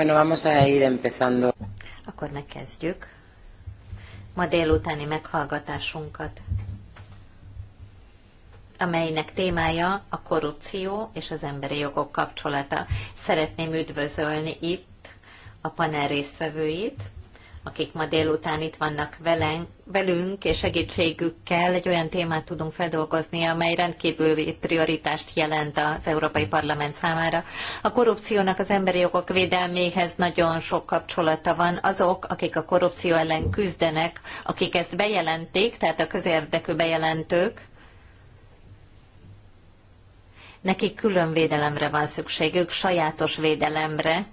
Bueno, vamos a ir empezando. Akkor megkezdjük ma délutáni meghallgatásunkat, amelynek témája a korrupció és az emberi jogok kapcsolata. Szeretném üdvözölni itt a panel résztvevőit, akik ma délután itt vannak velen, velünk, és segítségükkel egy olyan témát tudunk feldolgozni, amely rendkívül prioritást jelent az Európai Parlament számára. A korrupciónak az emberi jogok védelméhez nagyon sok kapcsolata van. Azok, akik a korrupció ellen küzdenek, akik ezt bejelentik, tehát a közérdekű bejelentők, nekik külön védelemre van szükségük, sajátos védelemre,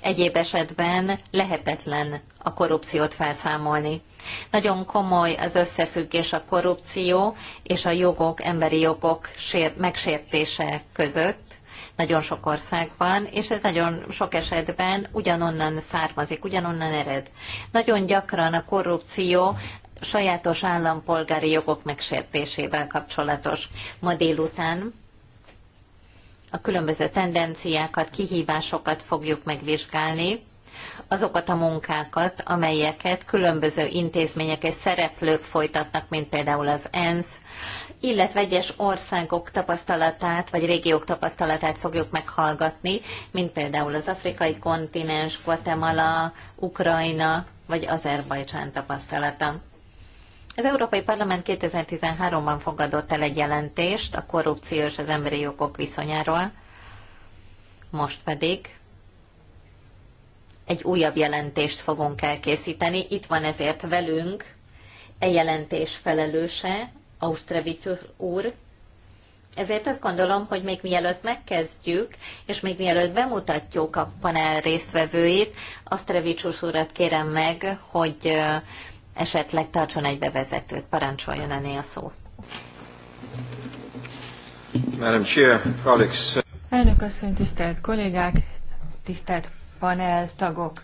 Egyéb esetben lehetetlen a korrupciót felszámolni. Nagyon komoly az összefüggés a korrupció és a jogok, emberi jogok megsértése között nagyon sok országban, és ez nagyon sok esetben ugyanonnan származik, ugyanonnan ered. Nagyon gyakran a korrupció sajátos állampolgári jogok megsértésével kapcsolatos. Ma délután a különböző tendenciákat, kihívásokat fogjuk megvizsgálni, azokat a munkákat, amelyeket különböző intézmények és szereplők folytatnak, mint például az ENSZ, illetve egyes országok tapasztalatát, vagy régiók tapasztalatát fogjuk meghallgatni, mint például az afrikai kontinens, Guatemala, Ukrajna, vagy Azerbajcsán tapasztalata. Az Európai Parlament 2013-ban fogadott el egy jelentést a korrupció és az emberi jogok viszonyáról, most pedig egy újabb jelentést fogunk elkészíteni. Itt van ezért velünk e jelentés felelőse, Ausztrevicius úr. Ezért azt gondolom, hogy még mielőtt megkezdjük, és még mielőtt bemutatjuk a panel résztvevőit, Ausztrevicius urat kérem meg, hogy esetleg tartson egy bevezetőt. Parancsoljon öné a szó. Madam Chair, colleagues. Elnök asszony, tisztelt kollégák, tisztelt panel tagok.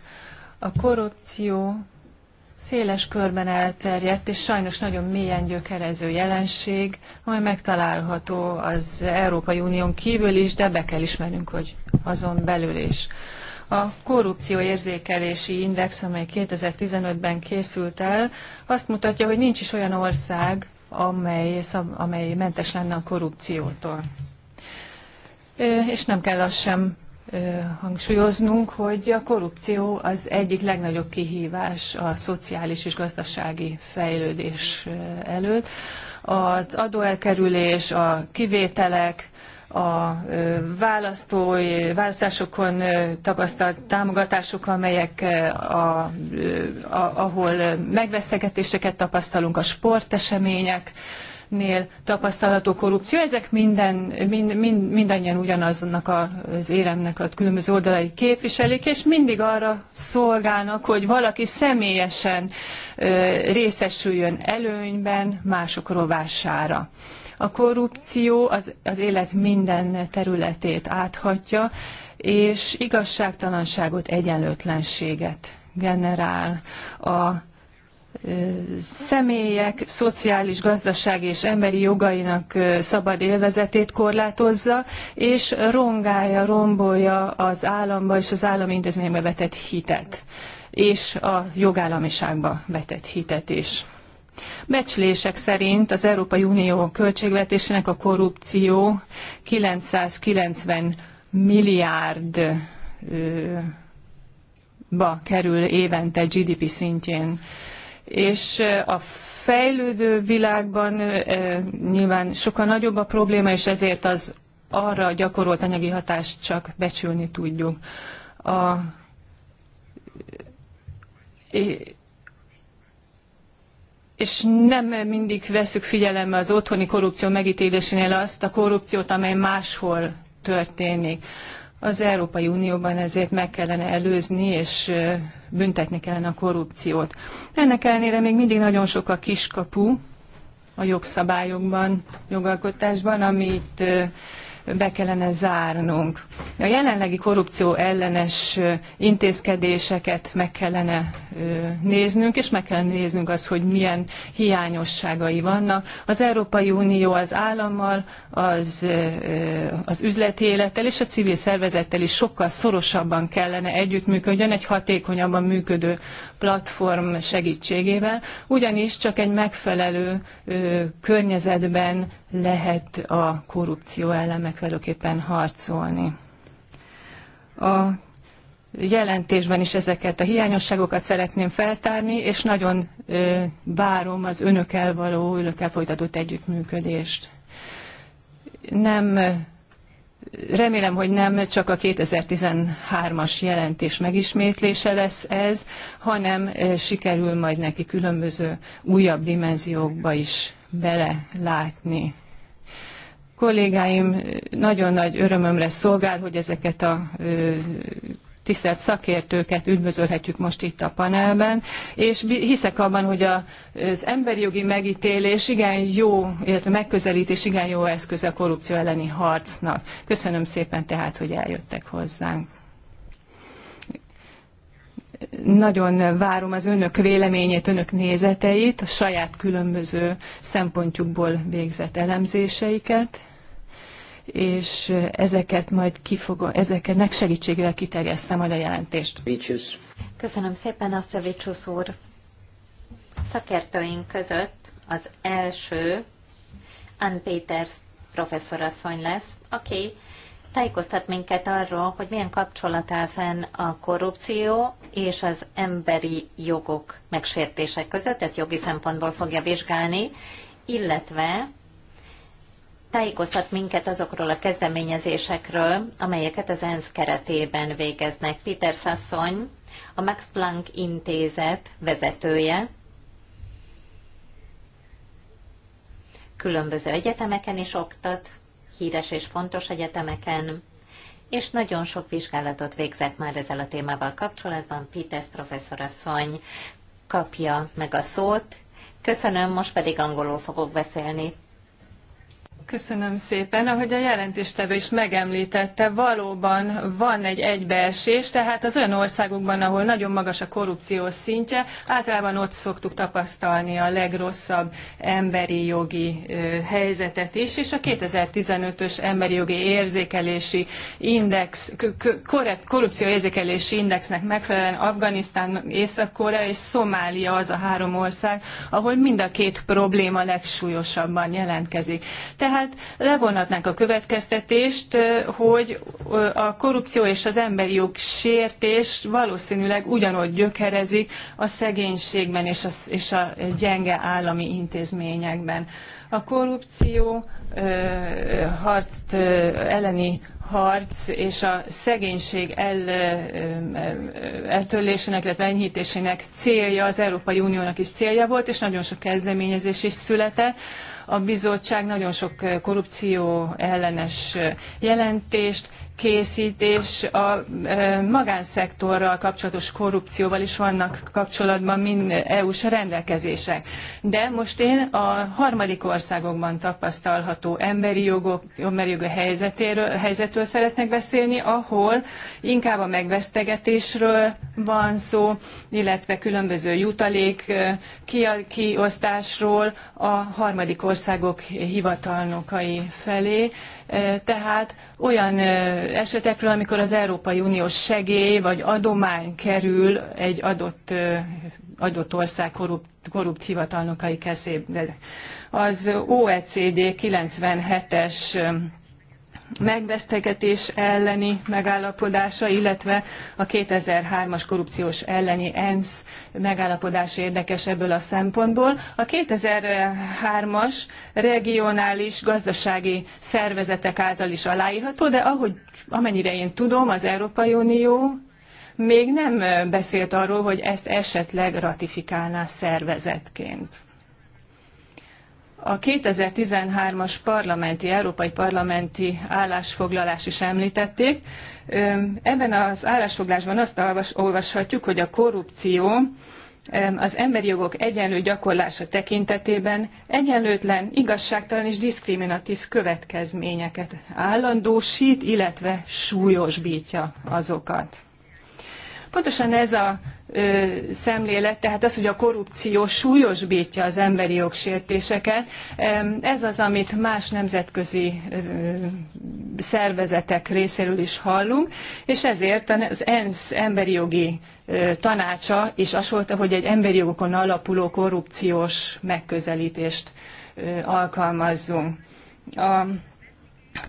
A korrupció széles körben elterjedt, és sajnos nagyon mélyen gyökerező jelenség, amely megtalálható az Európai Unión kívül is, de be kell ismernünk, hogy azon belül is. A korrupció érzékelési index, amely 2015-ben készült el, azt mutatja, hogy nincs is olyan ország, amely, amely mentes lenne a korrupciótól. És nem kell azt sem hangsúlyoznunk, hogy a korrupció az egyik legnagyobb kihívás a szociális és gazdasági fejlődés előtt. Az adóelkerülés, a kivételek, a választói választásokon tapasztalt támogatások, amelyek, a, a, ahol megveszegetéseket tapasztalunk, a sportesemények, nél tapasztalható korrupció, ezek minden, mind, mind, mindannyian ugyanaznak az éremnek a különböző oldalai képviselik, és mindig arra szolgálnak, hogy valaki személyesen ö, részesüljön előnyben mások rovására. A korrupció az, az élet minden területét áthatja, és igazságtalanságot, egyenlőtlenséget generál. A személyek szociális, gazdasági és emberi jogainak szabad élvezetét korlátozza, és rongálja, rombolja az államba és az állami intézményekbe vetett hitet, és a jogállamiságba vetett hitet is. Becslések szerint az Európai Unió költségvetésének a korrupció 990 milliárd ba kerül évente GDP szintjén. És a fejlődő világban nyilván sokkal nagyobb a probléma, és ezért az arra gyakorolt anyagi hatást csak becsülni tudjuk. A, és nem mindig veszük figyelembe az otthoni korrupció megítélésénél azt a korrupciót, amely máshol történik. Az Európai Unióban ezért meg kellene előzni, és büntetni kellene a korrupciót. Ennek ellenére még mindig nagyon sok a kiskapu a jogszabályokban, jogalkotásban, amit be kellene zárnunk. A jelenlegi korrupció ellenes intézkedéseket meg kellene néznünk, és meg kellene néznünk az, hogy milyen hiányosságai vannak. Az Európai Unió az állammal, az, az üzleti élettel és a civil szervezettel is sokkal szorosabban kellene együttműködjön egy hatékonyabban működő platform segítségével, ugyanis csak egy megfelelő környezetben lehet a korrupció ellen éppen harcolni. A jelentésben is ezeket a hiányosságokat szeretném feltárni, és nagyon ö, várom az önökkel való, önökkel folytatott együttműködést. Nem Remélem, hogy nem csak a 2013-as jelentés megismétlése lesz ez, hanem sikerül majd neki különböző újabb dimenziókba is belelátni kollégáim nagyon nagy örömömre szolgál, hogy ezeket a tisztelt szakértőket üdvözölhetjük most itt a panelben, és hiszek abban, hogy az emberi jogi megítélés igen jó, illetve megközelítés igen jó eszköz a korrupció elleni harcnak. Köszönöm szépen tehát, hogy eljöttek hozzánk nagyon várom az önök véleményét, önök nézeteit, a saját különböző szempontjukból végzett elemzéseiket és ezeket majd kifogom, ezeknek segítségével kiterjesztem majd a jelentést. Vicsus. Köszönöm szépen, Asszavicsus úr. Szakértőink között az első Ann Peters professzorasszony lesz, aki tájékoztat minket arról, hogy milyen kapcsolat áll fenn a korrupció és az emberi jogok megsértése között, ez jogi szempontból fogja vizsgálni, illetve tájékoztat minket azokról a kezdeményezésekről, amelyeket az ENSZ keretében végeznek. Peter Sasszony, a Max Planck Intézet vezetője, különböző egyetemeken is oktat, híres és fontos egyetemeken, és nagyon sok vizsgálatot végzett már ezzel a témával kapcsolatban. professzor professzorasszony kapja meg a szót. Köszönöm, most pedig angolul fogok beszélni. Köszönöm szépen. Ahogy a jelentéstevő is megemlítette, valóban van egy egybeesés, tehát az olyan országokban, ahol nagyon magas a korrupció szintje, általában ott szoktuk tapasztalni a legrosszabb emberi jogi helyzetet is, és a 2015-ös emberi jogi érzékelési index, korrupció érzékelési indexnek megfelelően Afganisztán, Észak-Korea és Szomália az a három ország, ahol mind a két probléma legsúlyosabban jelentkezik. Tehát tehát levonhatnánk a következtetést, hogy a korrupció és az emberi jog sértés valószínűleg ugyanott gyökerezik a szegénységben és a, és a gyenge állami intézményekben. A korrupció harc elleni harc és a szegénység eltörlésének, illetve enyhítésének célja az Európai Uniónak is célja volt, és nagyon sok kezdeményezés is született. A bizottság nagyon sok eh, korrupció ellenes eh, jelentést készítés a e, magánszektorral kapcsolatos korrupcióval is vannak kapcsolatban mind EU-s rendelkezések. De most én a harmadik országokban tapasztalható emberi jogok, emberi jogok helyzetéről, helyzetről szeretnék beszélni, ahol inkább a megvesztegetésről van szó, illetve különböző jutalék e, kiosztásról a harmadik országok hivatalnokai felé tehát olyan esetekről, amikor az Európai Uniós segély vagy adomány kerül egy adott, adott ország korrupt, korrupt hivatalnokai kezébe. Az OECD 97-es megvesztegetés elleni megállapodása, illetve a 2003-as korrupciós elleni ENSZ megállapodása érdekes ebből a szempontból. A 2003-as regionális gazdasági szervezetek által is aláírható, de ahogy, amennyire én tudom, az Európai Unió még nem beszélt arról, hogy ezt esetleg ratifikálná szervezetként. A 2013-as parlamenti, európai parlamenti állásfoglalás is említették. Ebben az állásfoglásban azt olvashatjuk, hogy a korrupció az emberi jogok egyenlő gyakorlása tekintetében egyenlőtlen, igazságtalan és diszkriminatív következményeket állandósít, illetve súlyosbítja azokat. Pontosan ez a szemlélet, tehát az, hogy a korrupció súlyosbítja az emberi jogsértéseket, ez az, amit más nemzetközi szervezetek részéről is hallunk, és ezért az ENSZ emberi jogi tanácsa is asolta, hogy egy emberi jogokon alapuló korrupciós megközelítést alkalmazzunk. A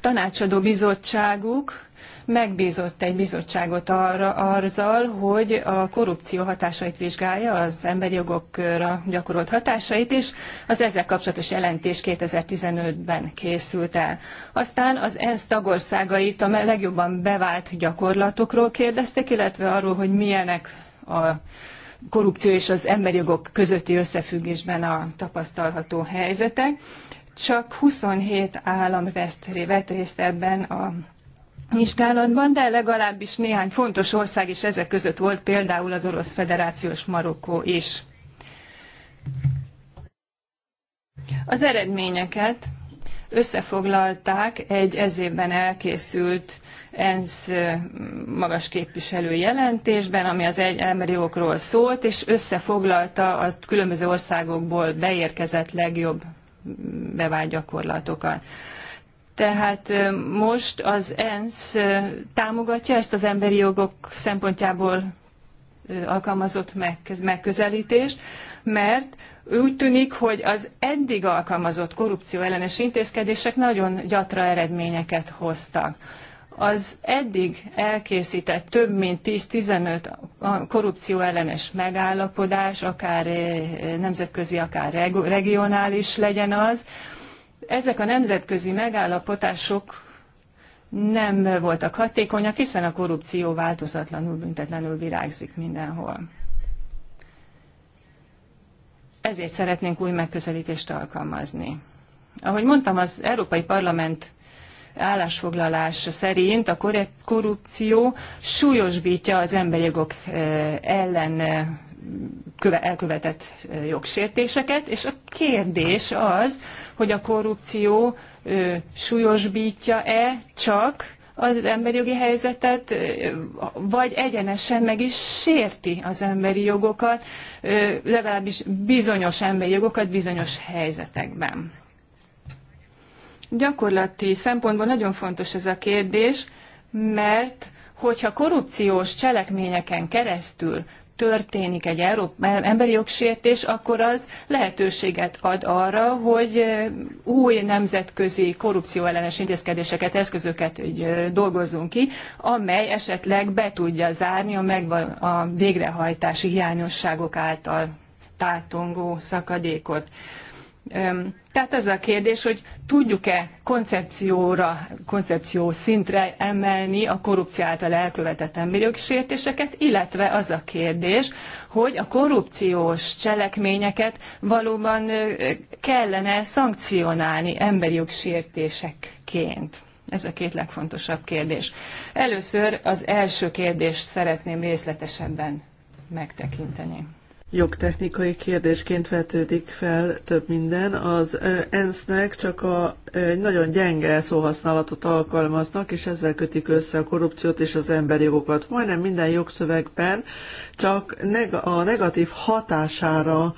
tanácsadó bizottságuk megbízott egy bizottságot arra, arzal, hogy a korrupció hatásait vizsgálja, az emberi jogokra gyakorolt hatásait, és az ezzel kapcsolatos jelentés 2015-ben készült el. Aztán az ENSZ tagországait a legjobban bevált gyakorlatokról kérdeztek, illetve arról, hogy milyenek a korrupció és az emberi jogok közötti összefüggésben a tapasztalható helyzetek. Csak 27 állam vett részt ebben a vizsgálatban, de legalábbis néhány fontos ország is ezek között volt, például az Orosz Federációs Marokkó is. Az eredményeket összefoglalták egy ez évben elkészült ENSZ magas képviselő jelentésben, ami az emberi jogokról szólt, és összefoglalta a különböző országokból beérkezett legjobb bevált gyakorlatokat. Tehát most az ENSZ támogatja ezt az emberi jogok szempontjából alkalmazott megközelítést, mert úgy tűnik, hogy az eddig alkalmazott korrupció ellenes intézkedések nagyon gyatra eredményeket hoztak az eddig elkészített több mint 10-15 korrupció ellenes megállapodás, akár eh, nemzetközi, akár regionális legyen az, ezek a nemzetközi megállapodások nem voltak hatékonyak, hiszen a korrupció változatlanul, büntetlenül virágzik mindenhol. Ezért szeretnénk új megközelítést alkalmazni. Ahogy mondtam, az Európai Parlament állásfoglalás szerint a korrupció súlyosbítja az emberi jogok ellen elkövetett jogsértéseket, és a kérdés az, hogy a korrupció súlyosbítja-e csak az emberi jogi helyzetet, vagy egyenesen meg is sérti az emberi jogokat, legalábbis bizonyos emberi jogokat bizonyos helyzetekben. Gyakorlati szempontból nagyon fontos ez a kérdés, mert hogyha korrupciós cselekményeken keresztül történik egy emberi jogsértés, akkor az lehetőséget ad arra, hogy új nemzetközi korrupcióellenes intézkedéseket, eszközöket dolgozzunk ki, amely esetleg be tudja zárni a, megval- a végrehajtási hiányosságok által tátongó szakadékot. Tehát az a kérdés, hogy tudjuk-e koncepcióra, koncepció szintre emelni a korrupció által elkövetett emberi sértéseket, illetve az a kérdés, hogy a korrupciós cselekményeket valóban kellene szankcionálni emberi jogsértésekként. Ez a két legfontosabb kérdés. Először az első kérdést szeretném részletesebben megtekinteni jogtechnikai kérdésként vetődik fel több minden. Az ENSZ-nek csak a egy nagyon gyenge szóhasználatot alkalmaznak, és ezzel kötik össze a korrupciót és az emberi jogokat. Majdnem minden jogszövegben csak a negatív hatására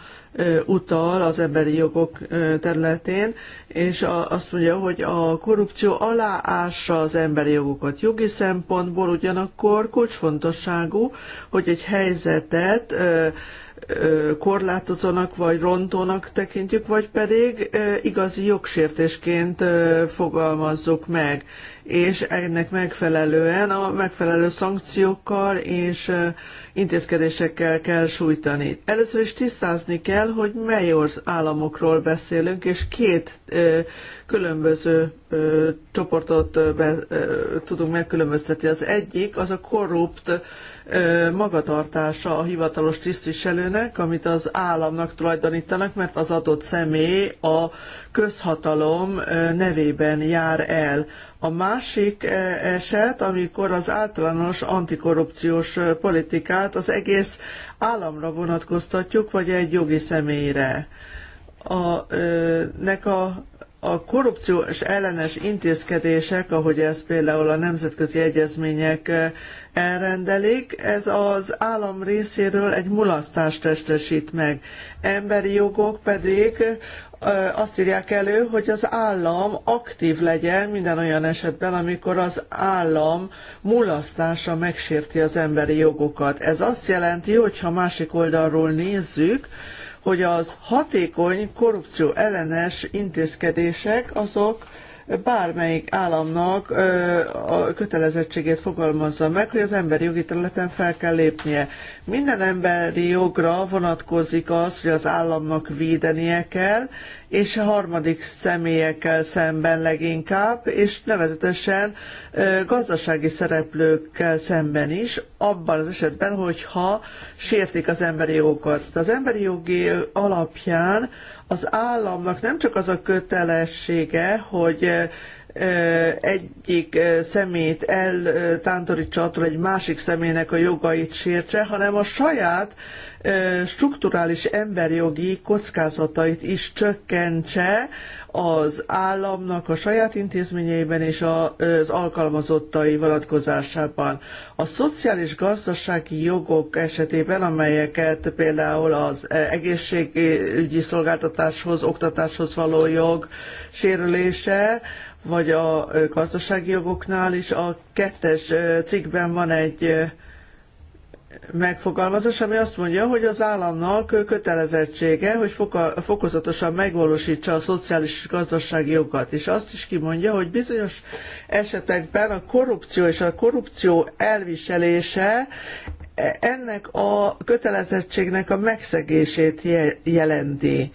utal az emberi jogok területén, és azt mondja, hogy a korrupció aláássa az emberi jogokat jogi szempontból, ugyanakkor kulcsfontosságú, hogy egy helyzetet korlátozónak vagy rontónak tekintjük, vagy pedig igazi jogsértésként fogalmazzuk meg, és ennek megfelelően a megfelelő szankciókkal és intézkedésekkel kell sújtani. Először is tisztázni kell, hogy mely orsz államokról beszélünk, és két ö, különböző ö, csoportot ö, be, ö, tudunk megkülönböztetni. Az egyik az a korrupt ö, magatartása a hivatalos tisztviselőnek, amit az államnak tulajdonítanak, mert az adott személy a közhatalom ö, nevében jár el. A másik eset, amikor az általános antikorrupciós politikát tehát az egész államra vonatkoztatjuk, vagy egy jogi személyre. A, ö, nek a a korrupciós ellenes intézkedések, ahogy ez például a nemzetközi egyezmények elrendelik, ez az állam részéről egy mulasztást testesít meg. Emberi jogok pedig azt írják elő, hogy az állam aktív legyen minden olyan esetben, amikor az állam mulasztása megsérti az emberi jogokat. Ez azt jelenti, hogy ha másik oldalról nézzük, hogy az hatékony korrupció ellenes intézkedések azok bármelyik államnak a kötelezettségét fogalmazza meg, hogy az emberi jogi területen fel kell lépnie. Minden emberi jogra vonatkozik az, hogy az államnak védenie kell, és a harmadik személyekkel szemben leginkább, és nevezetesen gazdasági szereplőkkel szemben is, abban az esetben, hogyha sértik az emberi jogokat. Az emberi jogi alapján az államnak nem csak az a kötelessége, hogy egyik szemét eltántorítsa attól egy másik személynek a jogait sértse, hanem a saját strukturális emberjogi kockázatait is csökkentse az államnak a saját intézményeiben és az alkalmazottai vonatkozásában. A szociális gazdasági jogok esetében, amelyeket például az egészségügyi szolgáltatáshoz, oktatáshoz való jog sérülése, vagy a gazdasági jogoknál is. A kettes cikkben van egy megfogalmazás, ami azt mondja, hogy az államnak kötelezettsége, hogy fokozatosan megvalósítsa a szociális és gazdasági jogat. És azt is kimondja, hogy bizonyos esetekben a korrupció és a korrupció elviselése e, ennek a kötelezettségnek a megszegését jelenti.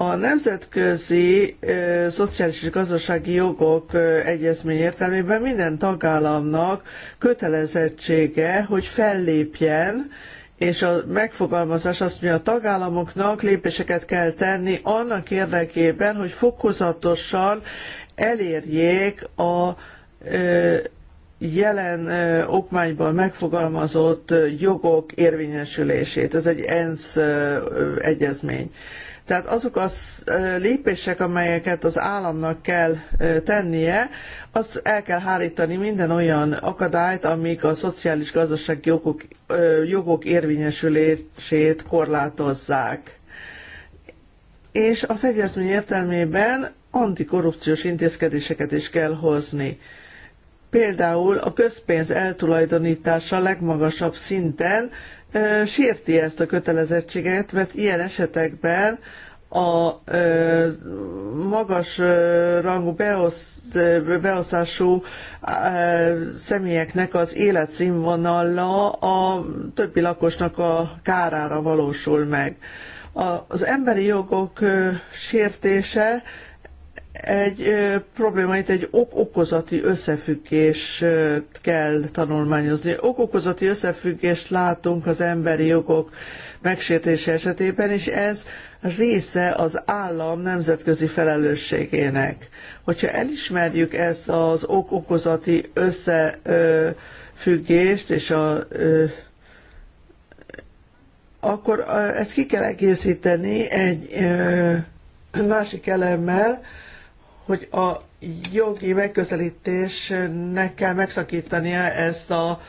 A nemzetközi ö, szociális és gazdasági jogok ö, egyezmény értelmében minden tagállamnak kötelezettsége, hogy fellépjen, és a megfogalmazás azt mondja, a tagállamoknak lépéseket kell tenni annak érdekében, hogy fokozatosan elérjék a ö, jelen okmányban megfogalmazott jogok érvényesülését. Ez egy ENSZ egyezmény. Tehát azok a lépések, amelyeket az államnak kell tennie, azt el kell hárítani minden olyan akadályt, amik a szociális gazdasági jogok, jogok érvényesülését korlátozzák. És az egyezmény értelmében antikorrupciós intézkedéseket is kell hozni. Például a közpénz eltulajdonítása legmagasabb szinten sérti ezt a kötelezettséget, mert ilyen esetekben a ö, magas ö, rangú beoszt, ö, beosztású ö, személyeknek az életszínvonala a többi lakosnak a kárára valósul meg. A, az emberi jogok ö, sértése egy probléma, itt egy ok-okozati összefüggést kell tanulmányozni. Ok-okozati összefüggést látunk az emberi jogok megsértése esetében, és ez része az állam nemzetközi felelősségének. Hogyha elismerjük ezt az ok-okozati összefüggést, és a akkor ezt ki kell egészíteni egy másik elemmel, hogy a jogi megközelítésnek kell megszakítania ezt a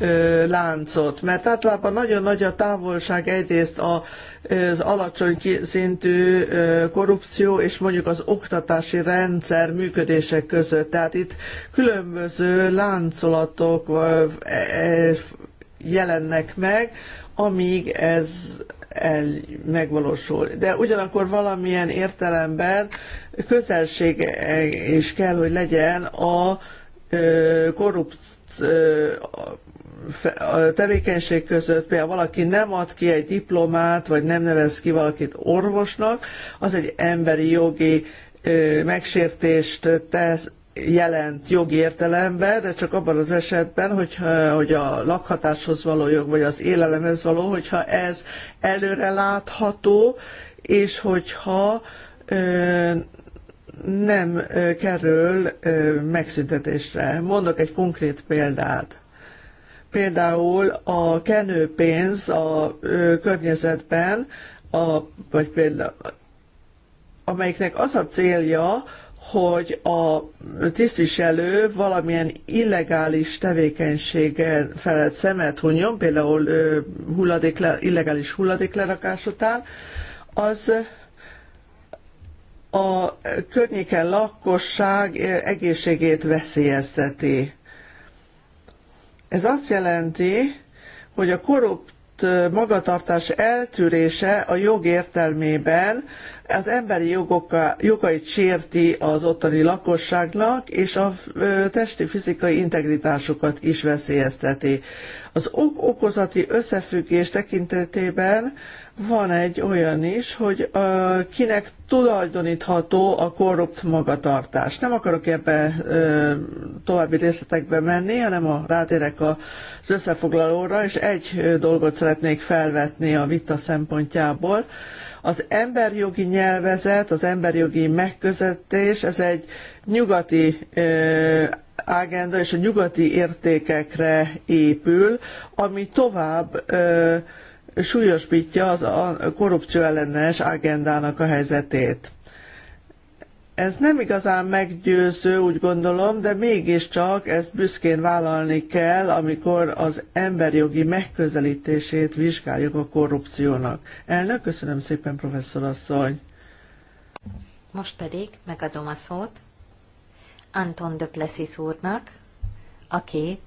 ö, láncot, mert általában nagyon nagy a távolság egyrészt a, az alacsony szintű korrupció és mondjuk az oktatási rendszer működése között. Tehát itt különböző láncolatok jelennek meg, amíg ez el, megvalósul. De ugyanakkor valamilyen értelemben közelség is kell, hogy legyen a korrupt a tevékenység között, például valaki nem ad ki egy diplomát, vagy nem nevez ki valakit orvosnak, az egy emberi jogi megsértést tesz, jelent jogi értelemben, de csak abban az esetben, hogyha, hogy a lakhatáshoz való jog, vagy az élelemhez való, hogyha ez előre látható, és hogyha ö, nem ö, kerül ö, megszüntetésre. Mondok egy konkrét példát. Például a kenőpénz a ö, környezetben, a, vagy például, amelyiknek az a célja, hogy a tisztviselő valamilyen illegális tevékenységen felett szemet hunyjon, például hulladék, illegális hulladéklerakás után, az a környéken lakosság egészségét veszélyezteti. Ez azt jelenti, hogy a korrupt magatartás eltűrése a jog értelmében az emberi jogoka, jogait sérti az ottani lakosságnak, és a testi fizikai integritásukat is veszélyezteti. Az ok okozati összefüggés tekintetében van egy olyan is, hogy uh, kinek tulajdonítható a korrupt magatartás. Nem akarok ebbe uh, további részletekbe menni, hanem a, rátérek az összefoglalóra, és egy uh, dolgot szeretnék felvetni a vita szempontjából. Uh, az emberjogi nyelvezet, az emberjogi megközelítés, ez egy nyugati ágenda és a nyugati értékekre épül, ami tovább súlyosbítja az a korrupció ellenes agendának a helyzetét. Ez nem igazán meggyőző, úgy gondolom, de mégiscsak ezt büszkén vállalni kell, amikor az emberjogi megközelítését vizsgáljuk a korrupciónak. Elnök, köszönöm szépen, professzor asszony. Most pedig megadom a szót Anton de Plessis úrnak, aki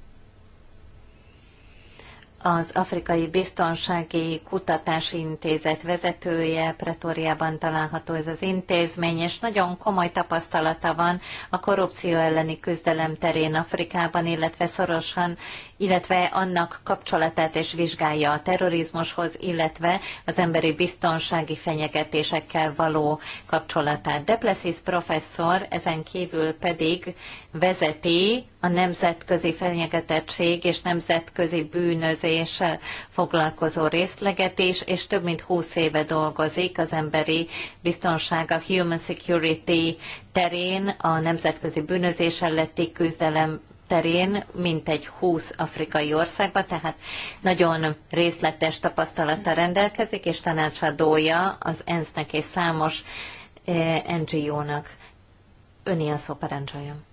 az Afrikai Biztonsági Kutatási Intézet vezetője, Pretóriában található ez az intézmény, és nagyon komoly tapasztalata van a korrupció elleni küzdelem terén Afrikában, illetve szorosan illetve annak kapcsolatát és vizsgálja a terrorizmushoz, illetve az emberi biztonsági fenyegetésekkel való kapcsolatát. Deplessis professzor ezen kívül pedig vezeti a nemzetközi fenyegetettség és nemzetközi bűnözéssel foglalkozó részleget is, és több mint 20 éve dolgozik az emberi biztonság, a Human Security terén a nemzetközi bűnözés elletti küzdelem terén mintegy 20 afrikai országban. tehát nagyon részletes tapasztalattal rendelkezik, és tanácsadója az ENSZ-nek és számos eh, NGO-nak. Öni a szó, parancsoljon.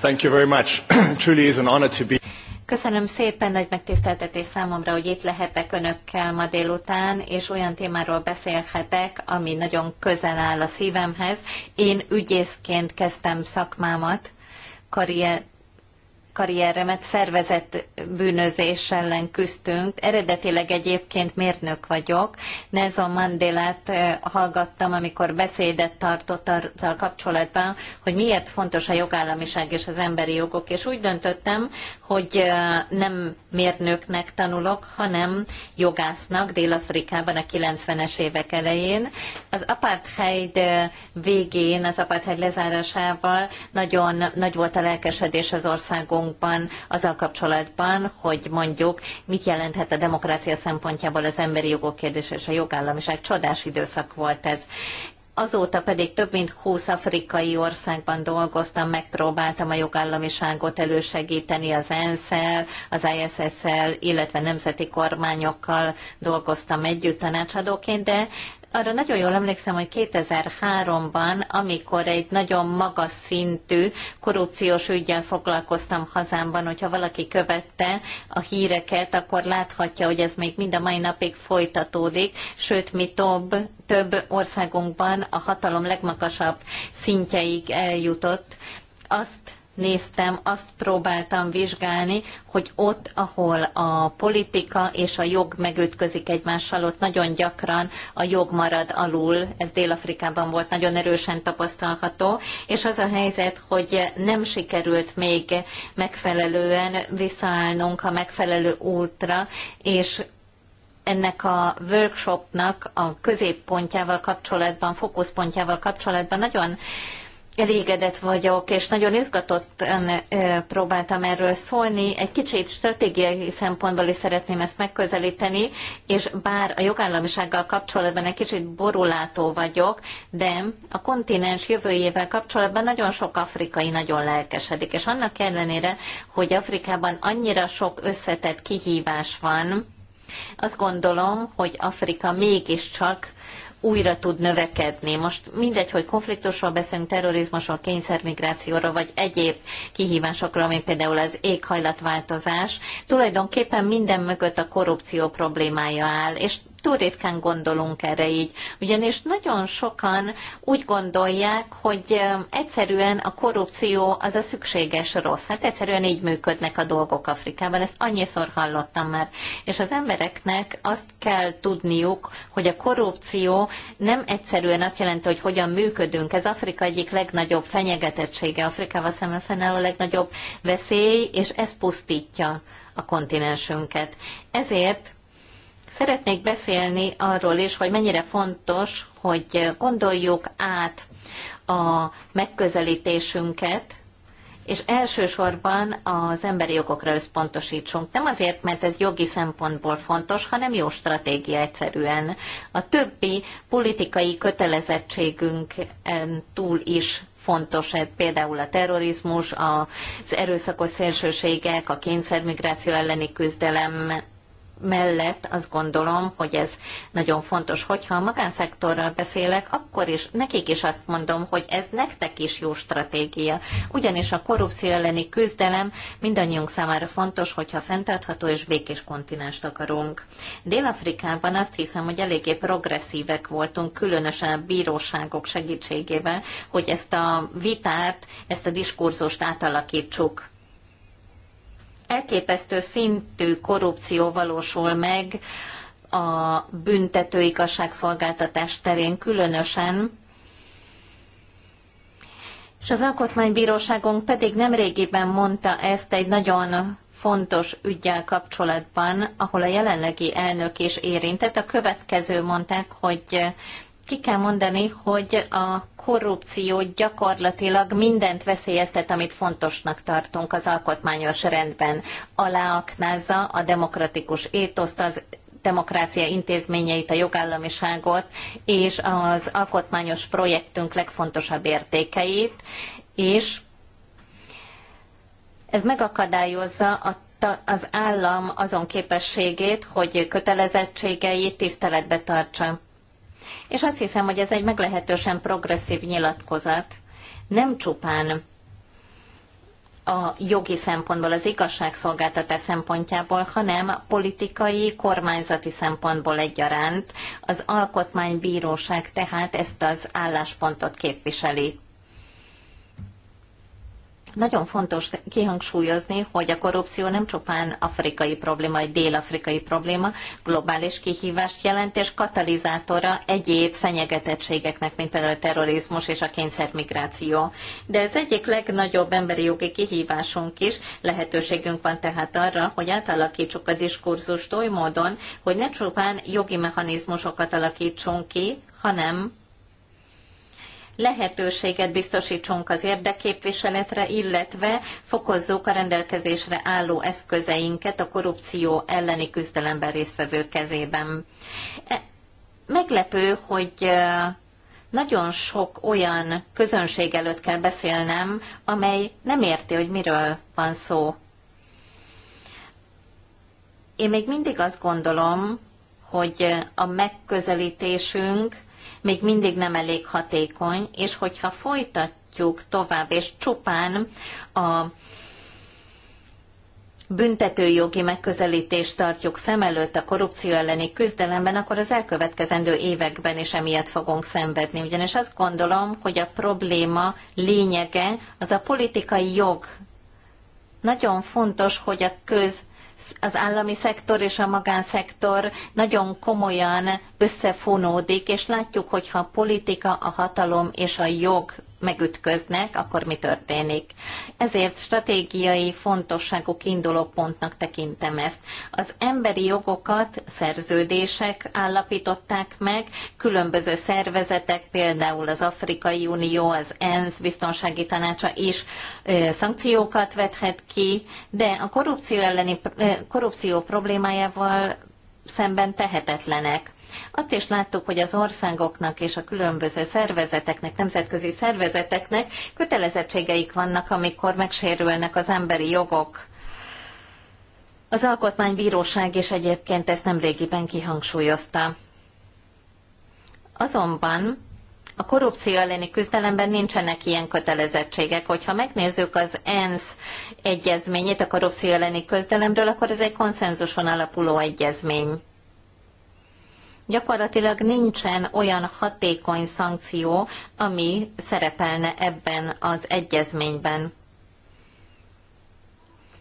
Thank you very much. Truly is an honor to be Köszönöm szépen, nagy megtiszteltetés számomra, hogy itt lehetek önökkel ma délután, és olyan témáról beszélhetek, ami nagyon közel áll a szívemhez. Én ügyészként kezdtem szakmámat, karrier, karrieremet szervezett bűnözés ellen küzdtünk. Eredetileg egyébként mérnök vagyok. Nelson Mandelát eh, hallgattam, amikor beszédet tartott azzal kapcsolatban, hogy miért fontos a jogállamiság és az emberi jogok. És úgy döntöttem, hogy eh, nem mérnöknek tanulok, hanem jogásznak Dél-Afrikában a 90-es évek elején. Az apartheid eh, végén, az apartheid lezárásával nagyon nagy volt a lelkesedés az országon munkánkban azzal kapcsolatban, hogy mondjuk mit jelenthet a demokrácia szempontjából az emberi jogok kérdése és a jogállamiság. Csodás időszak volt ez. Azóta pedig több mint 20 afrikai országban dolgoztam, megpróbáltam a jogállamiságot elősegíteni az ENSZ-el, az ISS-el, illetve nemzeti kormányokkal dolgoztam együtt tanácsadóként, de arra nagyon jól emlékszem, hogy 2003-ban, amikor egy nagyon magas szintű korrupciós ügyen foglalkoztam hazámban, hogyha valaki követte a híreket, akkor láthatja, hogy ez még mind a mai napig folytatódik, sőt, mi több, több országunkban a hatalom legmagasabb szintjeig eljutott. Azt néztem, azt próbáltam vizsgálni, hogy ott, ahol a politika és a jog megütközik egymással, ott nagyon gyakran a jog marad alul, ez Dél-Afrikában volt nagyon erősen tapasztalható, és az a helyzet, hogy nem sikerült még megfelelően visszaállnunk a megfelelő útra, és ennek a workshopnak a középpontjával kapcsolatban, fókuszpontjával kapcsolatban nagyon elégedett vagyok, és nagyon izgatottan próbáltam erről szólni. Egy kicsit stratégiai szempontból is szeretném ezt megközelíteni, és bár a jogállamisággal kapcsolatban egy kicsit borulátó vagyok, de a kontinens jövőjével kapcsolatban nagyon sok afrikai nagyon lelkesedik, és annak ellenére, hogy Afrikában annyira sok összetett kihívás van, azt gondolom, hogy Afrika mégiscsak újra tud növekedni. Most mindegy, hogy konfliktusról beszélünk, terrorizmusról, kényszermigrációról, vagy egyéb kihívásokról, mint például az éghajlatváltozás, tulajdonképpen minden mögött a korrupció problémája áll, és túl ritkán gondolunk erre így. Ugyanis nagyon sokan úgy gondolják, hogy egyszerűen a korrupció az a szükséges rossz. Hát egyszerűen így működnek a dolgok Afrikában. Ezt annyiszor hallottam már. És az embereknek azt kell tudniuk, hogy a korrupció nem egyszerűen azt jelenti, hogy hogyan működünk. Ez Afrika egyik legnagyobb fenyegetettsége. Afrikával szemben fennáll a legnagyobb veszély, és ez pusztítja a kontinensünket. Ezért Szeretnék beszélni arról is, hogy mennyire fontos, hogy gondoljuk át a megközelítésünket, és elsősorban az emberi jogokra összpontosítsunk. Nem azért, mert ez jogi szempontból fontos, hanem jó stratégia egyszerűen. A többi politikai kötelezettségünk túl is fontos, ez például a terrorizmus, az erőszakos szélsőségek, a kényszermigráció elleni küzdelem, mellett azt gondolom, hogy ez nagyon fontos. Hogyha a magánszektorral beszélek, akkor is nekik is azt mondom, hogy ez nektek is jó stratégia. Ugyanis a korrupció elleni küzdelem mindannyiunk számára fontos, hogyha fenntartható és békés kontinást akarunk. Dél-Afrikában azt hiszem, hogy eléggé progresszívek voltunk, különösen a bíróságok segítségével, hogy ezt a vitát, ezt a diskurzust átalakítsuk elképesztő szintű korrupció valósul meg a büntető igazságszolgáltatás terén különösen, és az Alkotmánybíróságunk pedig nem régiben mondta ezt egy nagyon fontos ügyel kapcsolatban, ahol a jelenlegi elnök is érintett. A következő mondták, hogy ki kell mondani, hogy a korrupció gyakorlatilag mindent veszélyeztet, amit fontosnak tartunk az alkotmányos rendben. Aláaknázza a demokratikus étoszt, az demokrácia intézményeit, a jogállamiságot és az alkotmányos projektünk legfontosabb értékeit, és ez megakadályozza a az állam azon képességét, hogy kötelezettségeit tiszteletbe tartsa és azt hiszem, hogy ez egy meglehetősen progresszív nyilatkozat, nem csupán a jogi szempontból, az igazságszolgáltatás szempontjából, hanem politikai, kormányzati szempontból egyaránt. Az Alkotmánybíróság tehát ezt az álláspontot képviseli. Nagyon fontos kihangsúlyozni, hogy a korrupció nem csupán afrikai probléma, egy dél-afrikai probléma, globális kihívást jelent, és katalizátora egyéb fenyegetettségeknek, mint például a terrorizmus és a kényszermigráció. De ez egyik legnagyobb emberi jogi kihívásunk is, lehetőségünk van tehát arra, hogy átalakítsuk a diskurzust oly módon, hogy ne csupán jogi mechanizmusokat alakítsunk ki, hanem lehetőséget biztosítsunk az érdekképviseletre, illetve fokozzuk a rendelkezésre álló eszközeinket a korrupció elleni küzdelemben résztvevő kezében. E, meglepő, hogy nagyon sok olyan közönség előtt kell beszélnem, amely nem érti, hogy miről van szó. Én még mindig azt gondolom, hogy a megközelítésünk még mindig nem elég hatékony, és hogyha folytatjuk tovább, és csupán a büntetőjogi megközelítést tartjuk szem előtt a korrupció elleni küzdelemben, akkor az elkövetkezendő években is emiatt fogunk szenvedni. Ugyanis azt gondolom, hogy a probléma lényege az a politikai jog. Nagyon fontos, hogy a köz az állami szektor és a magánszektor nagyon komolyan összefonódik, és látjuk, hogyha a politika, a hatalom és a jog megütköznek, akkor mi történik. Ezért stratégiai fontosságú kiindulópontnak tekintem ezt. Az emberi jogokat szerződések állapították meg, különböző szervezetek, például az Afrikai Unió, az ENSZ biztonsági tanácsa is szankciókat vethet ki, de a korrupció elleni korrupció problémájával szemben tehetetlenek. Azt is láttuk, hogy az országoknak és a különböző szervezeteknek, nemzetközi szervezeteknek kötelezettségeik vannak, amikor megsérülnek az emberi jogok. Az Alkotmánybíróság is egyébként ezt nemrégiben kihangsúlyozta. Azonban a korrupció elleni küzdelemben nincsenek ilyen kötelezettségek. Hogyha megnézzük az ENSZ egyezményét a korrupció elleni küzdelemről, akkor ez egy konszenzuson alapuló egyezmény gyakorlatilag nincsen olyan hatékony szankció, ami szerepelne ebben az egyezményben.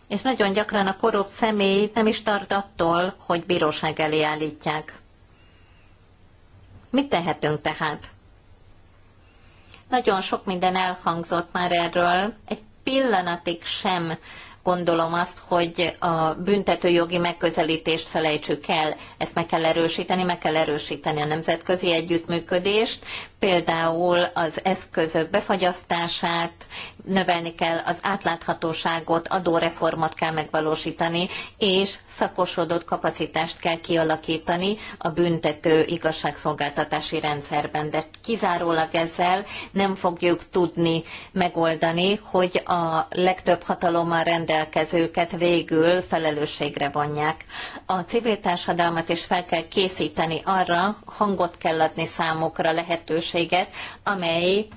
És nagyon gyakran a korrupt személy nem is tart attól, hogy bíróság elé állítják. Mit tehetünk tehát? Nagyon sok minden elhangzott már erről. Egy pillanatig sem gondolom azt, hogy a büntetőjogi megközelítést felejtsük el, ezt meg kell erősíteni, meg kell erősíteni a nemzetközi együttműködést, például az eszközök befagyasztását, növelni kell az átláthatóságot, adóreformot kell megvalósítani, és szakosodott kapacitást kell kialakítani a büntető igazságszolgáltatási rendszerben. De kizárólag ezzel nem fogjuk tudni megoldani, hogy a legtöbb hatalommal rendelkező rendelkezőket végül felelősségre vonják. A civil társadalmat is fel kell készíteni arra, hangot kell adni számukra lehetőséget, amely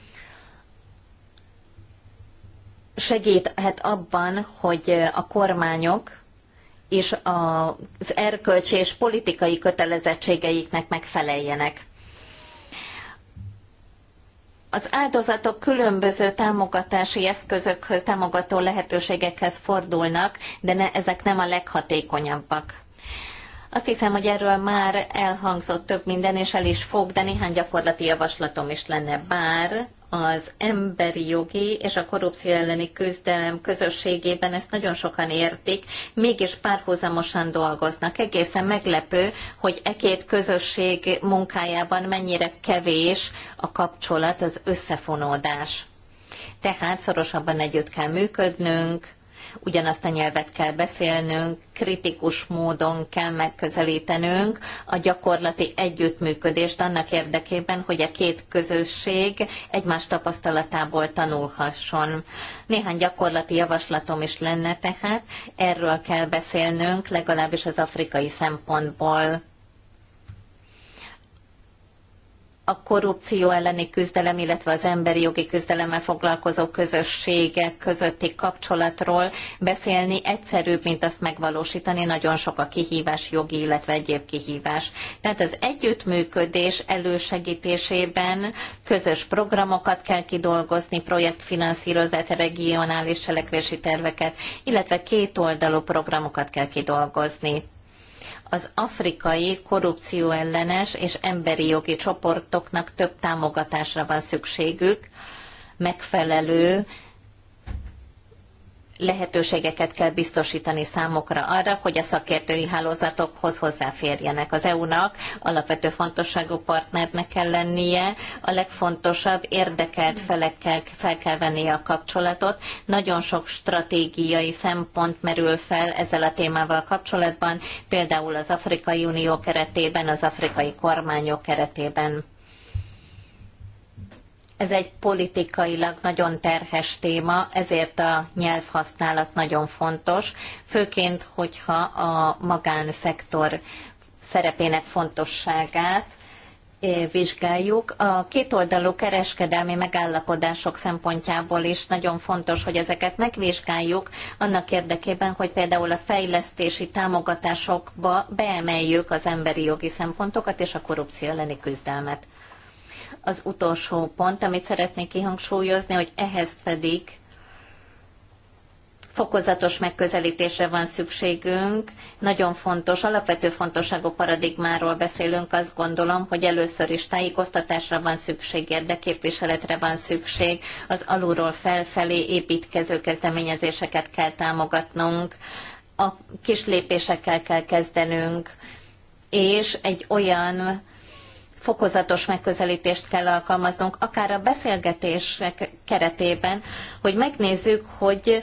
segíthet abban, hogy a kormányok és az erkölcsi és politikai kötelezettségeiknek megfeleljenek az áldozatok különböző támogatási eszközökhöz, támogató lehetőségekhez fordulnak, de ne, ezek nem a leghatékonyabbak. Azt hiszem, hogy erről már elhangzott több minden, és el is fog, de néhány gyakorlati javaslatom is lenne, bár az emberi jogi és a korrupció elleni küzdelem közösségében ezt nagyon sokan értik, mégis párhuzamosan dolgoznak. Egészen meglepő, hogy e két közösség munkájában mennyire kevés a kapcsolat, az összefonódás. Tehát szorosabban együtt kell működnünk, ugyanazt a nyelvet kell beszélnünk, kritikus módon kell megközelítenünk a gyakorlati együttműködést annak érdekében, hogy a két közösség egymás tapasztalatából tanulhasson. Néhány gyakorlati javaslatom is lenne tehát, erről kell beszélnünk legalábbis az afrikai szempontból. a korrupció elleni küzdelem, illetve az emberi jogi küzdelemmel foglalkozó közösségek közötti kapcsolatról beszélni egyszerűbb, mint azt megvalósítani. Nagyon sok a kihívás, jogi, illetve egyéb kihívás. Tehát az együttműködés elősegítésében közös programokat kell kidolgozni, projektfinanszírozat, regionális cselekvési terveket, illetve kétoldalú programokat kell kidolgozni. Az afrikai korrupcióellenes és emberi jogi csoportoknak több támogatásra van szükségük, megfelelő lehetőségeket kell biztosítani számokra arra, hogy a szakértői hálózatokhoz hozzáférjenek. Az EU-nak alapvető fontosságú partnernek kell lennie, a legfontosabb érdekelt felekkel fel kell vennie a kapcsolatot. Nagyon sok stratégiai szempont merül fel ezzel a témával kapcsolatban, például az Afrikai Unió keretében, az afrikai kormányok keretében. Ez egy politikailag nagyon terhes téma, ezért a nyelvhasználat nagyon fontos, főként, hogyha a magánszektor szerepének fontosságát eh, vizsgáljuk. A kétoldalú kereskedelmi megállapodások szempontjából is nagyon fontos, hogy ezeket megvizsgáljuk, annak érdekében, hogy például a fejlesztési támogatásokba beemeljük az emberi jogi szempontokat és a korrupció elleni küzdelmet. Az utolsó pont, amit szeretnék kihangsúlyozni, hogy ehhez pedig fokozatos megközelítésre van szükségünk. Nagyon fontos, alapvető fontosságú paradigmáról beszélünk, azt gondolom, hogy először is tájékoztatásra van szükség, érdeképviseletre van szükség, az alulról felfelé építkező kezdeményezéseket kell támogatnunk, a kis lépésekkel kell kezdenünk, és egy olyan fokozatos megközelítést kell alkalmaznunk, akár a beszélgetések keretében, hogy megnézzük, hogy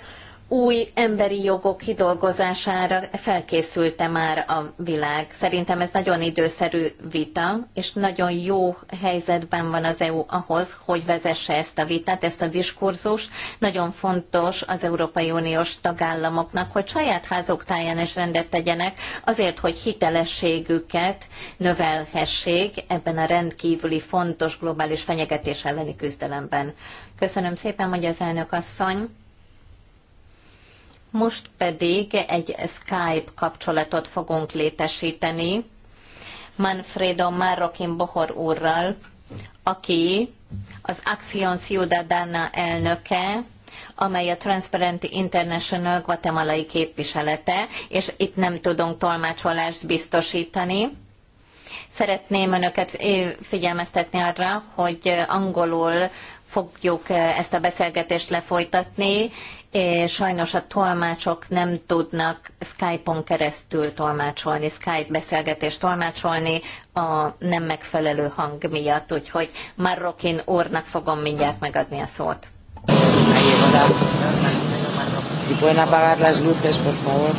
új emberi jogok kidolgozására felkészülte már a világ. Szerintem ez nagyon időszerű vita, és nagyon jó helyzetben van az EU ahhoz, hogy vezesse ezt a vitát, ezt a diskurzus. Nagyon fontos az Európai Uniós tagállamoknak, hogy saját házuk táján is rendet tegyenek, azért, hogy hitelességüket növelhessék ebben a rendkívüli fontos globális fenyegetés elleni küzdelemben. Köszönöm szépen, hogy az elnök asszony. Most pedig egy Skype kapcsolatot fogunk létesíteni Manfredo Marokin Bohor úrral, aki az Action Ciudadana elnöke, amely a Transparent International guatemalai képviselete, és itt nem tudunk tolmácsolást biztosítani. Szeretném önöket figyelmeztetni arra, hogy angolul fogjuk ezt a beszélgetést lefolytatni, Sajnos a tolmácsok nem tudnak Skype-on keresztül tolmácsolni, Skype beszélgetést tolmácsolni a nem megfelelő hang miatt, úgyhogy Marrokin úrnak fogom mindjárt megadni a szót. Si pueden apagar las luces, por favor.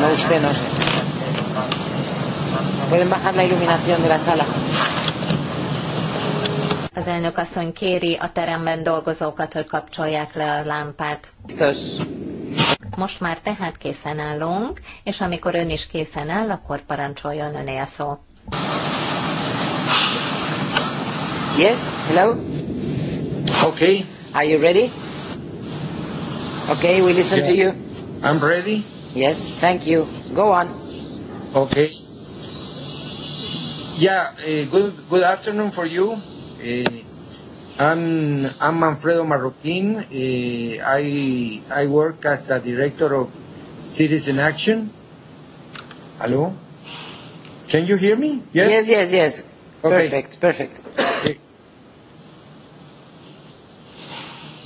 No usted no. Pueden bajar la iluminación de la sala. Az elnök asszony kéri a teremben dolgozókat, hogy kapcsolják le a lámpát. Most már tehát készen állunk, és amikor ön is készen áll, akkor parancsoljon öné a szó. Yes, hello. Okay. Are you ready? Okay, we listen yeah. to you. I'm ready. Yes, thank you. Go on. Okay. Yeah, uh, good good afternoon for you. Uh, I'm, I'm Manfredo Marroquin. Uh, I, I work as a director of Citizen Action. Hello? Can you hear me? Yes, yes, yes. yes. Okay. Perfect, perfect. Eh,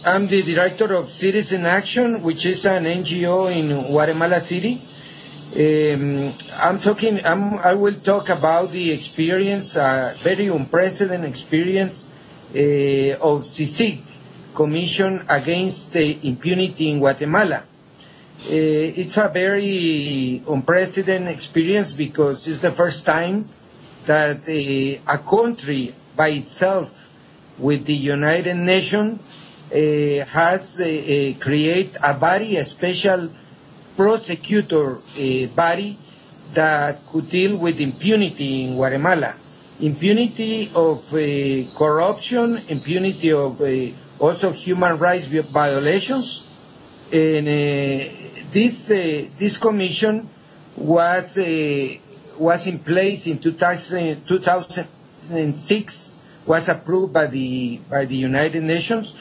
I'm the director of Citizen Action, which is an NGO in Guatemala City Um, I'm talking. I'm, I will talk about the experience, uh, very unprecedented experience uh, of CICIG Commission against the impunity in Guatemala. Uh, it's a very unprecedented experience because it's the first time that uh, a country by itself, with the United Nations, uh, has uh, uh, created a very special prosecutor uh, eh, body that could deal with impunity in Guatemala. Impunity of uh, corruption, impunity of uh, also human rights violations. And uh, this, uh, this commission was, uh, was in place in 2000, 2006, was approved by the, by the United Nations.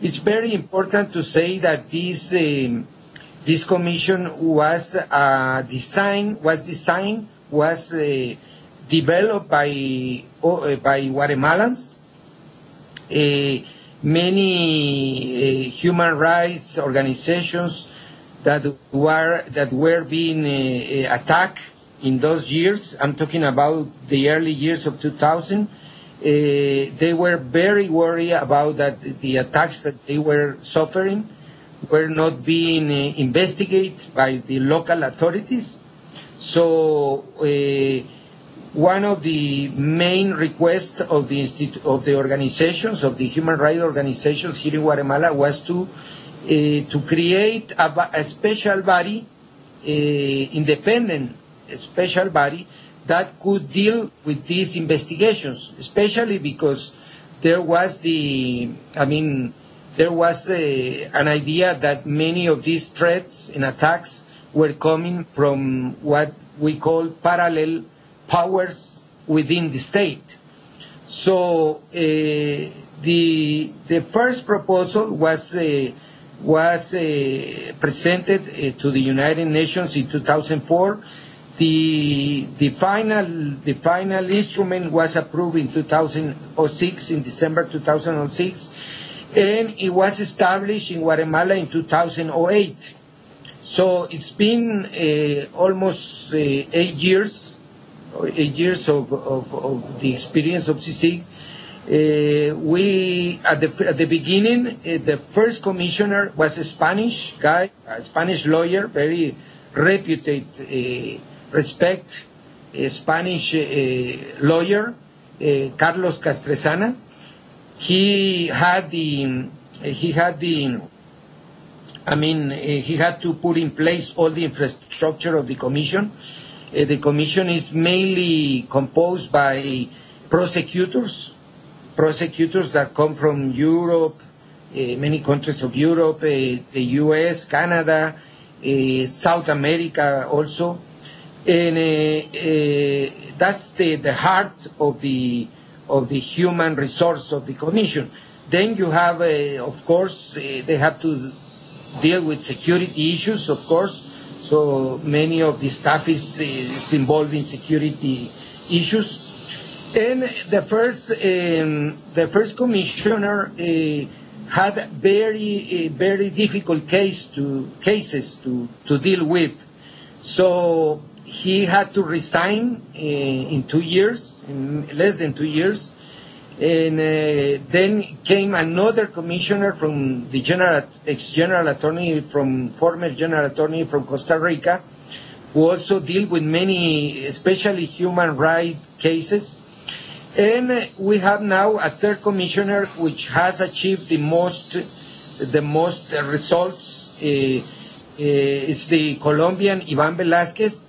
It's very important to say that this uh, This commission was uh, designed, was designed, was uh, developed by uh, by Guatemalans. Uh, many uh, human rights organizations that were that were being uh, uh attacked in those years. I'm talking about the early years of 2000. Uh, they were very worried about that the attacks that they were suffering were not being uh, investigated by the local authorities. So uh, one of the main requests of the institu- of the organizations of the human rights organizations here in Guatemala was to uh, to create a, a special body, uh, independent special body that could deal with these investigations, especially because there was the, I mean there was a, an idea that many of these threats and attacks were coming from what we call parallel powers within the state. So uh, the the first proposal was uh, was uh, presented uh, to the United Nations in 2004. The the final the final instrument was approved in 2006 in December 2006 and it was established in Guatemala in 2008. So it's been uh, almost uh, eight years, eight years of, of, of the experience of CSIC. Uh, we at the at the beginning, uh, the first commissioner was a Spanish guy, a Spanish lawyer, very reputed, uh, respect, a uh, Spanish uh, lawyer, uh, Carlos Castresana. Uh, he had the he had the I mean eh, he had to put in place all the infrastructure of the commission. Uh, the commission is mainly composed by prosecutors, prosecutors that come from Europe, uh, many countries of Europe, uh, the U.S., Canada, uh, South America also, and uh, uh, that's the the heart of the of the human resource of the commission. Then you have, uh, of course, uh, they have to deal with security issues, of course. So many of the staff is, uh, is involved in security issues. And the first, um, the first commissioner uh, had very, uh, very difficult case to cases to, to deal with. So he had to resign uh, in two years, in less than two years. And uh, then came another commissioner from the general, ex-general attorney from former general attorney from Costa Rica, who also deal with many, especially human rights cases. And eh, we have now a third commissioner which has achieved the most, the most results. Uh, uh, it's the Colombian Ivan Velasquez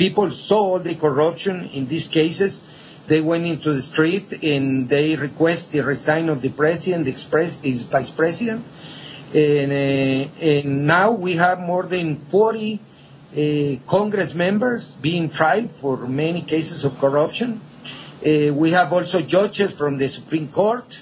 People saw the corruption in these cases. They went into the street and they request the resign of the president, the express, his vice president. And, uh, and now we have more than 40 uh, Congress members being tried for many cases of corruption. Uh, we have also judges from the Supreme Court.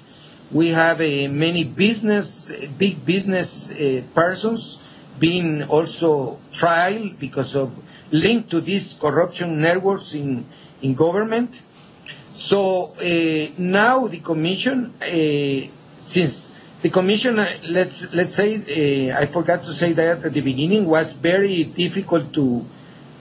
We have uh, many business, big business uh, persons being also tried because of linked to these corruption networks in, in government. So uh, now the Commission, uh, since the Commission, uh, let's let's say, uh, I forgot to say that at the beginning, was very difficult to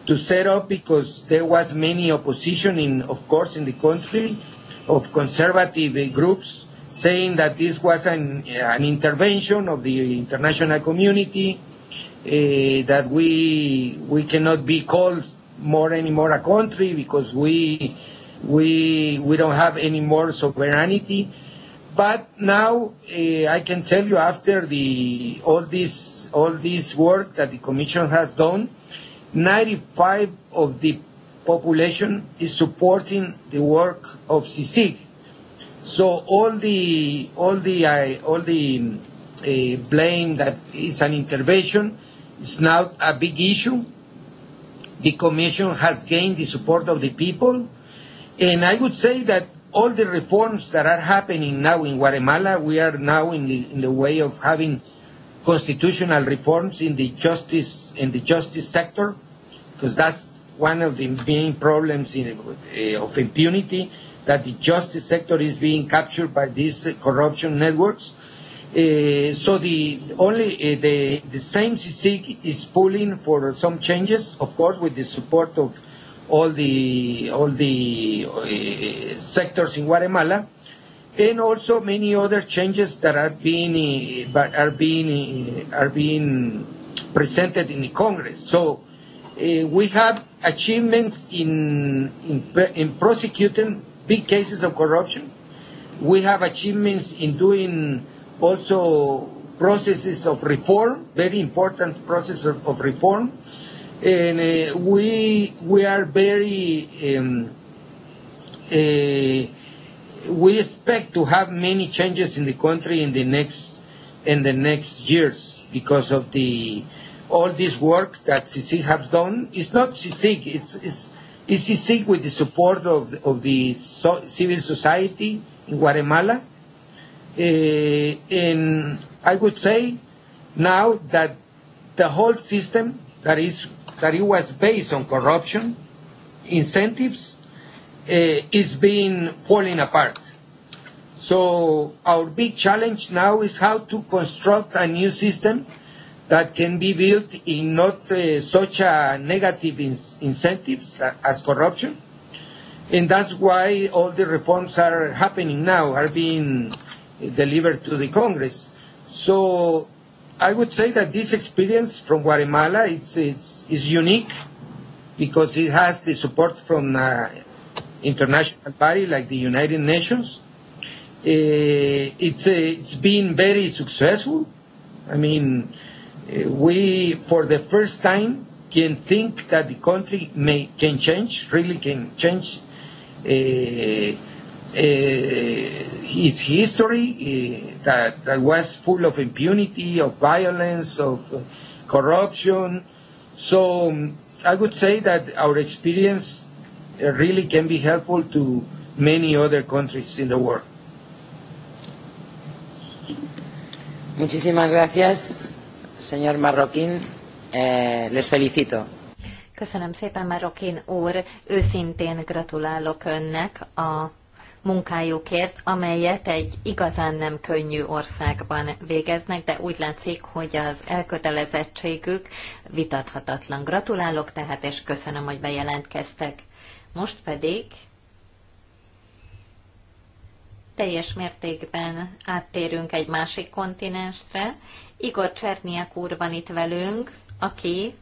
to set up because there was many opposition in, of course, in the country, of conservative uh, groups saying that this was an, uh, an intervention of the international community. Uh, Eh, that we we cannot be called more anymore a country because we we we don't have any more sovereignty. But now uh, I can tell you after the all this all this work that the Commission has done, 95 of the population is supporting the work of CICIG. So all the all the uh, all the uh, blame that is an intervention It's not a big issue. The Commission has gained the support of the people. And I would say that all the reforms that are happening now in Guatemala, we are now in the, in the way of having constitutional reforms in the justice in the justice sector, because that's one of the main problems in, uh, of impunity that the justice sector is being captured by these uh, corruption networks. Uh, so the only uh, the the same CSIC is pulling for some changes, of course, with the support of all the all the uh, sectors in Guatemala, and also many other changes that are being uh, are being uh, are being presented in the Congress. So uh, we have achievements in in, in prosecuting big cases of corruption. We have achievements in doing also processes of reform, very important process of, of reform. And uh, we, we are very, um, uh, we expect to have many changes in the country in the next, in the next years because of the, all this work that CICIG has done. It's not CICIG, it's, it's, it's CICIG with the support of, of the so, civil society in Guatemala eh, in I would say now that the whole system that is that it was based on corruption, incentives, uh, is being falling apart. So our big challenge now is how to construct a new system that can be built in not uh, such a negative in- incentives as corruption. And that's why all the reforms are happening now, are being delivered to the Congress. So I would say that this experience from Guatemala is, is, is unique because it has the support from uh, international body like the United Nations. Uh, it's, uh, it's been very successful. I mean, uh, we, for the first time, can think that the country may, can change, really can change uh, uh, its history uh, that, that was full of impunity, of violence, of uh, corruption. So um, I would say that our experience uh, really can be helpful to many other countries in the world. Muchísimas gracias, señor Marroquín. Eh, les felicito. Köszönöm szépen, Marokin úr. Őszintén gratulálok önnek a munkájukért, amelyet egy igazán nem könnyű országban végeznek, de úgy látszik, hogy az elkötelezettségük vitathatatlan. Gratulálok tehát, és köszönöm, hogy bejelentkeztek. Most pedig teljes mértékben áttérünk egy másik kontinensre. Igor Cserniak úr van itt velünk, aki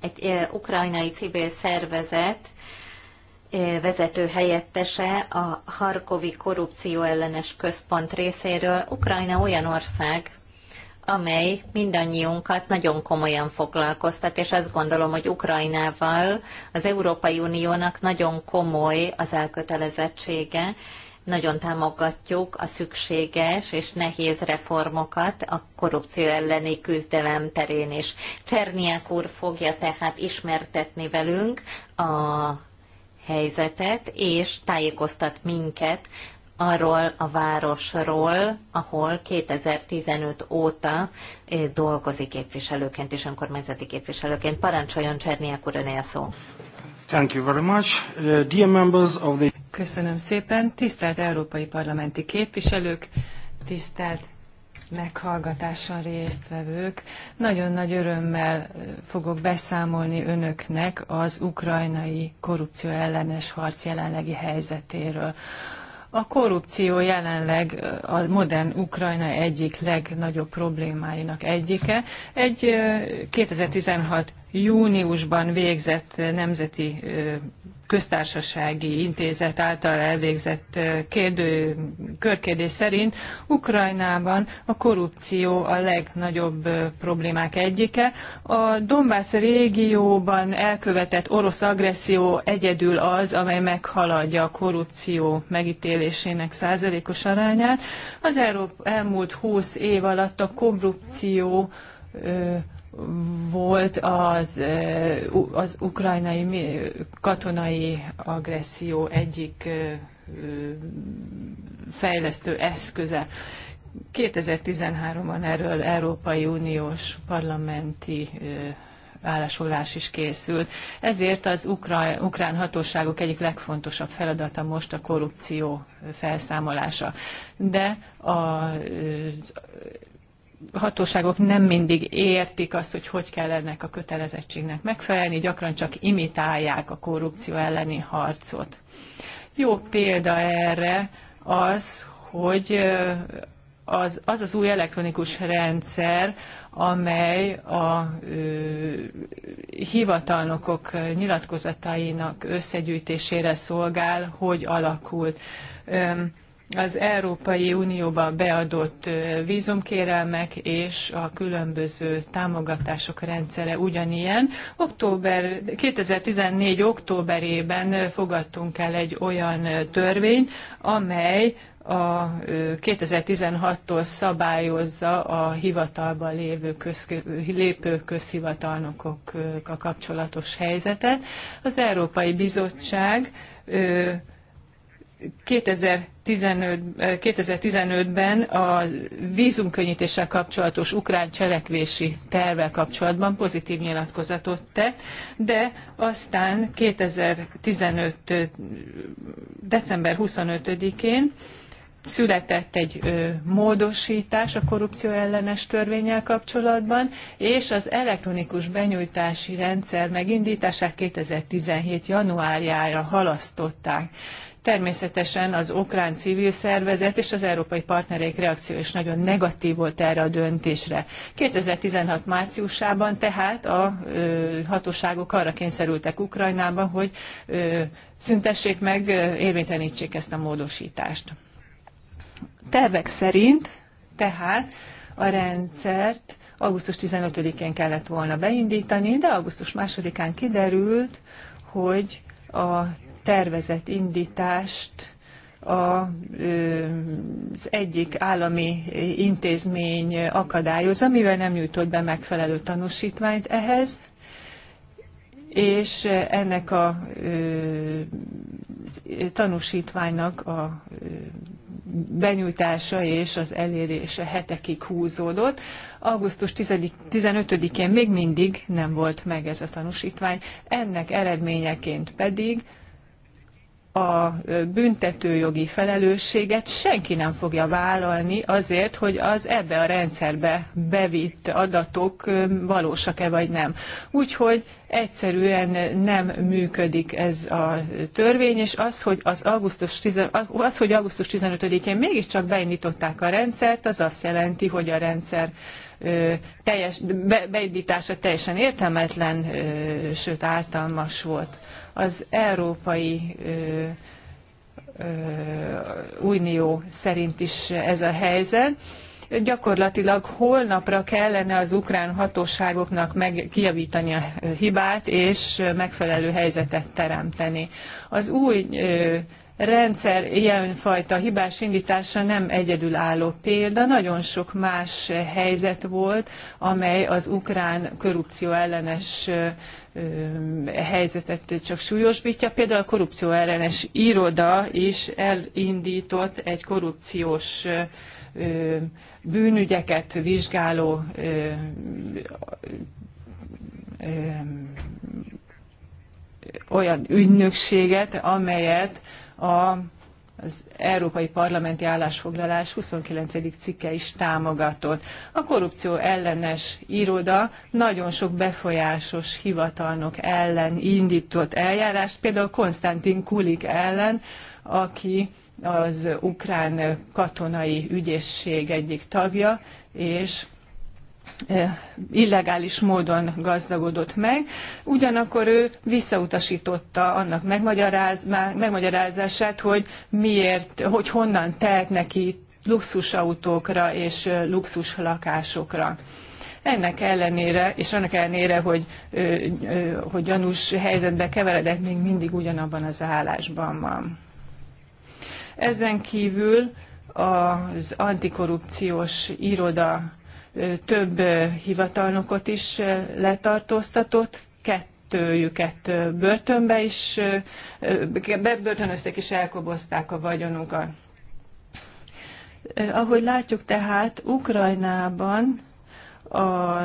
egy eh, ukrajnai civil szervezet vezető helyettese a Harkovi Korrupció Ellenes Központ részéről. Ukrajna olyan ország, amely mindannyiunkat nagyon komolyan foglalkoztat, és azt gondolom, hogy Ukrajnával az Európai Uniónak nagyon komoly az elkötelezettsége, nagyon támogatjuk a szükséges és nehéz reformokat a korrupció elleni küzdelem terén is. Cserniák úr fogja tehát ismertetni velünk a helyzetet, és tájékoztat minket arról a városról, ahol 2015 óta eh, dolgozik képviselőként és önkormányzati képviselőként. Parancsoljon Cserniák úr, önél szó. Thank you very much. Uh, dear members of the... Köszönöm szépen. Tisztelt Európai Parlamenti képviselők, tisztelt meghallgatáson résztvevők. Nagyon nagy örömmel fogok beszámolni önöknek az ukrajnai korrupció ellenes harc jelenlegi helyzetéről. A korrupció jelenleg a modern Ukrajna egyik legnagyobb problémáinak egyike. Egy 2016 júniusban végzett nemzeti köztársasági intézet által elvégzett kérdő, körkérdés szerint Ukrajnában a korrupció a legnagyobb problémák egyike. A Donbass régióban elkövetett orosz agresszió egyedül az, amely meghaladja a korrupció megítélésének százalékos arányát. Az Európa elmúlt húsz év alatt a korrupció ö, volt az, az ukrajnai katonai agresszió egyik fejlesztő eszköze. 2013-ban erről Európai Uniós parlamenti állásolás is készült. Ezért az ukrán, ukrán hatóságok egyik legfontosabb feladata most a korrupció felszámolása. De a, hatóságok nem mindig értik azt, hogy hogy kell ennek a kötelezettségnek megfelelni, gyakran csak imitálják a korrupció elleni harcot. Jó példa erre az, hogy az az, az új elektronikus rendszer, amely a ö, hivatalnokok nyilatkozatainak összegyűjtésére szolgál, hogy alakult. Ö, az Európai Unióba beadott vízumkérelmek és a különböző támogatások rendszere ugyanilyen. Október, 2014. októberében fogadtunk el egy olyan törvényt, amely a 2016-tól szabályozza a hivatalban lévő köz, lépő a kapcsolatos helyzetet. Az Európai Bizottság 2015, eh, ben a vízumkönnyítéssel kapcsolatos ukrán cselekvési tervvel kapcsolatban pozitív nyilatkozatot tett, de aztán 2015. Eh, december 25-én született egy ö, eh, módosítás a korrupció ellenes törvényel kapcsolatban, és az elektronikus benyújtási rendszer megindítását 2017. januárjára halasztották. Természetesen az ukrán civil szervezet és az európai partnereik reakció is nagyon negatív volt erre a döntésre. 2016 márciusában tehát a ö, hatóságok arra kényszerültek Ukrajnában, hogy ö, szüntessék meg, érvénytelenítsék ezt a módosítást. Tervek szerint tehát a rendszert augusztus 15-én kellett volna beindítani, de augusztus 2-án kiderült, hogy a tervezett indítást az egyik állami intézmény akadályozza, mivel nem nyújtott be megfelelő tanúsítványt ehhez, és ennek a tanúsítványnak a benyújtása és az elérése hetekig húzódott. Augusztus 15-én még mindig nem volt meg ez a tanúsítvány, ennek eredményeként pedig a büntetőjogi felelősséget senki nem fogja vállalni azért, hogy az ebbe a rendszerbe bevitt adatok valósak-e vagy nem. Úgyhogy egyszerűen nem működik ez a törvény, és az, hogy, az augusztus, 10, az, hogy augusztus 15-én mégiscsak beindították a rendszert, az azt jelenti, hogy a rendszer teljes, beindítása teljesen értelmetlen, sőt ártalmas volt az Európai Unió szerint is ez a helyzet. Gyakorlatilag holnapra kellene az ukrán hatóságoknak meg, kijavítani a hibát és megfelelő helyzetet teremteni. Az új rendszer ilyenfajta hibás indítása nem egyedülálló példa, nagyon sok más helyzet volt, amely az ukrán korrupció ellenes helyzetet csak súlyosbítja. Például a korrupció ellenes iroda is elindított egy korrupciós bűnügyeket vizsgáló olyan ügynökséget, amelyet a az Európai Parlamenti Állásfoglalás 29. cikke is támogatott. A korrupció ellenes iroda nagyon sok befolyásos hivatalnok ellen indított eljárást, például Konstantin Kulik ellen, aki az ukrán katonai ügyészség egyik tagja, és illegális módon gazdagodott meg, ugyanakkor ő visszautasította annak megmagyarázását, hogy miért, hogy honnan telt neki luxusautókra és luxus lakásokra. Ennek ellenére, és annak ellenére, hogy, hogy gyanús helyzetbe keveredett, még mindig ugyanabban az állásban van. Ezen kívül az antikorrupciós iroda több hivatalnokot is letartóztatott, kettőjüket börtönbe is, bebörtönözték és elkobozták a vagyonukat. Ahogy látjuk tehát, Ukrajnában a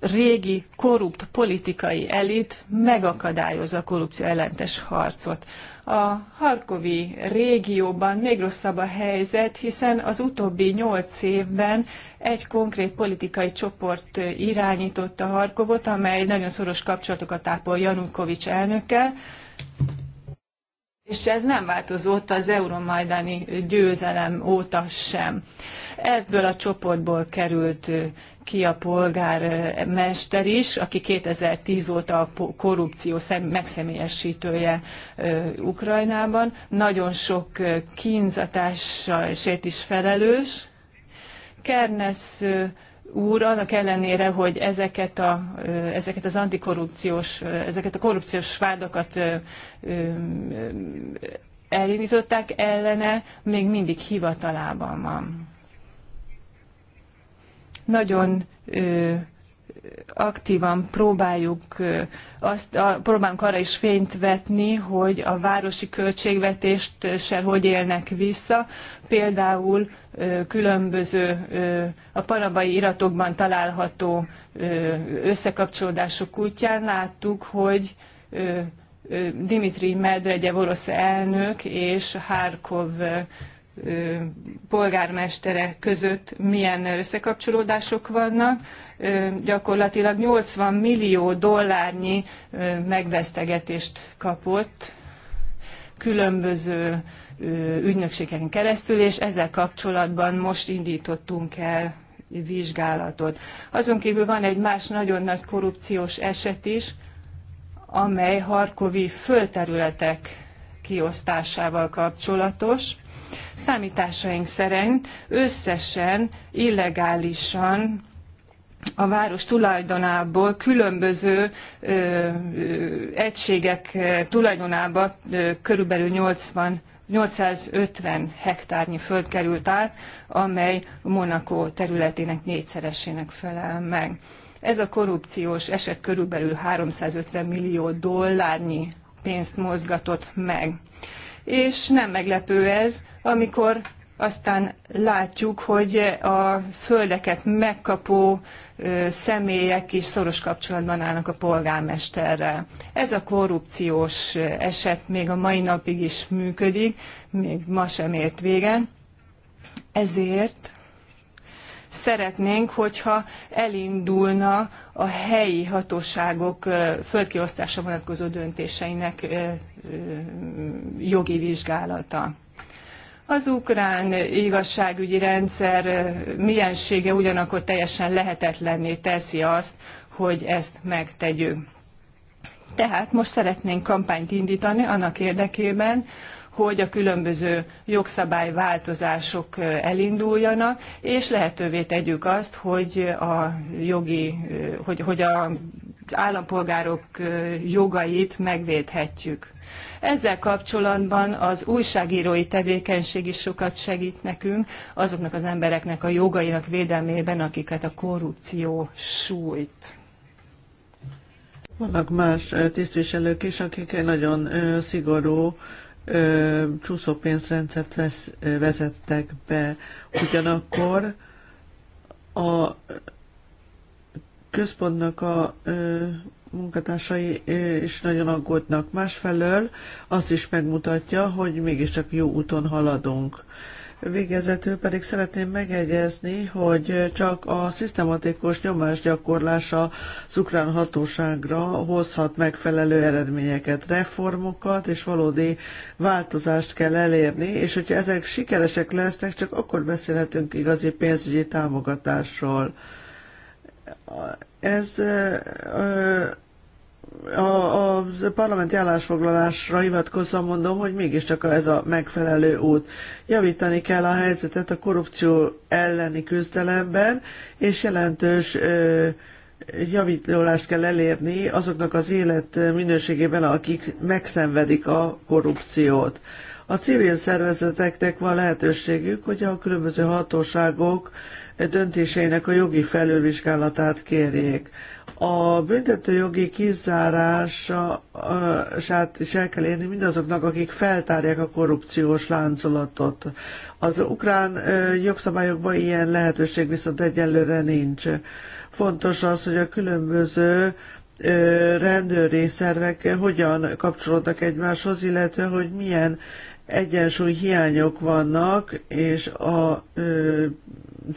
régi korrupt politikai elit megakadályozza a korrupció ellentes harcot. A Harkovi régióban még rosszabb a helyzet, hiszen az utóbbi nyolc évben egy konkrét politikai csoport irányította Harkovot, amely nagyon szoros kapcsolatokat ápol Janukovics elnökkel, és ez nem változott az euromajdani győzelem óta sem. Ebből a csoportból került ki a polgármester is, aki 2010 óta a korrupció megszemélyesítője Ukrajnában. Nagyon sok kínzatással is felelős, Kernes úr annak ellenére, hogy ezeket, a, ezeket az antikorrupciós, ezeket a korrupciós vádakat elindították ellene, még mindig hivatalában van. Nagyon ö, aktívan próbáljuk azt, a, próbálunk arra is fényt vetni, hogy a városi költségvetést se hogy élnek vissza. Például különböző a parabai iratokban található összekapcsolódások útján láttuk, hogy Dimitri Medvegyev orosz elnök és Harkov polgármestere között milyen összekapcsolódások vannak. Gyakorlatilag 80 millió dollárnyi megvesztegetést kapott különböző ügynökségeken keresztül, és ezzel kapcsolatban most indítottunk el vizsgálatot. Azon kívül van egy más nagyon nagy korrupciós eset is, amely harkovi földterületek kiosztásával kapcsolatos. Számításaink szerint összesen illegálisan a város tulajdonából különböző ö, ö, egységek tulajdonába körülbelül 80 850 hektárnyi föld került át, amely Monaco területének négyszeresének felel meg. Ez a korrupciós eset körülbelül 350 millió dollárnyi pénzt mozgatott meg. És nem meglepő ez, amikor aztán látjuk, hogy a földeket megkapó személyek is szoros kapcsolatban állnak a polgármesterrel. Ez a korrupciós eset még a mai napig is működik, még ma sem ért végen. Ezért szeretnénk, hogyha elindulna a helyi hatóságok földkiosztásra vonatkozó döntéseinek jogi vizsgálata. Az ukrán igazságügyi rendszer miensége ugyanakkor teljesen lehetetlenné teszi azt, hogy ezt megtegyük. Tehát most szeretnénk kampányt indítani annak érdekében, hogy a különböző jogszabályváltozások elinduljanak, és lehetővé tegyük azt, hogy a jogi, hogy, hogy a állampolgárok jogait megvédhetjük. Ezzel kapcsolatban az újságírói tevékenység is sokat segít nekünk, azoknak az embereknek a jogainak védelmében, akiket a korrupció sújt. Vannak más tisztviselők is, akik nagyon szigorú csúszópénzrendszert vezettek be. Ugyanakkor a központnak a munkatársai is nagyon aggódnak. Másfelől azt is megmutatja, hogy mégiscsak jó úton haladunk. Végezetül pedig szeretném megegyezni, hogy csak a szisztematikus nyomás gyakorlása szukrán hatóságra hozhat megfelelő eredményeket, reformokat és valódi változást kell elérni, és hogyha ezek sikeresek lesznek, csak akkor beszélhetünk igazi pénzügyi támogatásról ez a, a a parlamenti állásfoglalásra hivatkozva mondom, hogy mégiscsak ez a megfelelő út. Javítani kell a helyzetet a korrupció elleni küzdelemben, és jelentős ö, kell elérni azoknak az élet minőségében, akik megszenvedik a korrupciót. A civil szervezeteknek van lehetőségük, hogy a különböző hatóságok döntéseinek a jogi felülvizsgálatát kérjék. A büntetőjogi kizárását is el kell érni mindazoknak, akik feltárják a korrupciós láncolatot. Az ukrán jogszabályokban ilyen lehetőség viszont egyelőre nincs. Fontos az, hogy a különböző rendőri szervek hogyan kapcsolódnak egymáshoz, illetve hogy milyen egyensúly hiányok vannak, és a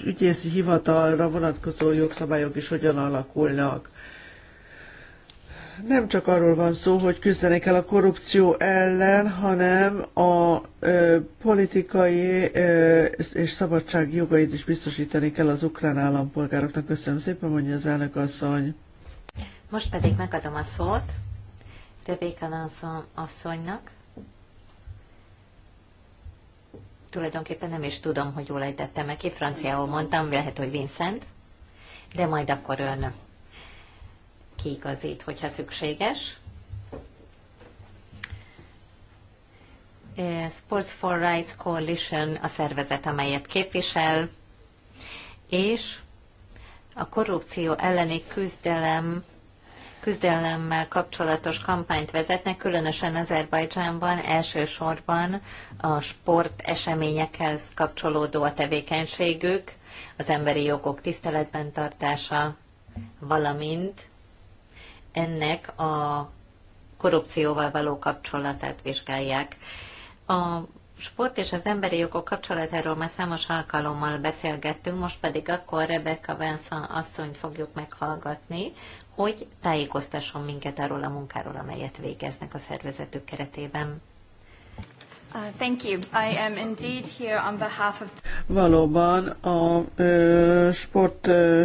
ügyészi hivatalra vonatkozó jogszabályok is hogyan alakulnak. Nem csak arról van szó, hogy küzdenek el a korrupció ellen, hanem a ö, politikai ö, és szabadság jogait is biztosítani kell az ukrán állampolgároknak. Köszönöm szépen, mondja az elnök asszony. Most pedig megadom a szót Rebéka Lanson asszonynak, Tulajdonképpen nem is tudom, hogy jól ejtettem meg, én franciául mondtam, lehet, hogy Vincent, de majd akkor ön kiigazít, hogyha szükséges. Eh, Sports for Rights Coalition a szervezet, amelyet képvisel, és a korrupció elleni küzdelem küzdelemmel kapcsolatos kampányt vezetnek, különösen Azerbajdzsánban elsősorban a sport eseményekhez kapcsolódó a tevékenységük, az emberi jogok tiszteletben tartása, valamint ennek a korrupcióval való kapcsolatát vizsgálják. A sport és az emberi jogok kapcsolatáról már számos alkalommal beszélgettünk, most pedig akkor Rebecca Benson asszonyt fogjuk meghallgatni, hogy tájékoztasson minket arról a munkáról, amelyet végeznek a szervezetük keretében. Valóban a ö, sport ö,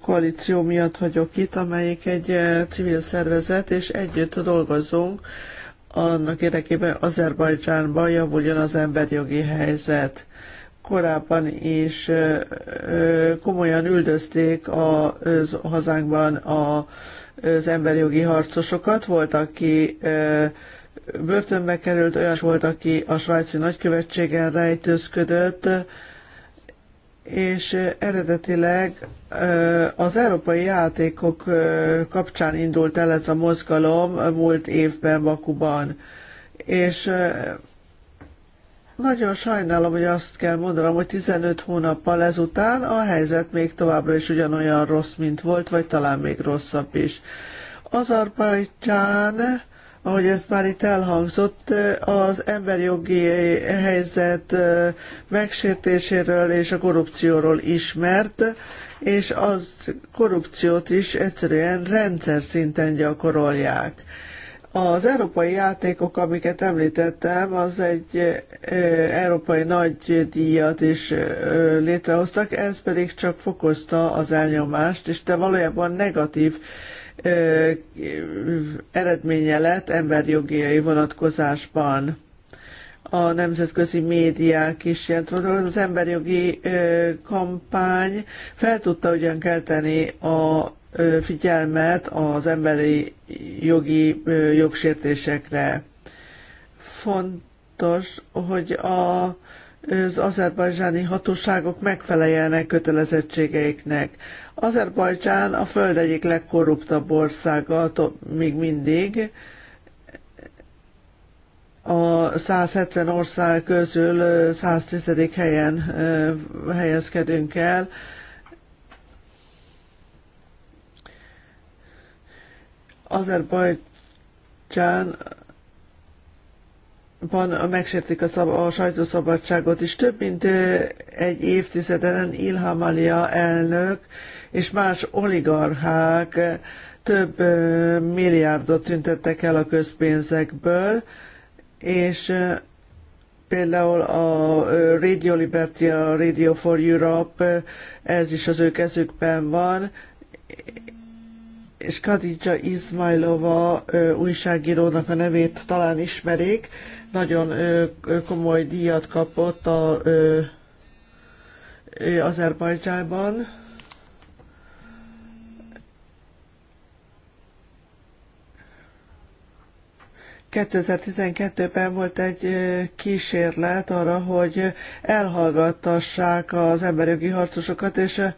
koalíció miatt vagyok itt, amelyik egy civil szervezet, és együtt dolgozunk annak érdekében Azerbajdzsánban javuljon az emberjogi helyzet korábban is komolyan üldözték a hazánkban a, az jogi harcosokat. Volt, aki börtönbe került, olyan volt, aki a svájci nagykövetségen rejtőzködött, és eredetileg az európai játékok kapcsán indult el ez a mozgalom múlt évben Bakuban. És nagyon sajnálom, hogy azt kell mondanom, hogy 15 hónappal ezután a helyzet még továbbra is ugyanolyan rossz, mint volt, vagy talán még rosszabb is. Azerbajdzsán ahogy ez már itt elhangzott, az emberi jogi helyzet megsértéséről és a korrupcióról ismert, és az korrupciót is egyszerűen rendszer szinten gyakorolják. Az európai játékok, amiket említettem, az egy európai nagy díjat is létrehoztak, ez pedig csak fokozta az elnyomást, és te valójában negatív eredménye lett emberjogiai vonatkozásban a nemzetközi médiák is ilyen az emberjogi kampány fel tudta ugyan kelteni a figyelmet az emberi jogi jogsértésekre. Fontos, hogy a, az azerbajdzsáni hatóságok megfeleljenek kötelezettségeiknek. Azerbajdzsán a föld egyik legkorruptabb országa még mindig. A 170 ország közül 110. helyen helyezkedünk el Azerbajdzsán van, megsértik a, szab, a sajtószabadságot is. Több mint egy évtizeden Ilham Alia elnök és más oligarchák több milliárdot tüntettek el a közpénzekből, és például a Radio Liberty, a Radio for Europe, ez is az ő kezükben van, és Kadija Izmailova újságírónak a nevét talán ismerik, nagyon komoly díjat kapott a Azerbajdzsában. ...2012-ben volt egy kísérlet arra, hogy elhallgattassák az emberjogi harcosokat, és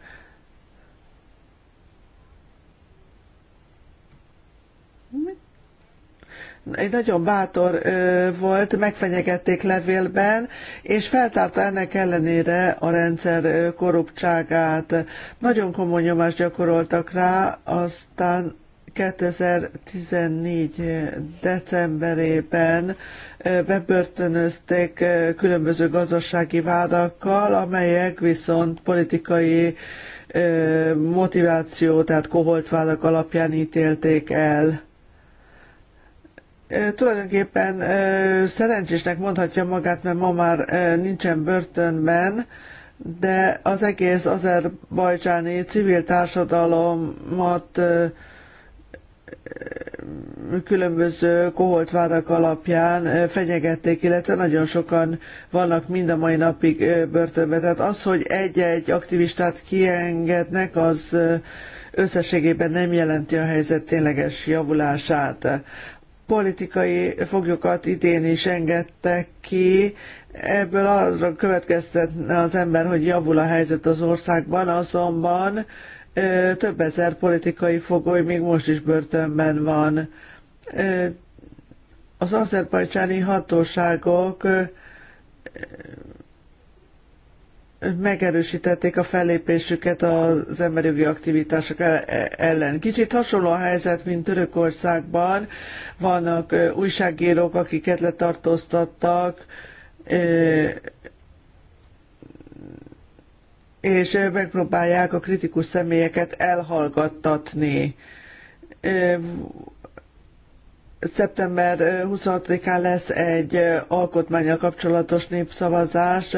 egy nagyon bátor volt, megfenyegették levélben, és feltárta ennek ellenére a rendszer korruptságát. Nagyon komoly nyomást gyakoroltak rá, aztán 2014 decemberében bebörtönözték különböző gazdasági vádakkal, amelyek viszont politikai motiváció, tehát koholt vádak alapján ítélték el tulajdonképpen szerencsésnek mondhatja magát, mert ma már nincsen börtönben, de az egész azerbajdzsáni civil társadalomat különböző koholtvádak alapján fenyegették, illetve nagyon sokan vannak mind a mai napig börtönben. Tehát az, hogy egy-egy aktivistát kiengednek, az összességében nem jelenti a helyzet tényleges javulását politikai foglyokat idén is engedtek ki. Ebből arra következtetne az ember, hogy javul a helyzet az országban, azonban több ezer politikai fogoly még most is börtönben van. Az azerbajcsáni hatóságok megerősítették a fellépésüket az emberjogi aktivitások e- e- ellen. Kicsit hasonló a helyzet, mint Törökországban. Vannak újságírók, akiket letartóztattak, és megpróbálják a kritikus személyeket elhallgattatni szeptember 26-án lesz egy alkotmányjal kapcsolatos népszavazás,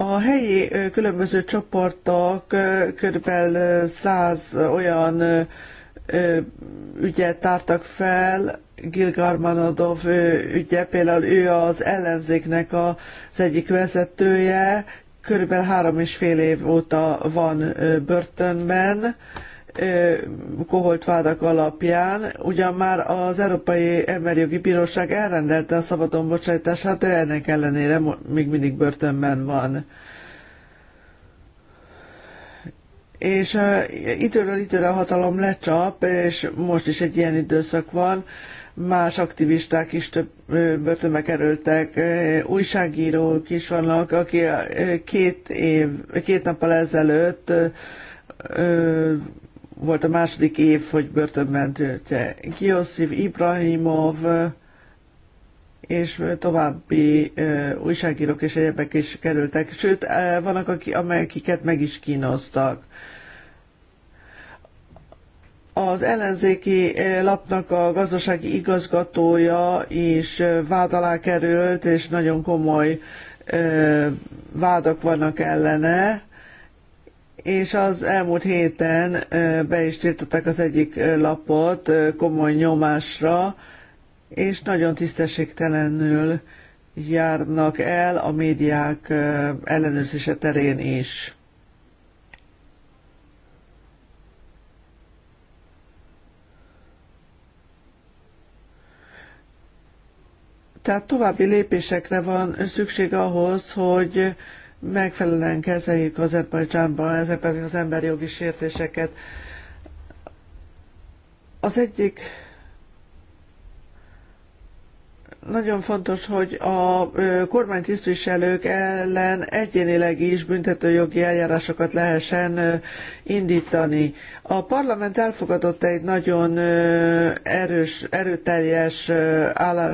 a helyi különböző csoportok körülbelül száz olyan ügyet tártak fel, Gilgarmanodov ügye, például ő az ellenzéknek az egyik vezetője, körülbelül három és fél év óta van börtönben, koholt vádak alapján, ugyan már az Európai Emberi Jogi Bíróság elrendelte a szabadon bocsátását, de ennek ellenére még mindig börtönben van. És időről időre a hatalom lecsap, és most is egy ilyen időszak van, más aktivisták is több börtönbe kerültek, újságírók is vannak, aki két, év, két nappal ezelőtt volt a második év, hogy börtönben töltje. Kioszív Ibrahimov és további újságírók és egyebek is kerültek, sőt, vannak, akik, amelyiket meg is kínoztak az ellenzéki lapnak a gazdasági igazgatója is vád alá került, és nagyon komoly vádak vannak ellene és az elmúlt héten be is tiltották az egyik lapot komoly nyomásra, és nagyon tisztességtelenül járnak el a médiák ellenőrzése terén is. Tehát további lépésekre van szükség ahhoz, hogy megfelelően kezeljük Azerbajdzsánban ezek pedig az emberi jogi sértéseket. Az egyik nagyon fontos, hogy a kormánytisztviselők ellen egyénileg is büntetőjogi eljárásokat lehessen indítani. A parlament elfogadott egy nagyon erős, erőteljes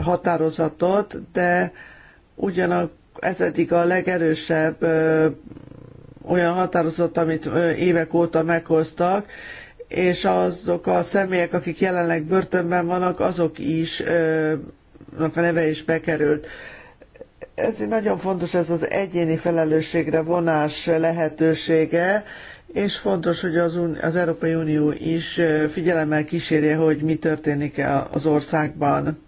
határozatot, de ugyanakkor ez eddig a legerősebb olyan határozat, amit évek óta meghoztak, és azok a személyek, akik jelenleg börtönben vannak, azok is, a neve is bekerült. Ezért nagyon fontos ez az egyéni felelősségre vonás lehetősége, és fontos, hogy az, az Európai Unió is figyelemmel kísérje, hogy mi történik -e az országban.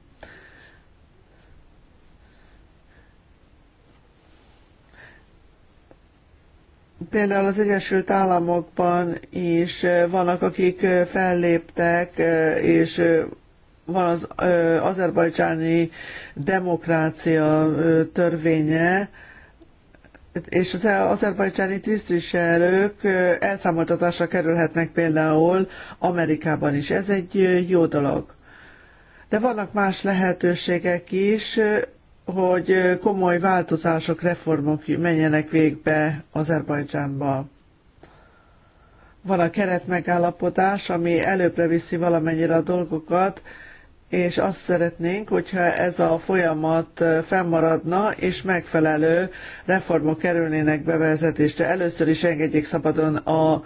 Például az Egyesült Államokban is vannak, akik felléptek, és van az azerbajdzsáni demokrácia törvénye, és az e- azerbajdzsáni tisztviselők elszámoltatásra kerülhetnek például Amerikában is. Ez egy jó dolog. De vannak más lehetőségek is, hogy komoly változások, reformok menjenek végbe Azerbajdzsánba. Van a keretmegállapodás, ami előbbre viszi valamennyire a dolgokat, és azt szeretnénk, hogyha ez a folyamat fennmaradna, és megfelelő reformok kerülnének bevezetésre. Először is engedjék szabadon a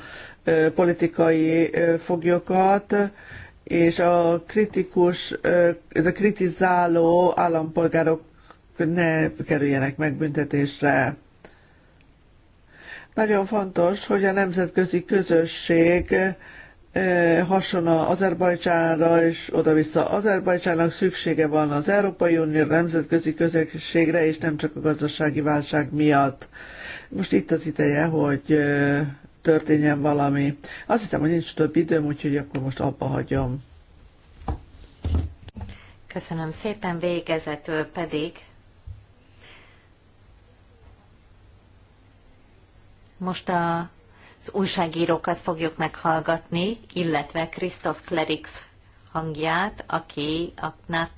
politikai foglyokat, és a kritikus, a kritizáló állampolgárok ne kerüljenek megbüntetésre. Nagyon fontos, hogy a nemzetközi közösség eh, hasonló Azerbajcsánra, és oda-vissza Azerbajcsának szüksége van az Európai Unió nemzetközi közösségre, és nem csak a gazdasági válság miatt. Most itt az ideje, hogy eh, történjen valami. Azt hiszem, hogy nincs több időm, úgyhogy akkor most abba hagyom. Köszönöm szépen, végezetül pedig Most a, az újságírókat fogjuk meghallgatni, illetve Christoph Klerix hangját, aki aknak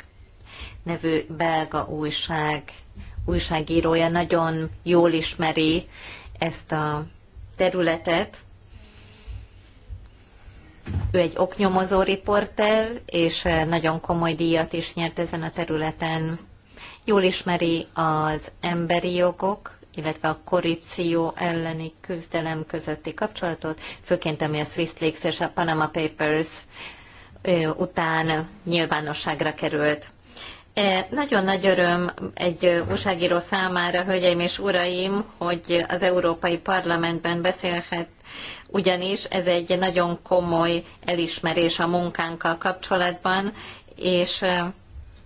nevű belga újság újságírója nagyon jól ismeri ezt a területet. Ő egy oknyomozó riporter, és eh, nagyon komoly díjat is nyert ezen a területen. Jól ismeri az emberi jogok illetve a korrupció elleni küzdelem közötti kapcsolatot, főként ami a Swiss Leaks és a Panama Papers után nyilvánosságra került. E, nagyon nagy öröm egy újságíró számára, hölgyeim és uraim, hogy az Európai Parlamentben beszélhet, ugyanis ez egy nagyon komoly elismerés a munkánkkal kapcsolatban, és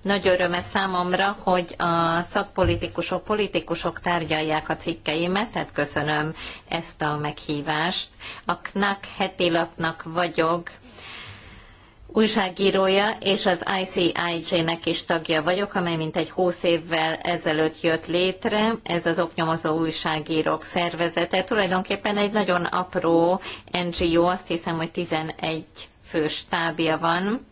nagy öröm ez számomra, hogy a szakpolitikusok, politikusok tárgyalják a cikkeimet, tehát köszönöm ezt a meghívást. A KNAK heti lapnak vagyok újságírója, és az ICIJ-nek is tagja vagyok, amely mint egy húsz évvel ezelőtt jött létre. Ez az oknyomozó újságírók szervezete. Tulajdonképpen egy nagyon apró NGO, azt hiszem, hogy 11 fős tábja van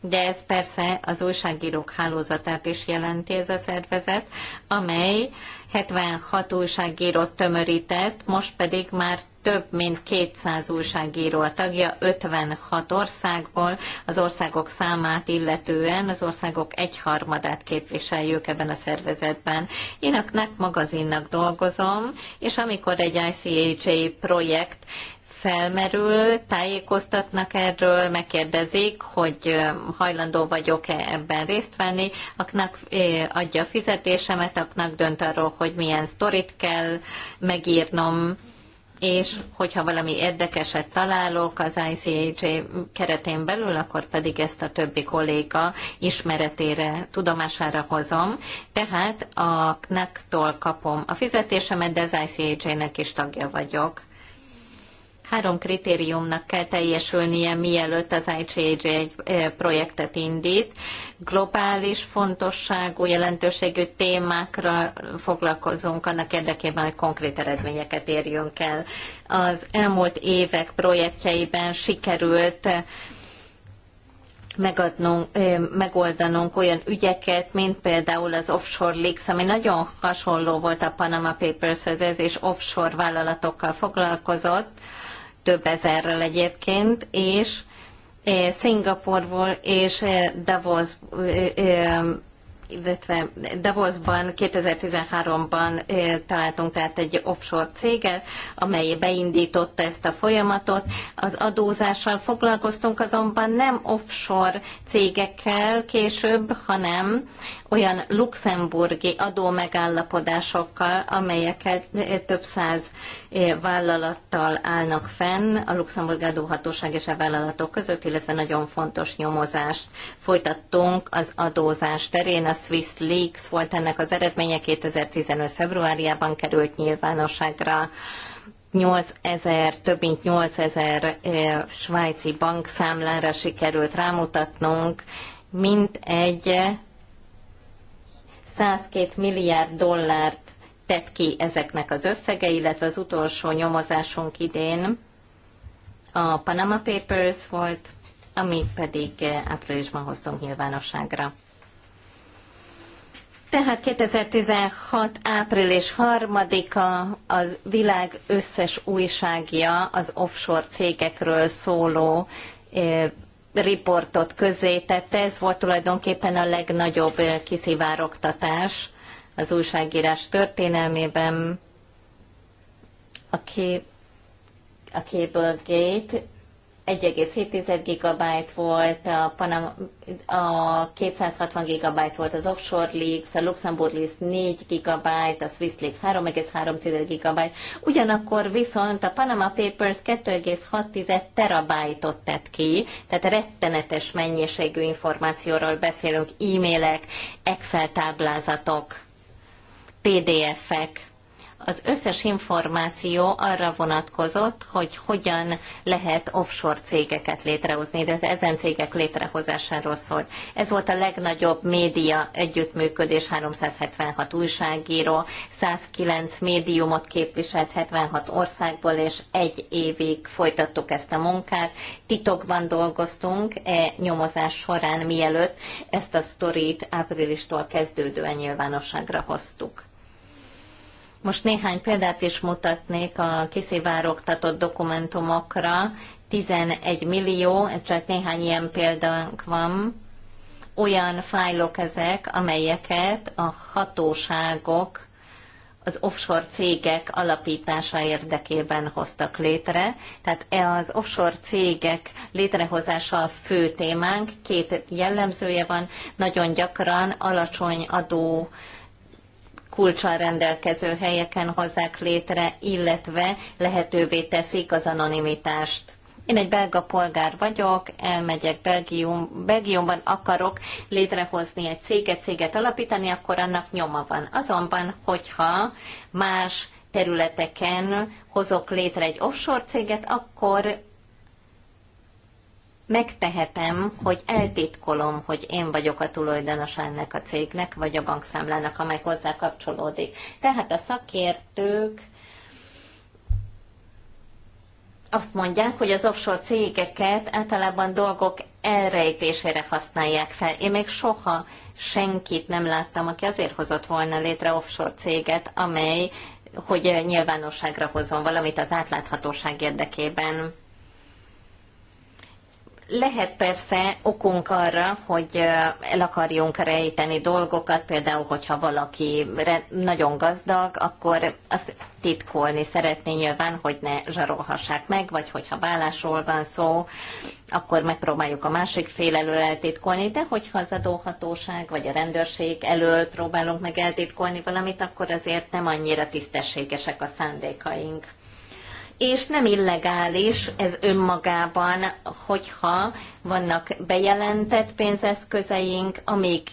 de ez persze az újságírók hálózatát is jelenti ez a szervezet, amely 76 újságírót tömörített, most pedig már több mint 200 újságíró a tagja 56 országból, az országok számát illetően az országok egyharmadát képviseljük ebben a szervezetben. Én a magazinnak dolgozom, és amikor egy ICAJ projekt felmerül, tájékoztatnak erről, megkérdezik, hogy hajlandó vagyok-e ebben részt venni, aknak adja a fizetésemet, aknak dönt arról, hogy milyen sztorit kell megírnom, és hogyha valami érdekeset találok az ICAJ keretén belül, akkor pedig ezt a többi kolléga ismeretére, tudomására hozom. Tehát a knack kapom a fizetésemet, de az ICAJ-nek is tagja vagyok. Három kritériumnak kell teljesülnie, mielőtt az ICHG egy projektet indít. Globális fontosságú, jelentőségű témákra foglalkozunk annak érdekében, hogy konkrét eredményeket érjünk el. Az elmúlt évek projektjeiben sikerült megadnunk, megoldanunk olyan ügyeket, mint például az offshore leaks, ami nagyon hasonló volt a Panama Papershez, és offshore vállalatokkal foglalkozott, több ezerrel egyébként, és e, Szingapurból és e, Davos, e, illetve Davosban 2013-ban találtunk tehát egy offshore céget, amely beindította ezt a folyamatot. Az adózással foglalkoztunk azonban nem offshore cégekkel később, hanem olyan luxemburgi adómegállapodásokkal, amelyeket több száz vállalattal állnak fenn a luxemburgi adóhatóság és a vállalatok között, illetve nagyon fontos nyomozást folytattunk az adózás terén. A Swiss Leaks volt ennek az eredménye, 2015. februárjában került nyilvánosságra. 8000, több mint 8000 ezer svájci bankszámlára sikerült rámutatnunk, mint egy 102 milliárd dollárt tett ki ezeknek az összege, illetve az utolsó nyomozásunk idén a Panama Papers volt, ami pedig eh, áprilisban hoztunk nyilvánosságra. Tehát 2016. április 3-a az világ összes újságja az offshore cégekről szóló eh, riportot tette. ez volt tulajdonképpen a legnagyobb eh, kiszivárogtatás az újságírás történelmében. aki a Cable Gate 1,7 GB volt, a, Panama, a 260 GB volt az Offshore Leaks, a Luxemburg Leaks 4 GB, a Swiss Leaks 3,3 GB, ugyanakkor viszont a Panama Papers 2,6 terabájtot tett ki, tehát rettenetes mennyiségű információról beszélünk, e-mailek, Excel táblázatok, PDF-ek, az összes információ arra vonatkozott, hogy hogyan lehet offshore cégeket létrehozni, de ez ezen cégek létrehozásáról szól. Ez volt a legnagyobb média együttműködés, 376 újságíró, 109 médiumot képviselt 76 országból, és egy évig folytattuk ezt a munkát. Titokban dolgoztunk e nyomozás során, mielőtt ezt a sztorit áprilistól kezdődően nyilvánosságra hoztuk. Most néhány példát is mutatnék a kiszivárogtatott dokumentumokra. 11 millió, csak néhány ilyen példánk van. Olyan fájlok ezek, amelyeket a hatóságok az offshore cégek alapítása érdekében hoztak létre. Tehát e az offshore cégek létrehozása a fő témánk, két jellemzője van, nagyon gyakran alacsony adó kulcsal rendelkező helyeken hozzák létre, illetve lehetővé teszik az anonimitást. Én egy belga polgár vagyok, elmegyek Belgium, Belgiumban, akarok létrehozni egy céget, céget alapítani, akkor annak nyoma van. Azonban, hogyha más területeken hozok létre egy offshore céget, akkor megtehetem, hogy eltitkolom, hogy én vagyok a tulajdonos ennek a cégnek, vagy a bankszámlának, amely hozzá kapcsolódik. Tehát a szakértők azt mondják, hogy az offshore cégeket általában dolgok elrejtésére használják fel. Én még soha senkit nem láttam, aki azért hozott volna létre offshore céget, amely hogy nyilvánosságra hozom valamit az átláthatóság érdekében. Lehet persze okunk arra, hogy el akarjunk rejteni dolgokat, például, hogyha valaki nagyon gazdag, akkor azt titkolni szeretné nyilván, hogy ne zsarolhassák meg, vagy hogyha vállásról van szó, akkor megpróbáljuk a másik fél elől eltitkolni, de hogyha az adóhatóság vagy a rendőrség elől próbálunk meg eltitkolni valamit, akkor azért nem annyira tisztességesek a szándékaink és nem illegális ez önmagában, hogyha vannak bejelentett pénzeszközeink, amik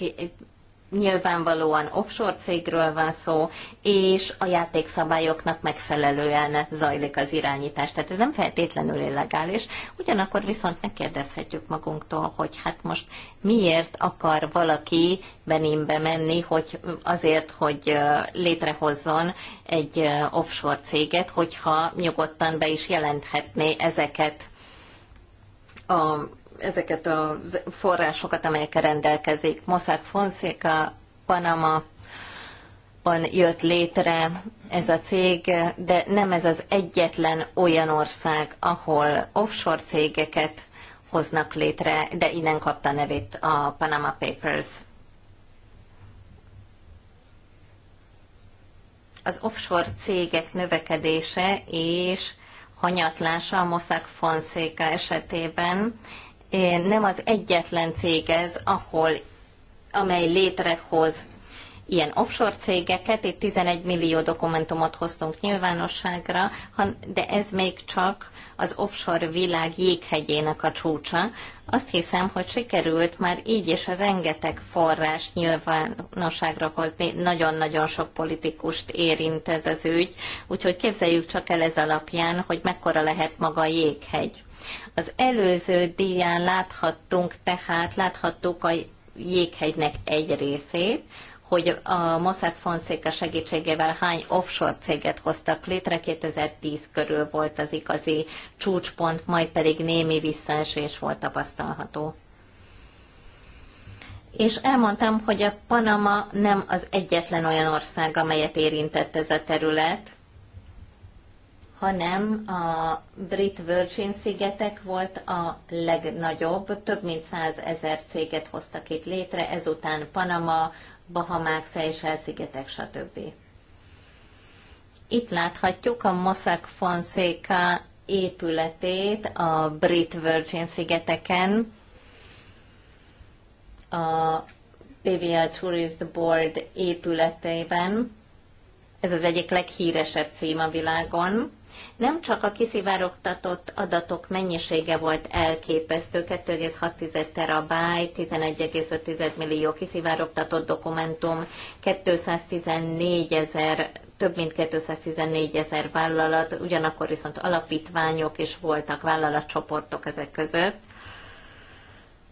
nyilvánvalóan offshore cégről van szó, és a játékszabályoknak megfelelően zajlik az irányítás. Tehát ez nem feltétlenül illegális. Ugyanakkor viszont megkérdezhetjük magunktól, hogy hát most miért akar valaki Beninbe menni, hogy azért, hogy létrehozzon egy offshore céget, hogyha nyugodtan be is jelenthetné ezeket a ezeket a forrásokat, amelyekkel rendelkezik. Mossack Fonseca, Panama, on jött létre ez a cég, de nem ez az egyetlen olyan ország, ahol offshore cégeket hoznak létre, de innen kapta nevét a Panama Papers. Az offshore cégek növekedése és hanyatlása a Mossack Fonseca esetében nem az egyetlen cég ez, ahol, amely létrehoz ilyen offshore cégeket, itt 11 millió dokumentumot hoztunk nyilvánosságra, de ez még csak az offshore világ jéghegyének a csúcsa. Azt hiszem, hogy sikerült már így is rengeteg forrás nyilvánosságra hozni, nagyon-nagyon sok politikust érint ez az ügy, úgyhogy képzeljük csak el ez alapján, hogy mekkora lehet maga a jéghegy. Az előző díján láthattunk tehát, láthattuk a jéghegynek egy részét, hogy a Mossack Fonseca segítségével hány offshore céget hoztak létre, 2010 körül volt az igazi csúcspont, majd pedig némi visszaesés volt tapasztalható. És elmondtam, hogy a Panama nem az egyetlen olyan ország, amelyet érintett ez a terület, hanem a Brit Virgin szigetek volt a legnagyobb, több mint 100 ezer céget hoztak itt létre, ezután Panama, Bahamák, Seychelles szigetek, stb. Itt láthatjuk a Mossack Fonseca épületét a Brit Virgin szigeteken. A PVL Tourist Board épületében. Ez az egyik leghíresebb cím a világon. Nem csak a kiszivárogtatott adatok mennyisége volt elképesztő, 2,6 terabájt, 11,5 millió kiszivárogtatott dokumentum, 214 ezer több mint 214 ezer vállalat, ugyanakkor viszont alapítványok is voltak, vállalatcsoportok ezek között.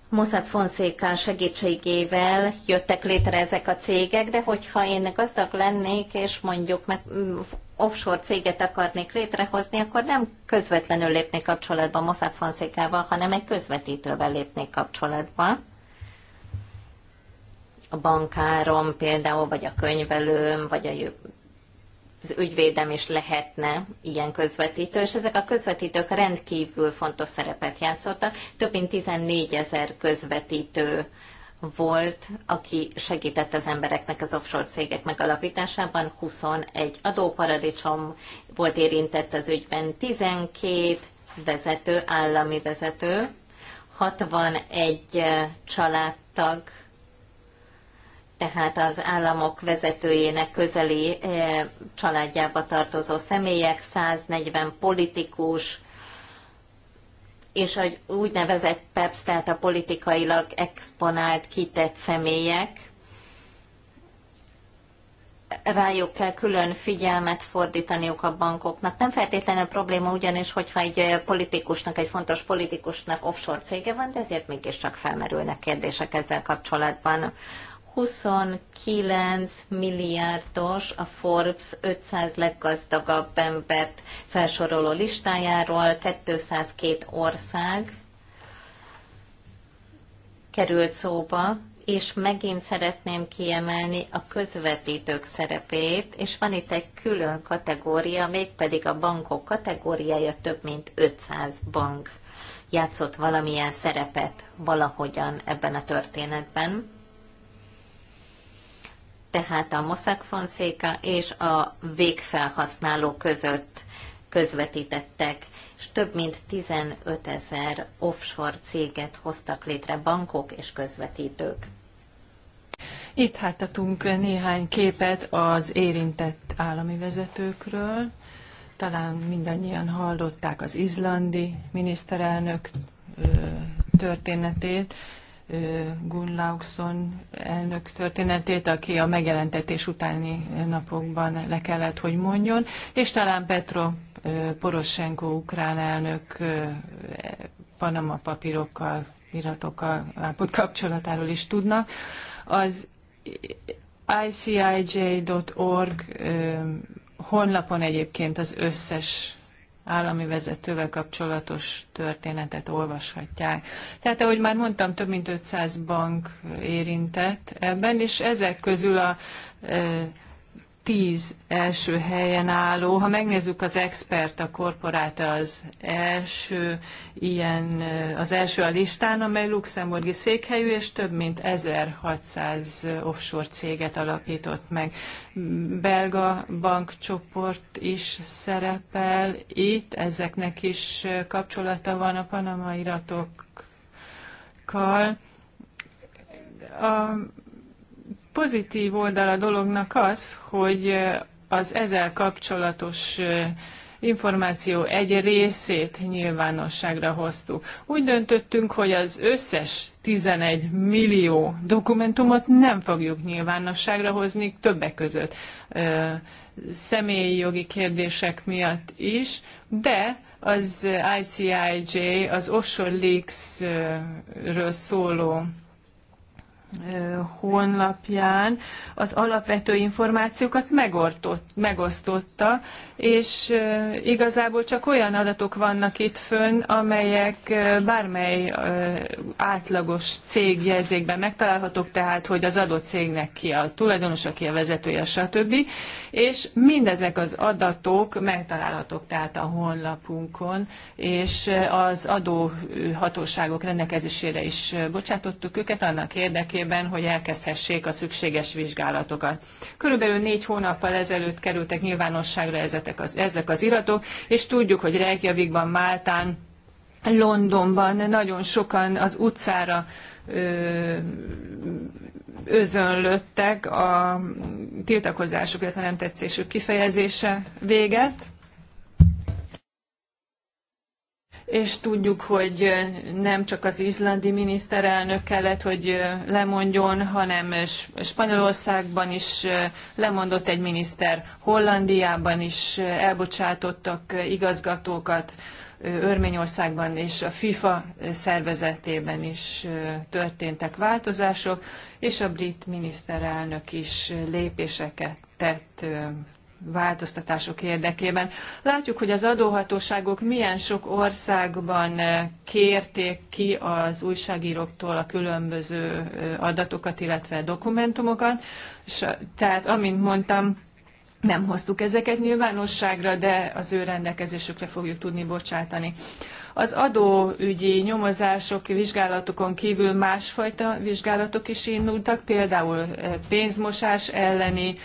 Mossad Fonszéka segítségével jöttek létre ezek a cégek, de hogyha én gazdag lennék, és mondjuk meg offshore céget akarnék létrehozni, akkor nem közvetlenül lépnék kapcsolatba Mossack Fonszékával, hanem egy közvetítővel lépnék kapcsolatba. A bankárom például, vagy a könyvelőm, vagy a az ügyvédem is lehetne ilyen közvetítő, és ezek a közvetítők rendkívül fontos szerepet játszottak. Több mint 14 ezer közvetítő volt, aki segített az embereknek az offshore cégek megalapításában, 21 adóparadicsom volt érintett az ügyben, 12 vezető, állami vezető, 61 eh, családtag, tehát az államok vezetőjének közeli eh, családjába tartozó személyek, 140 politikus, és a úgynevezett PEPS, tehát a politikailag exponált, kitett személyek, rájuk kell külön figyelmet fordítaniuk a bankoknak. Nem feltétlenül probléma ugyanis, hogyha egy politikusnak, egy fontos politikusnak offshore cége van, de ezért mégiscsak felmerülnek kérdések ezzel kapcsolatban. 29 milliárdos a Forbes 500 leggazdagabb embert felsoroló listájáról, 202 ország került szóba, és megint szeretném kiemelni a közvetítők szerepét, és van itt egy külön kategória, mégpedig a bankok kategóriája több mint 500 bank játszott valamilyen szerepet valahogyan ebben a történetben tehát a Mossack Fonseca és a végfelhasználó között közvetítettek, és több mint 15 ezer offshore céget hoztak létre bankok és közvetítők. Itt háttatunk néhány képet az érintett állami vezetőkről. Talán mindannyian hallották az izlandi miniszterelnök történetét, Gunnlaugson elnök történetét, aki a megjelentetés utáni napokban le kellett, hogy mondjon, és talán Petro Poroshenko ukrán elnök Panama papírokkal, iratokkal állapot kapcsolatáról is tudnak. Az ICIJ.org honlapon egyébként az összes állami vezetővel kapcsolatos történetet olvashatják. Tehát, ahogy már mondtam, több mint 500 bank érintett ebben, és ezek közül a e, tíz első helyen álló. Ha megnézzük az expert, a korporáta az első, ilyen, az első a listán, amely luxemburgi székhelyű, és több mint 1600 offshore céget alapított meg. Belga bankcsoport is szerepel itt, ezeknek is kapcsolata van a panama iratokkal. A Pozitív oldal a dolognak az, hogy az ezzel kapcsolatos információ egy részét nyilvánosságra hoztuk. Úgy döntöttünk, hogy az összes 11 millió dokumentumot nem fogjuk nyilvánosságra hozni, többek között személyi jogi kérdések miatt is, de az ICIJ, az Offshore Leaks-ről szóló honlapján az alapvető információkat megortott, megosztotta, és igazából csak olyan adatok vannak itt fönn, amelyek bármely átlagos cég jegyzékben megtalálhatók, tehát hogy az adott cégnek ki a tulajdonos, ki a vezetője, stb. És mindezek az adatok megtalálhatók tehát a honlapunkon, és az adóhatóságok rendelkezésére is bocsátottuk őket annak érdekében, érdekében, hogy elkezdhessék a szükséges vizsgálatokat. Körülbelül négy hónappal ezelőtt kerültek nyilvánosságra az, ezek az iratok, és tudjuk, hogy Reykjavikban, Máltán, Londonban nagyon sokan az utcára ö, özönlöttek a tiltakozásuk, illetve nem tetszésük kifejezése véget. és tudjuk, hogy nem csak az izlandi miniszterelnök kellett, hogy lemondjon, hanem Spanyolországban is lemondott egy miniszter, Hollandiában is elbocsátottak igazgatókat, Örményországban és a FIFA szervezetében is történtek változások, és a brit miniszterelnök is lépéseket tett változtatások érdekében. Látjuk, hogy az adóhatóságok milyen sok országban eh, kérték ki az újságíróktól a különböző eh, adatokat, illetve dokumentumokat. és tehát, amint mondtam, nem hoztuk ezeket nyilvánosságra, de az ő rendelkezésükre fogjuk tudni bocsátani. Az adóügyi nyomozások, vizsgálatokon kívül másfajta vizsgálatok is indultak, például eh, pénzmosás elleni,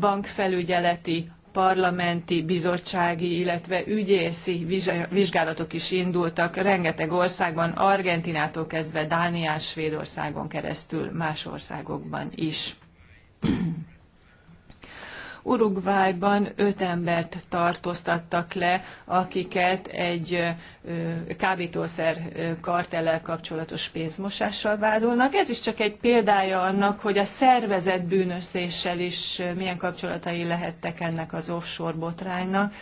bankfelügyeleti, parlamenti, bizottsági, illetve ügyészi vizsgálatok is indultak rengeteg országban, Argentinától kezdve Dániás, Svédországon keresztül más országokban is. Uruguayban öt embert tartóztattak le, akiket egy kábítószer kartellel kapcsolatos pénzmosással vádolnak. Ez is csak egy példája annak, hogy a szervezet bűnözéssel is milyen kapcsolatai lehettek ennek az offshore botránynak.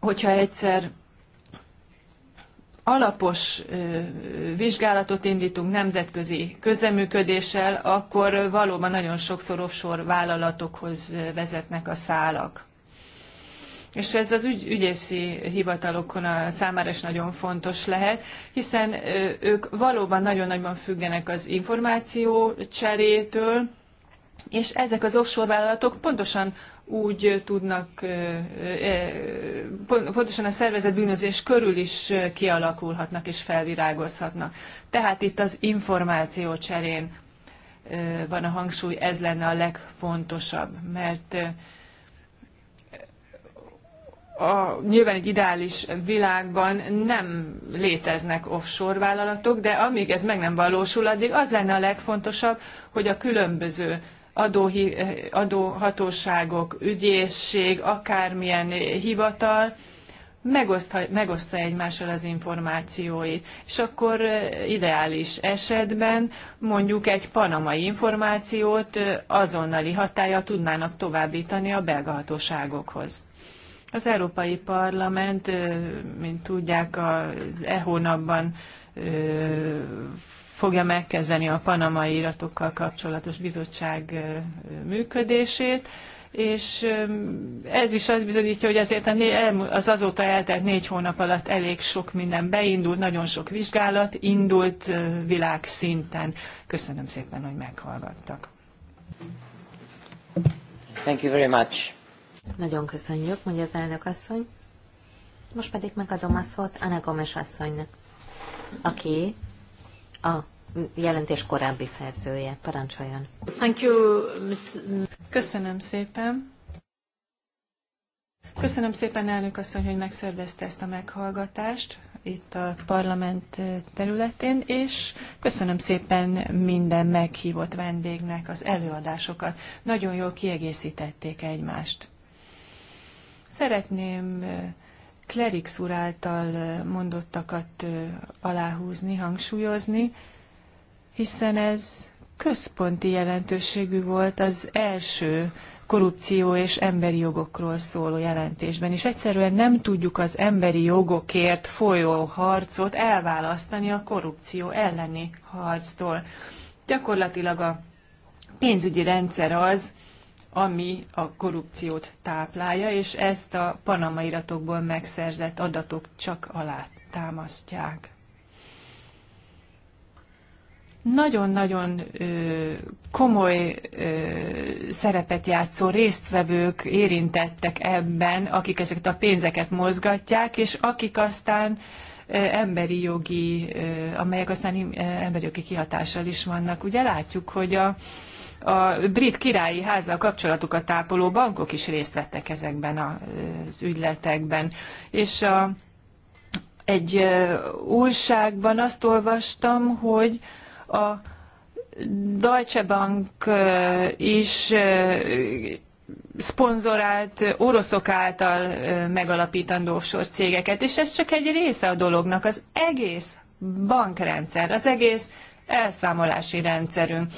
Hogyha egyszer alapos vizsgálatot indítunk nemzetközi közleműködéssel, akkor valóban nagyon sokszor offshore vállalatokhoz vezetnek a szálak. És ez az ügy, ügyészi hivatalokon a számára is nagyon fontos lehet, hiszen ők valóban nagyon nagyban függenek az információ cserétől, és ezek az offshore vállalatok pontosan úgy tudnak, pontosan a szervezet bűnözés körül is kialakulhatnak és felvirágozhatnak. Tehát itt az információ cserén van a hangsúly, ez lenne a legfontosabb, mert a, nyilván egy ideális világban nem léteznek offshore vállalatok, de amíg ez meg nem valósul, addig az lenne a legfontosabb, hogy a különböző adó, adóhatóságok, ügyészség, akármilyen hivatal, megosztja egymással az információit. És akkor ideális esetben mondjuk egy panamai információt azonnali hatája tudnának továbbítani a belga hatóságokhoz. Az Európai Parlament, mint tudják, az e hónapban fogja megkezdeni a panamai iratokkal kapcsolatos bizottság működését, és ez is azt bizonyítja, hogy azért az azóta eltelt négy hónap alatt elég sok minden beindult, nagyon sok vizsgálat indult világszinten. Köszönöm szépen, hogy meghallgattak. Thank you very much. Nagyon köszönjük, mondja az elnök asszony. Most pedig megadom a szót Anna Gomes asszonynak, aki a jelentés korábbi szerzője. Parancsoljon. Thank you, Köszönöm szépen. Köszönöm szépen, elnök asszony, hogy megszervezte ezt a meghallgatást itt a parlament területén, és köszönöm szépen minden meghívott vendégnek az előadásokat. Nagyon jól kiegészítették egymást. Szeretném Klerix úr által mondottakat aláhúzni, hangsúlyozni, hiszen ez központi jelentőségű volt az első korrupció és emberi jogokról szóló jelentésben, és egyszerűen nem tudjuk az emberi jogokért folyó harcot elválasztani a korrupció elleni harctól. Gyakorlatilag a pénzügyi rendszer az, ami a korrupciót táplálja, és ezt a Panama iratokból megszerzett adatok csak alá támasztják. Nagyon-nagyon komoly ö, szerepet játszó résztvevők érintettek ebben, akik ezeket a pénzeket mozgatják, és akik aztán emberi jogi, amelyek aztán emberi jogi kihatással is vannak. Ugye látjuk, hogy a a brit királyi házzal kapcsolatukat ápoló bankok is részt vettek ezekben az ügyletekben. És a, egy újságban azt olvastam, hogy a Deutsche Bank is szponzorált oroszok által megalapítandó cégeket, és ez csak egy része a dolognak, az egész bankrendszer, az egész elszámolási rendszerünk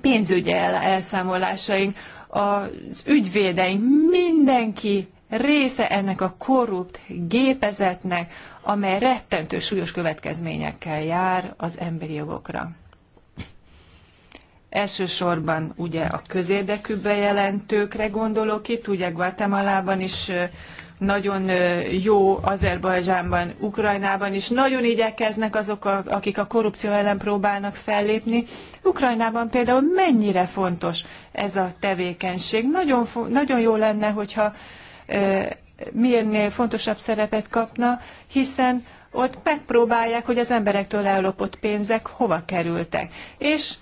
pénzügyi elszámolásaink, az ügyvédeink, mindenki része ennek a korrupt gépezetnek, amely rettentő súlyos következményekkel jár az emberi jogokra. Elsősorban ugye a közérdekű bejelentőkre gondolok itt, ugye Guatemala-ban is nagyon jó Azerbajdzsánban, Ukrajnában is. Nagyon igyekeznek azok, akik a korrupció ellen próbálnak fellépni. Ukrajnában például mennyire fontos ez a tevékenység. Nagyon, nagyon jó lenne, hogyha miérnél fontosabb szerepet kapna, hiszen ott megpróbálják, hogy az emberektől ellopott pénzek hova kerültek. És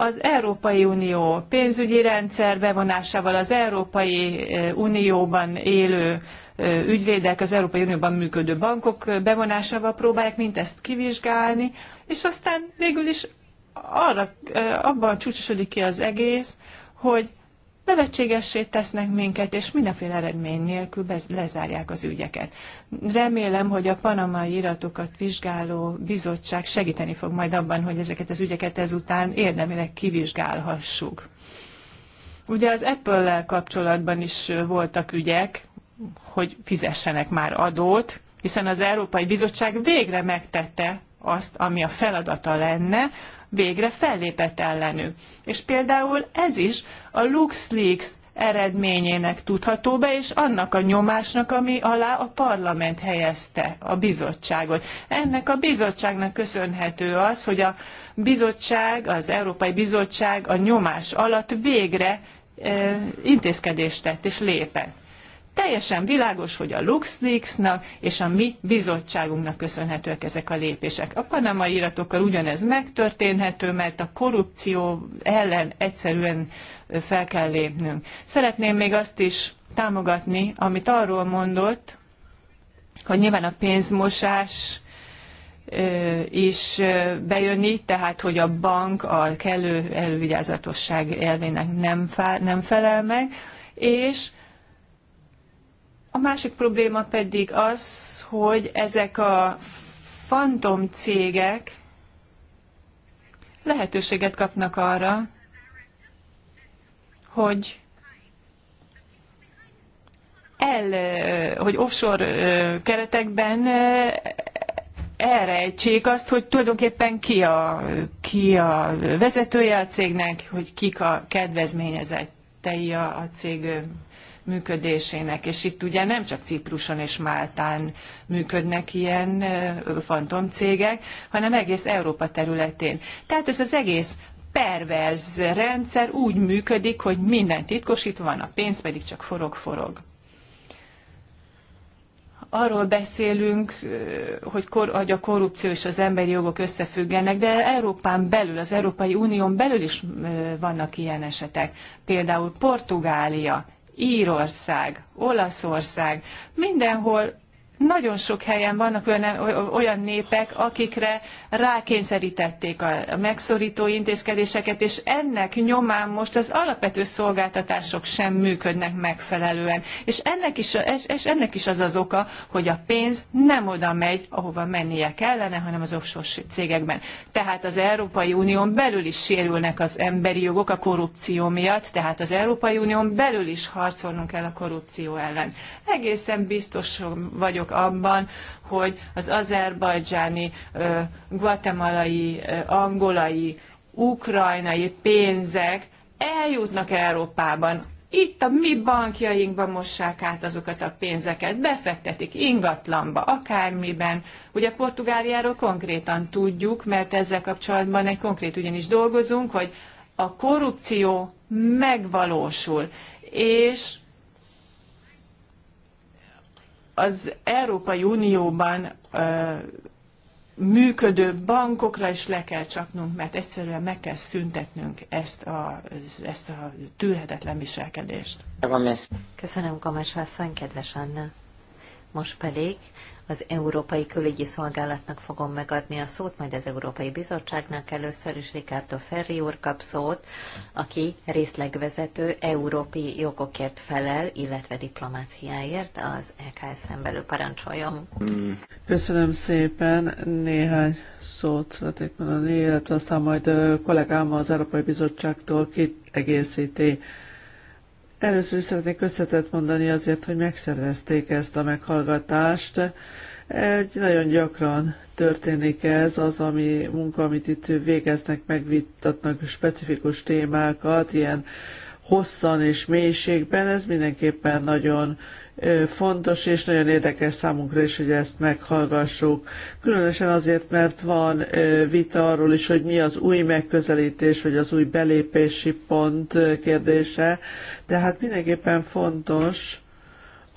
az Európai Unió pénzügyi rendszer bevonásával, az Európai eh, Unióban élő eh, ügyvédek, az Európai Unióban működő bankok eh, bevonásával próbálják mindezt kivizsgálni, és aztán végül is arra, abban csúcsosodik ki az egész, hogy nevetségessé tesznek minket, és mindenféle eredmény nélkül lezárják az ügyeket. Remélem, hogy a panamai iratokat vizsgáló bizottság segíteni fog majd abban, hogy ezeket az ügyeket ezután érdemileg kivizsgálhassuk. Ugye az Apple-lel kapcsolatban is voltak ügyek, hogy fizessenek már adót, hiszen az Európai Bizottság végre megtette azt, ami a feladata lenne, végre fellépett ellenük. És például ez is a LuxLeaks eredményének tudható be, és annak a nyomásnak, ami alá a parlament helyezte a bizottságot. Ennek a bizottságnak köszönhető az, hogy a bizottság, az Európai Bizottság a nyomás alatt végre e, intézkedést tett és lépett. Teljesen világos, hogy a LuxLeaks-nak és a mi bizottságunknak köszönhetőek ezek a lépések. A panamai iratokkal ugyanez megtörténhető, mert a korrupció ellen egyszerűen fel kell lépnünk. Szeretném még azt is támogatni, amit arról mondott, hogy nyilván a pénzmosás is bejönni, tehát hogy a bank a kellő elővigyázatosság elvének nem, fel, nem felel meg, és a másik probléma pedig az, hogy ezek a fantom cégek lehetőséget kapnak arra, hogy el, hogy offshore keretekben elrejtsék azt, hogy tulajdonképpen ki a, ki a vezetője a cégnek, hogy kik a kedvezményezettei a, a cég működésének, és itt ugye nem csak Cipruson és Máltán működnek ilyen fantomcégek, hanem egész Európa területén. Tehát ez az egész perverz rendszer úgy működik, hogy minden titkosítva van, a pénz pedig csak forog, forog arról beszélünk, hogy, kor, hogy, a korrupció és az emberi jogok összefüggenek, de Európán belül, az Európai Unión belül is vannak ilyen esetek. Például Portugália Írország, Olaszország, mindenhol nagyon sok helyen vannak olyan népek, akikre rákényszerítették a megszorító intézkedéseket, és ennek nyomán most az alapvető szolgáltatások sem működnek megfelelően. És ennek is, és ennek is az az oka, hogy a pénz nem oda megy, ahova mennie kellene, hanem az offshore cégekben. Tehát az Európai Unión belül is sérülnek az emberi jogok a korrupció miatt, tehát az Európai Unión belül is harcolnunk kell a korrupció ellen. Egészen biztos vagyok abban, hogy az azerbajdzsáni, guatemalai, angolai, ukrajnai pénzek eljutnak Európában. Itt a mi bankjainkban mossák át azokat a pénzeket, befektetik ingatlanba, akármiben. Ugye Portugáliáról konkrétan tudjuk, mert ezzel kapcsolatban egy konkrét ügyen is dolgozunk, hogy a korrupció megvalósul, és az Európai Unióban működő bankokra is le kell csapnunk, mert egyszerűen meg kell szüntetnünk ezt a, ezt a tűrhetetlen viselkedést. Köszönöm, Kamas kedves Anna. Most pedig az Európai Külügyi Szolgálatnak fogom megadni a szót, majd az Európai Bizottságnak először is Ricardo Ferri úr kap szót, aki részlegvezető európai jogokért felel, illetve diplomáciáért az EKS-en belül parancsoljon. Köszönöm szépen, néhány szót szeretnék mondani, illetve aztán majd kollégám az Európai Bizottságtól kiegészíti Először is szeretnék összetett mondani azért, hogy megszervezték ezt a meghallgatást. Egy nagyon gyakran történik ez, az, ami munka, amit itt végeznek, megvittatnak specifikus témákat, ilyen hosszan és mélységben, ez mindenképpen nagyon fontos és nagyon érdekes számunkra is, hogy ezt meghallgassuk. Különösen azért, mert van vita arról is, hogy mi az új megközelítés, vagy az új belépési pont kérdése, de hát mindenképpen fontos,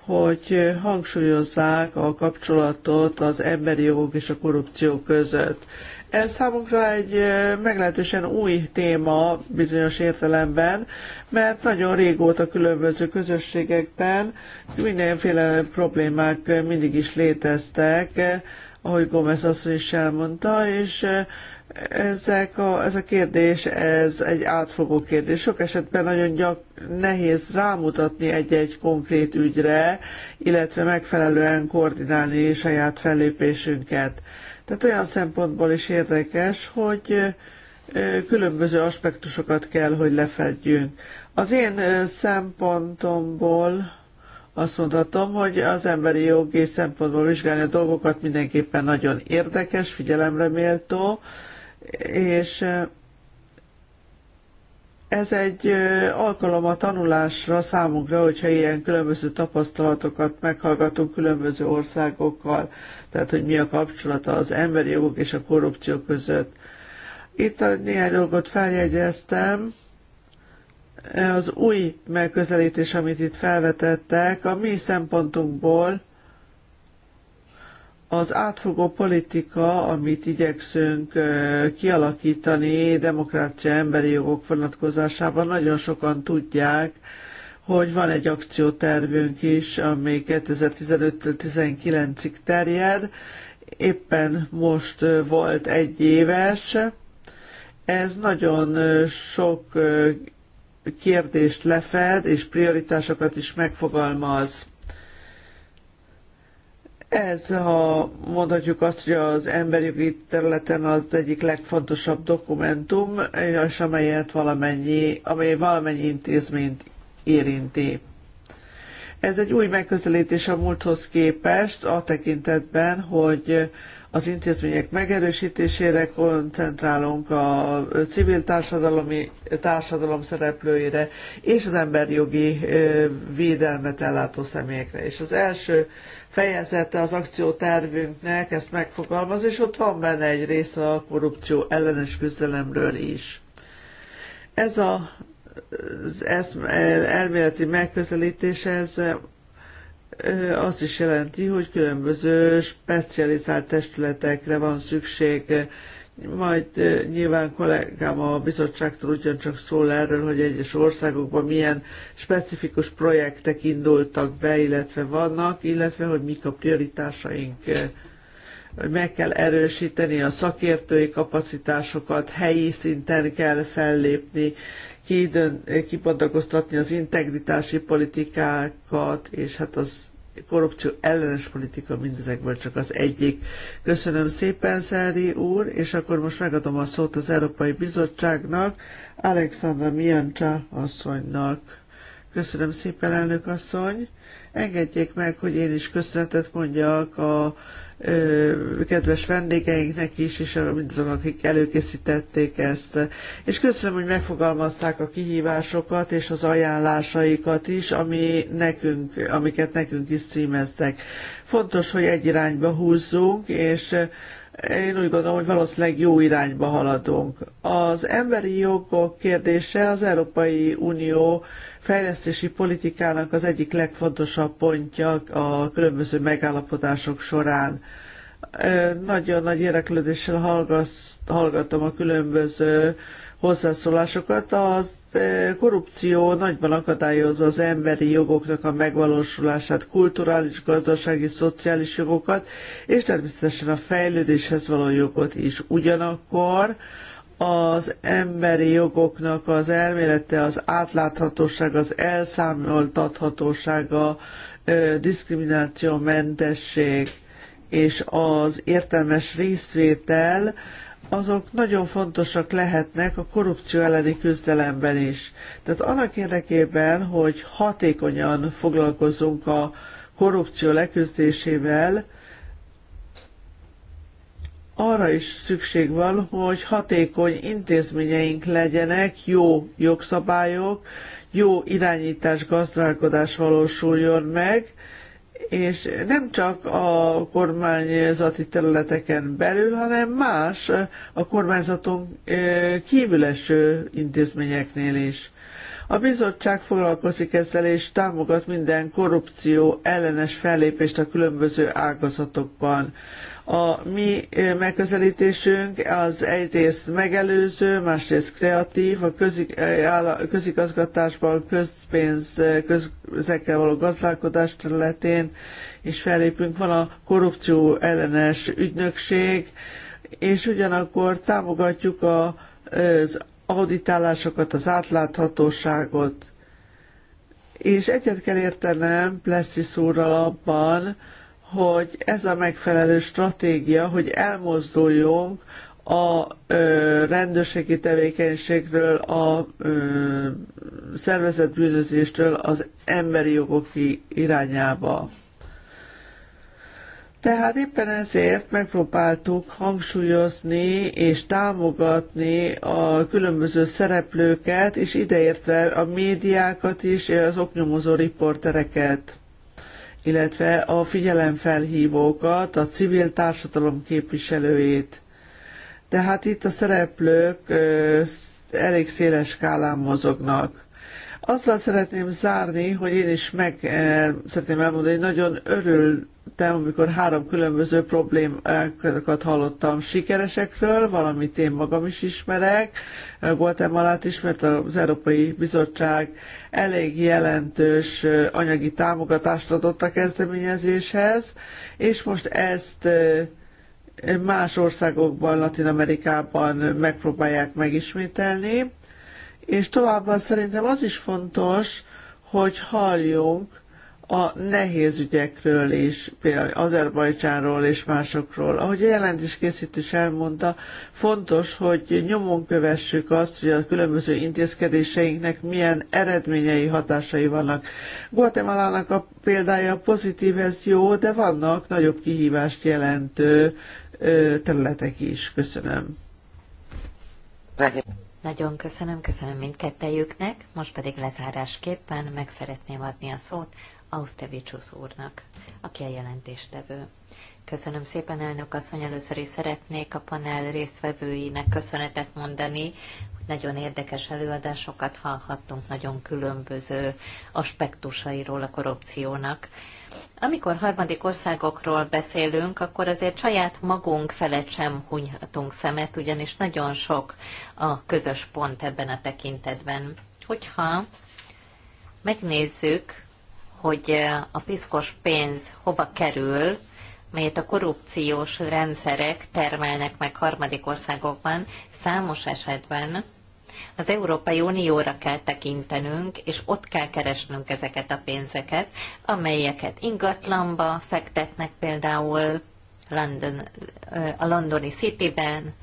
hogy hangsúlyozzák a kapcsolatot az emberi jogok és a korrupció között. Ez számunkra egy meglehetősen új téma bizonyos értelemben, mert nagyon régóta különböző közösségekben mindenféle problémák mindig is léteztek, ahogy Gomez asszony is elmondta, és ezek a, ez a kérdés, ez egy átfogó kérdés. Sok esetben nagyon gyak, nehéz rámutatni egy-egy konkrét ügyre, illetve megfelelően koordinálni saját fellépésünket. Tehát olyan szempontból is érdekes, hogy különböző aspektusokat kell, hogy lefedjünk. Az én szempontomból azt mondhatom, hogy az emberi jogi szempontból vizsgálni a dolgokat mindenképpen nagyon érdekes, figyelemre méltó, és ez egy alkalom a tanulásra számunkra, hogyha ilyen különböző tapasztalatokat meghallgatunk különböző országokkal tehát hogy mi a kapcsolata az emberi jogok és a korrupció között. Itt a néhány dolgot feljegyeztem. Az új megközelítés, amit itt felvetettek, a mi szempontunkból az átfogó politika, amit igyekszünk kialakítani demokrácia emberi jogok vonatkozásában, nagyon sokan tudják, hogy van egy akciótervünk is, ami 2015-19-ig terjed. Éppen most volt egy éves. Ez nagyon sok kérdést lefed, és prioritásokat is megfogalmaz. Ez, ha mondhatjuk azt, hogy az emberjogi területen az egyik legfontosabb dokumentum, és amelyet valamennyi, amely valamennyi intézményt érinti. Ez egy új megközelítés a múlthoz képest, a tekintetben, hogy az intézmények megerősítésére koncentrálunk a civil társadalmi, társadalom szereplőire és az emberi jogi védelmet ellátó személyekre. És az első fejezete az akciótervünknek ezt megfogalmaz, és ott van benne egy része a korrupció ellenes küzdelemről is. Ez a az elméleti megközelítés ez azt is jelenti, hogy különböző specializált testületekre van szükség. Majd nyilván kollégám a bizottságtól ugyancsak szól erről, hogy egyes országokban milyen specifikus projektek indultak be, illetve vannak, illetve hogy mik a prioritásaink. hogy Meg kell erősíteni a szakértői kapacitásokat, helyi szinten kell fellépni, híden eh, kibontakoztatni az integritási politikákat, és hát az korrupció ellenes politika mindezekből csak az egyik. Köszönöm szépen, szeri úr, és akkor most megadom a szót az Európai Bizottságnak, Alexandra Miancsa asszonynak. Köszönöm szépen, elnök asszony. Engedjék meg, hogy én is köszönetet mondjak a kedves vendégeinknek is, és mindazok, akik előkészítették ezt. És köszönöm, hogy megfogalmazták a kihívásokat és az ajánlásaikat is, ami nekünk, amiket nekünk is címeztek. Fontos, hogy egy irányba húzzunk, és én úgy gondolom, hogy valószínűleg jó irányba haladunk. Az emberi jogok kérdése az Európai Unió fejlesztési politikának az egyik legfontosabb pontja a különböző megállapodások során. Nagyon nagy érdeklődéssel hallgatom a különböző hozzászólásokat. Az korrupció nagyban akadályozza az emberi jogoknak a megvalósulását, kulturális, gazdasági, szociális jogokat, és természetesen a fejlődéshez való jogot is. Ugyanakkor az emberi jogoknak az elmélete, az átláthatóság, az elszámoltathatósága, diszkriminációmentesség és az értelmes részvétel azok nagyon fontosak lehetnek a korrupció elleni küzdelemben is. Tehát annak érdekében, hogy hatékonyan foglalkozunk a korrupció leküzdésével, arra is szükség van, hogy hatékony intézményeink legyenek, jó jogszabályok, jó irányítás, gazdálkodás valósuljon meg, és nem csak a kormányzati területeken belül, hanem más a kormányzaton eső intézményeknél is. A bizottság foglalkozik ezzel és támogat minden korrupció ellenes fellépést a különböző ágazatokban. A mi megközelítésünk az egyrészt megelőző, másrészt kreatív, a közigazgatásban, közpénz, közekkel való gazdálkodás területén is fellépünk. Van a korrupció ellenes ügynökség, és ugyanakkor támogatjuk a, az auditálásokat, az átláthatóságot. És egyet kell értenem Plessis úrral abban, hogy ez a megfelelő stratégia, hogy elmozduljunk a ö, rendőrségi tevékenységről, a ö, az emberi jogok irányába. Tehát éppen ezért megpróbáltuk hangsúlyozni és támogatni a különböző szereplőket, és ideértve a médiákat is, és az oknyomozó riportereket illetve a figyelemfelhívókat, a civil társadalom képviselőjét. Tehát itt a szereplők elég széles skálán mozognak. Azzal szeretném zárni, hogy én is meg eh, szeretném elmondani, hogy nagyon örül amikor három különböző problémákat hallottam sikeresekről, valamit én magam is ismerek, Guatemalát is, mert az Európai Bizottság elég jelentős eh, anyagi támogatást adott a kezdeményezéshez, és most ezt eh, más országokban, Latin Amerikában megpróbálják megismételni. És továbbá szerintem az is fontos, hogy halljunk a nehéz ügyekről is, például Azerbajcsánról és másokról. Ahogy a készítő is elmondta, fontos, hogy nyomon kövessük azt, hogy a különböző intézkedéseinknek milyen eredményei, hatásai vannak. Guatemalának a példája pozitív, ez jó, de vannak nagyobb kihívást jelentő területek is. Köszönöm. Nagyon köszönöm, köszönöm mindkettejüknek, most pedig lezárásképpen meg szeretném adni a szót Ausztevicsus úrnak, aki a jelentéstevő. Köszönöm szépen, elnök asszony. Először is szeretnék a panel résztvevőinek köszönetet mondani, nagyon érdekes előadásokat hallhattunk nagyon különböző aspektusairól a korrupciónak. Amikor harmadik országokról beszélünk, akkor azért saját magunk felett sem hunyhatunk szemet, ugyanis nagyon sok a közös pont ebben a tekintetben. Hogyha megnézzük, hogy a piszkos pénz hova kerül, melyet a korrupciós rendszerek termelnek meg harmadik országokban, számos esetben az Európai Unióra kell tekintenünk, és ott kell keresnünk ezeket a pénzeket, amelyeket ingatlanba fektetnek például London, a londoni Cityben,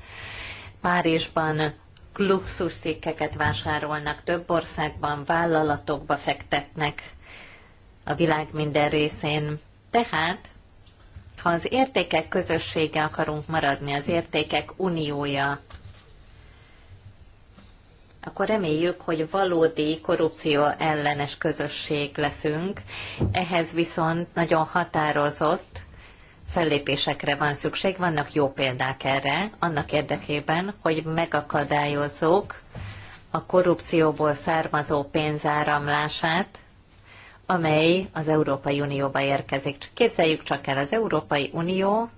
Párizsban, luxusszékeket vásárolnak, több országban vállalatokba fektetnek a világ minden részén. Tehát ha az értékek közössége akarunk maradni, az értékek uniója, akkor reméljük, hogy valódi korrupció ellenes közösség leszünk. Ehhez viszont nagyon határozott fellépésekre van szükség, vannak jó példák erre, annak érdekében, hogy megakadályozzuk a korrupcióból származó pénzáramlását, amely az Európai Unióba érkezik. Képzeljük csak el, az Európai Unió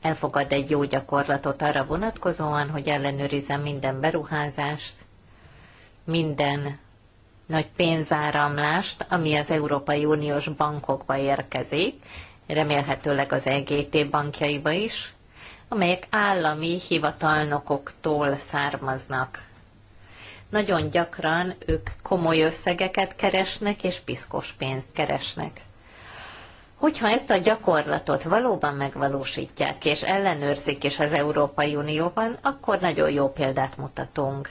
elfogad egy jó gyakorlatot arra vonatkozóan, hogy ellenőrizze minden beruházást, minden nagy pénzáramlást, ami az Európai Uniós bankokba érkezik, remélhetőleg az EGT bankjaiba is, amelyek állami hivatalnokoktól származnak nagyon gyakran ők komoly összegeket keresnek, és piszkos pénzt keresnek. Hogyha ezt a gyakorlatot valóban megvalósítják és ellenőrzik is az Európai Unióban, akkor nagyon jó példát mutatunk.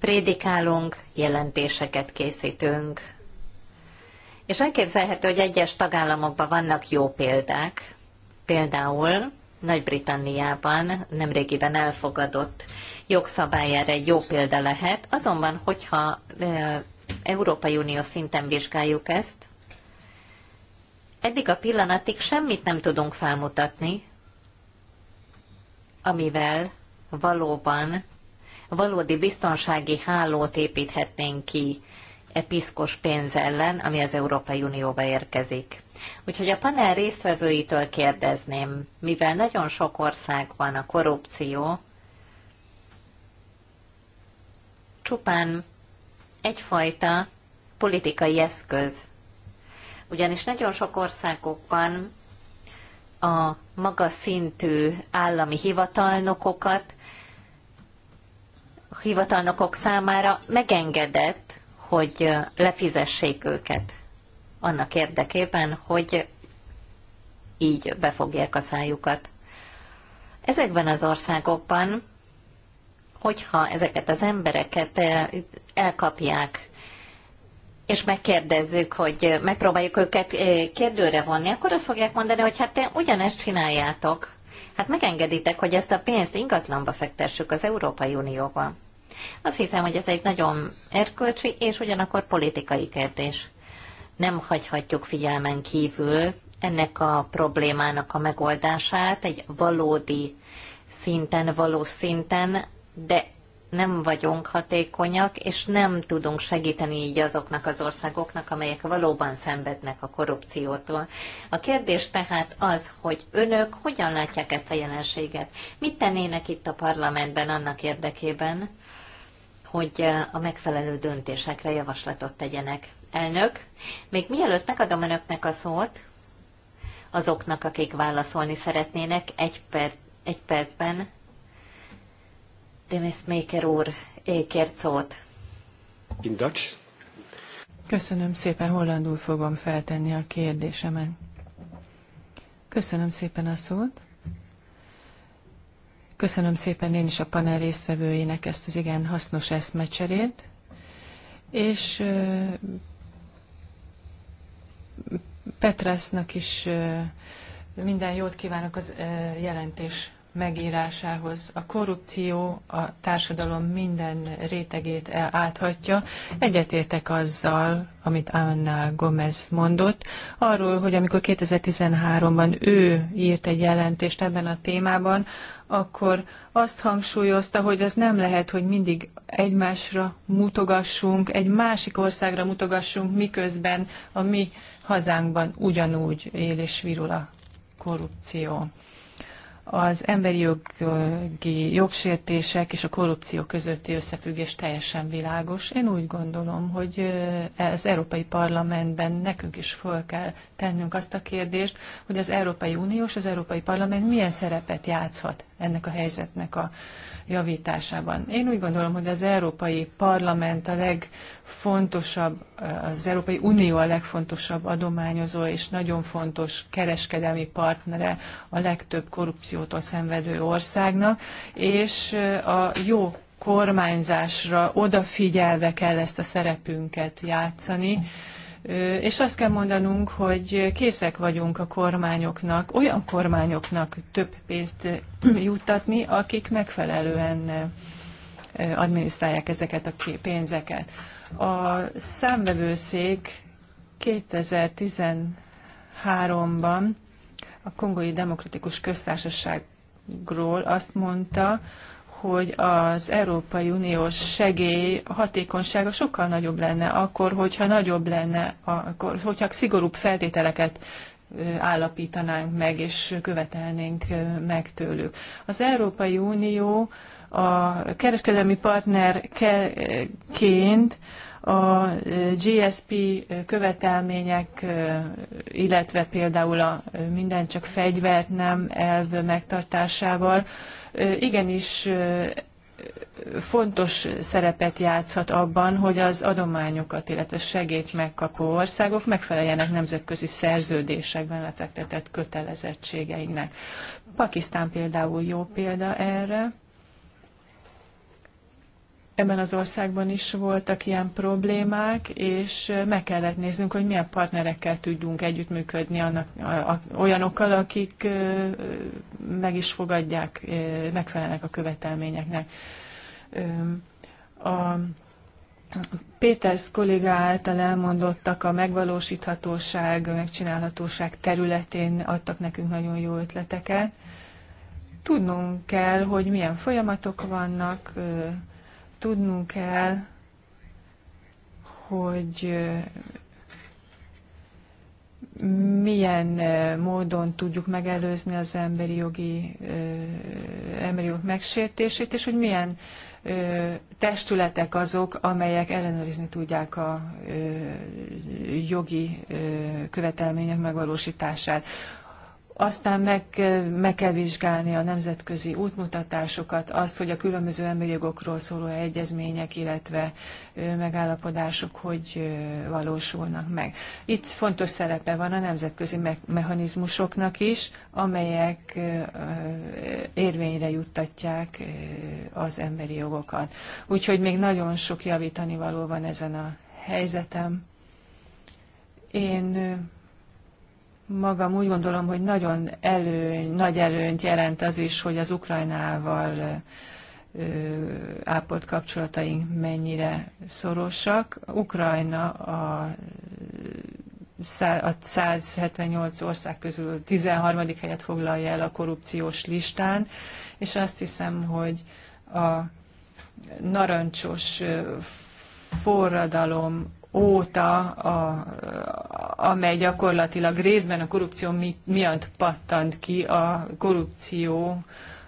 Prédikálunk, jelentéseket készítünk, és elképzelhető, hogy egyes tagállamokban vannak jó példák. Például Nagy-Britanniában nemrégiben elfogadott jogszabályára egy jó példa lehet, azonban, hogyha Európai Unió szinten vizsgáljuk ezt, eddig a pillanatig semmit nem tudunk felmutatni, amivel valóban valódi biztonsági hálót építhetnénk ki e piszkos pénz ellen, ami az Európai Unióba érkezik. Úgyhogy a panel résztvevőitől kérdezném, mivel nagyon sok országban a korrupció csupán egyfajta politikai eszköz. Ugyanis nagyon sok országokban a magas szintű állami hivatalnokokat, hivatalnokok számára megengedett, hogy lefizessék őket annak érdekében, hogy így befogják a szájukat. Ezekben az országokban hogyha ezeket az embereket eh, elkapják, és megkérdezzük, hogy megpróbáljuk őket eh, kérdőre vonni, akkor azt fogják mondani, hogy hát te ugyanezt csináljátok. Hát megengeditek, hogy ezt a pénzt ingatlanba fektessük az Európai Unióba. Azt hiszem, hogy ez egy nagyon erkölcsi és ugyanakkor politikai kérdés. Nem hagyhatjuk figyelmen kívül ennek a problémának a megoldását egy valódi szinten, valós szinten de nem vagyunk hatékonyak, és nem tudunk segíteni így azoknak az országoknak, amelyek valóban szenvednek a korrupciótól. A kérdés tehát az, hogy önök hogyan látják ezt a jelenséget? Mit tennének itt a parlamentben annak érdekében, hogy eh, a megfelelő döntésekre javaslatot tegyenek? Elnök, még mielőtt megadom önöknek a szót, azoknak, akik válaszolni szeretnének, egy, perc, egy percben Demis Maker úr kért szót. In Dutch. Köszönöm szépen, hollandul fogom feltenni a kérdésemet. Köszönöm szépen a szót. Köszönöm szépen én is a panel résztvevőinek ezt az igen hasznos eszmecserét, és Petrasnak is minden jót kívánok az jelentés megírásához. A korrupció a társadalom minden rétegét áthatja. Egyetértek azzal, amit Anna Gomez mondott, arról, hogy amikor 2013-ban ő írt egy jelentést ebben a témában, akkor azt hangsúlyozta, hogy az nem lehet, hogy mindig egymásra mutogassunk, egy másik országra mutogassunk, miközben a mi hazánkban ugyanúgy él és virul a korrupció az emberi jogi jogsértések és a korrupció közötti összefüggés teljesen világos. Én úgy gondolom, hogy az Európai Parlamentben nekünk is föl kell tennünk azt a kérdést, hogy az Európai Unió és az Európai Parlament milyen szerepet játszhat ennek a helyzetnek a javításában. Én úgy gondolom, hogy az Európai Parlament a legfontosabb, az Európai Unió a legfontosabb adományozó és nagyon fontos kereskedelmi partnere a legtöbb korrupció korrupciótól szenvedő országnak, és a jó kormányzásra odafigyelve kell ezt a szerepünket játszani. És azt kell mondanunk, hogy készek vagyunk a kormányoknak, olyan kormányoknak több pénzt juttatni, akik megfelelően adminisztrálják ezeket a pénzeket. A számvevőszék 2013-ban a Kongói Demokratikus Köztársaságról azt mondta, hogy az Európai Uniós segély hatékonysága sokkal nagyobb lenne akkor, hogyha nagyobb lenne, akkor, hogyha szigorúbb feltételeket állapítanánk meg és követelnénk meg tőlük. Az Európai Unió a kereskedelmi partnerként a GSP követelmények, illetve például a minden csak fegyvert nem elv megtartásával igenis fontos szerepet játszhat abban, hogy az adományokat, illetve segélyt megkapó országok megfeleljenek nemzetközi szerződésekben lefektetett kötelezettségeinek. Pakisztán például jó példa erre ebben az országban is voltak ilyen problémák, és meg kellett néznünk, hogy milyen partnerekkel tudjunk együttműködni annak, a, a, olyanokkal, akik ö, meg is fogadják, ö, megfelelnek a követelményeknek. Ö, a Péters kolléga által elmondottak a megvalósíthatóság, a megcsinálhatóság területén adtak nekünk nagyon jó ötleteket. Tudnunk kell, hogy milyen folyamatok vannak, ö, Tudnunk kell, hogy milyen módon tudjuk megelőzni az emberi jogi emberi jog megsértését, és hogy milyen testületek azok, amelyek ellenőrizni tudják a jogi követelmények megvalósítását. Aztán meg, meg kell vizsgálni a nemzetközi útmutatásokat, azt, hogy a különböző emberi jogokról szóló egyezmények, illetve megállapodások hogy valósulnak meg. Itt fontos szerepe van a nemzetközi mechanizmusoknak is, amelyek érvényre juttatják az emberi jogokat. Úgyhogy még nagyon sok javítani való van ezen a helyzetem. Én magam úgy gondolom, hogy nagyon előny, nagy előnyt jelent az is, hogy az Ukrajnával ápolt kapcsolataink mennyire szorosak. Ukrajna a 178 ország közül 13. helyet foglalja el a korrupciós listán, és azt hiszem, hogy a narancsos forradalom óta, a, amely gyakorlatilag részben a korrupció miatt pattant ki, a korrupció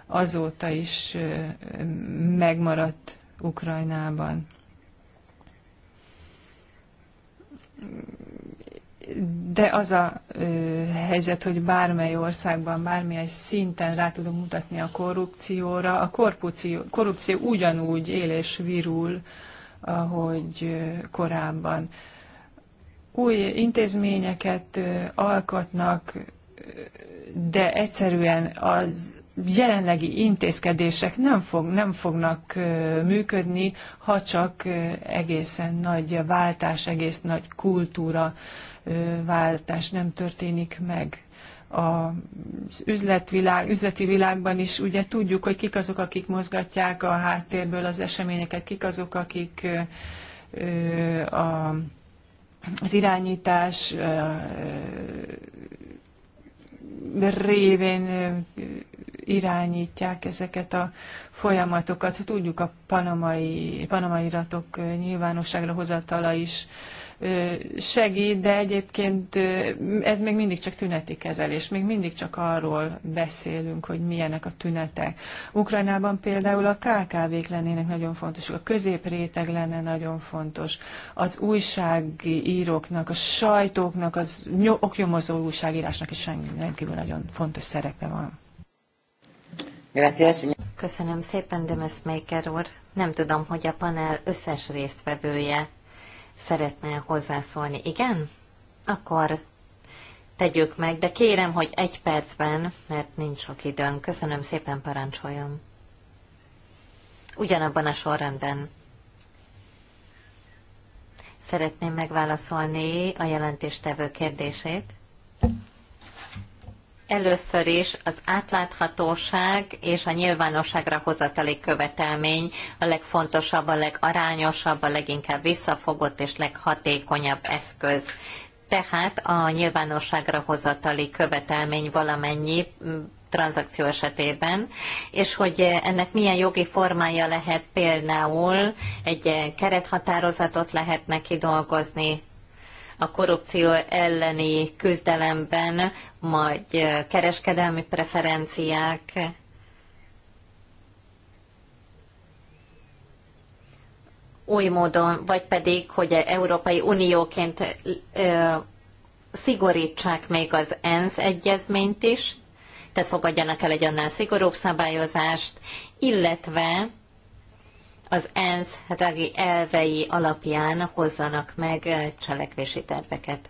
azóta is megmaradt Ukrajnában. de az a ö, helyzet, hogy bármely országban, bármilyen szinten rá tudunk mutatni a korrupcióra, a korrupció, korrupció ugyanúgy él és virul ahogy korábban. Új intézményeket alkotnak, de egyszerűen az jelenlegi intézkedések nem, fog, nem fognak működni, ha csak egészen nagy váltás, egész nagy kultúra váltás nem történik meg az üzletvilág, üzleti világban is ugye tudjuk, hogy kik azok, akik mozgatják a háttérből az eseményeket, kik azok, akik ö, a, az irányítás ö, révén irányítják ezeket a folyamatokat. Tudjuk a panamai, panamai iratok nyilvánosságra hozatala is segít, de egyébként ez még mindig csak tüneti kezelés, még mindig csak arról beszélünk, hogy milyenek a tünetek. Ukrajnában például a KKV-k lennének nagyon fontosak, a középréteg lenne nagyon fontos, az újságíróknak, a sajtóknak, az oknyomozó újságírásnak is rendkívül nagyon fontos szerepe van. Köszönöm szépen, Demes Maker úr. Nem tudom, hogy a panel összes résztvevője szeretne hozzászólni. Igen? Akkor tegyük meg, de kérem, hogy egy percben, mert nincs sok időnk. Köszönöm szépen, parancsoljon. Ugyanabban a sorrendben. Szeretném megválaszolni a jelentéstevő kérdését. Először is az átláthatóság és a nyilvánosságra hozatali követelmény a legfontosabb, a legarányosabb, a leginkább visszafogott és leghatékonyabb eszköz. Tehát a nyilvánosságra hozatali követelmény valamennyi mm, tranzakció esetében, és hogy ennek milyen jogi formája lehet például, egy kerethatározatot neki dolgozni, a korrupció elleni küzdelemben, majd kereskedelmi preferenciák, új módon, vagy pedig, hogy Európai Unióként ö, szigorítsák még az ENSZ egyezményt is, tehát fogadjanak el egy annál szigorúbb szabályozást, illetve az ENSZ ragi elvei alapján hozzanak meg cselekvési terveket.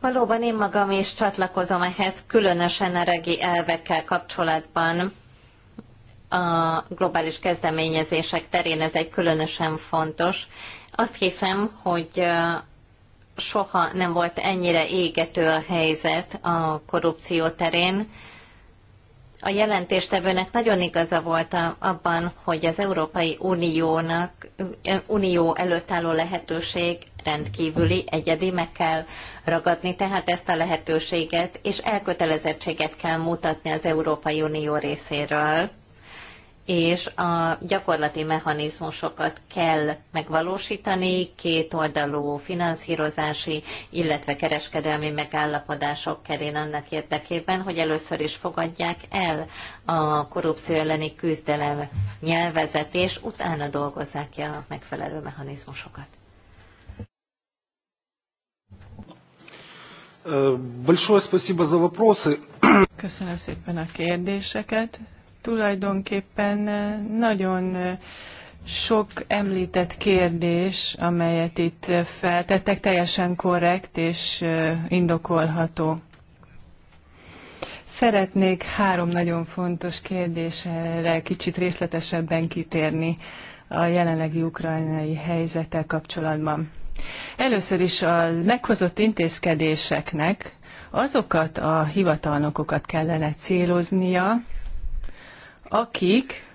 Valóban én magam is csatlakozom ehhez, különösen a regi elvekkel kapcsolatban a globális kezdeményezések terén ez egy különösen fontos. Azt hiszem, hogy soha nem volt ennyire égető a helyzet a korrupció terén, a jelentéstevőnek nagyon igaza volt abban, hogy az Európai Uniónak, Unió előtt álló lehetőség rendkívüli, egyedi, meg kell ragadni tehát ezt a lehetőséget, és elkötelezettséget kell mutatni az Európai Unió részéről és a gyakorlati mechanizmusokat kell megvalósítani, kétoldalú finanszírozási, illetve kereskedelmi megállapodások kerén annak érdekében, hogy először is fogadják el a korrupció elleni küzdelem nyelvezet, és utána dolgozzák ki a megfelelő mechanizmusokat. Э, большое спасибо за вопросы. Köszönöm szépen a kérdéseket tulajdonképpen eh, nagyon eh, sok említett kérdés, amelyet itt eh, feltettek, teljesen korrekt és indokolható. Szeretnék három nagyon fontos kérdésre kicsit részletesebben kitérni a jelenlegi ukrajnai helyzettel kapcsolatban. Először is a meghozott intézkedéseknek azokat a hivatalnokokat kellene céloznia, akik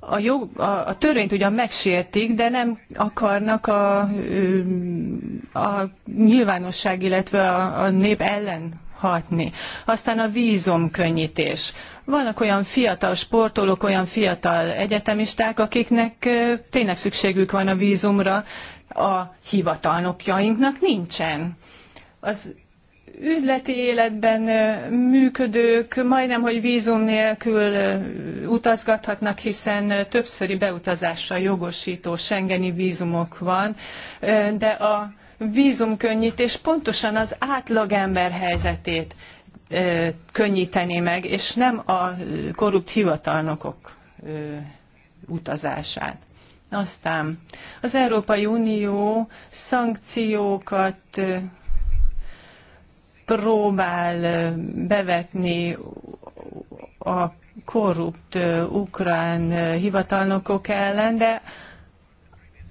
a, jog, a, a törvényt ugyan megsértik, de nem akarnak a, a nyilvánosság, illetve a, a nép ellen hatni. Aztán a vízumkönnyítés. Vannak olyan fiatal sportolók, olyan fiatal egyetemisták, akiknek tényleg szükségük van a vízumra, a hivatalnokjainknak nincsen. Az üzleti életben működők majdnem, hogy vízum nélkül utazgathatnak, hiszen többszöri beutazásra jogosító Schengeni vízumok van, de a vízumkönnyítés pontosan az átlagember helyzetét könnyíteni meg, és nem a korrupt hivatalnokok utazását. Aztán az Európai Unió szankciókat próbál bevetni a korrupt ukrán hivatalnokok ellen, de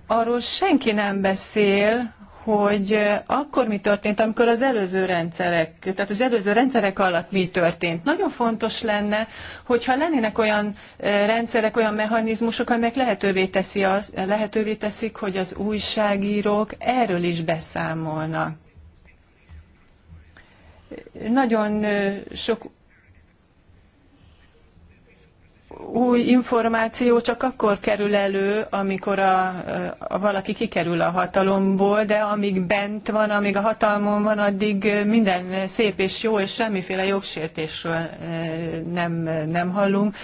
arról senki nem beszél, hogy akkor mi történt, amikor az előző rendszerek, tehát az előző rendszerek alatt mi történt. Nagyon fontos lenne, hogyha lennének olyan rendszerek, olyan mechanizmusok, amelyek lehetővé, teszi az, lehetővé teszik, hogy az újságírók erről is beszámolnak. Nagyon sok új információ csak akkor kerül elő, amikor a, a valaki kikerül a hatalomból, de amíg bent van, amíg a hatalmon van, addig minden szép és jó, és semmiféle jogsértésről nem, nem hallunk.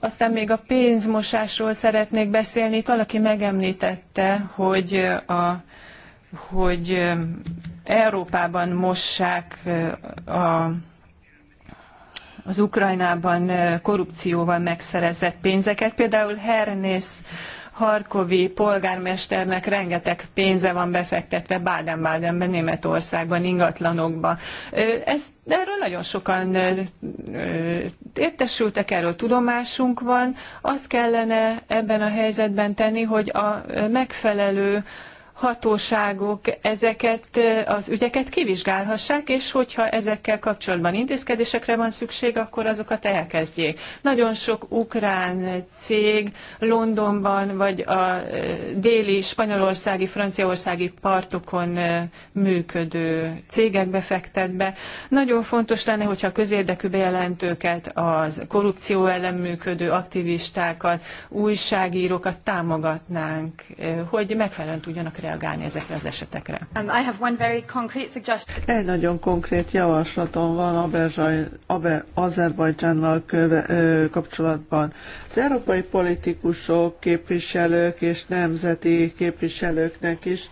Aztán még a pénzmosásról szeretnék beszélni. Itt valaki megemlítette, hogy a hogy Európában mossák a, az Ukrajnában korrupcióval megszerezett pénzeket. Például Hernész Harkovi polgármesternek rengeteg pénze van befektetve Baden-Badenben, Németországban, ingatlanokba. Ezt, erről nagyon sokan értesültek, erről tudomásunk van. Azt kellene ebben a helyzetben tenni, hogy a megfelelő hatóságok ezeket az ügyeket kivizsgálhassák, és hogyha ezekkel kapcsolatban intézkedésekre van szükség, akkor azokat elkezdjék. Nagyon sok ukrán cég Londonban vagy a déli spanyolországi, franciaországi partokon működő cégekbe fektet be. Nagyon fontos lenne, hogyha a közérdekű bejelentőket, az korrupció ellen működő aktivistákat, újságírókat támogatnánk, hogy megfelelően tudjanak reagálni reagálni ezekre az esetekre. Um, I have one very concrete suggestion. Egy nagyon konkrét javaslatom van Azerbajdzsánnal kapcsolatban. Az európai politikusok, képviselők és nemzeti képviselőknek is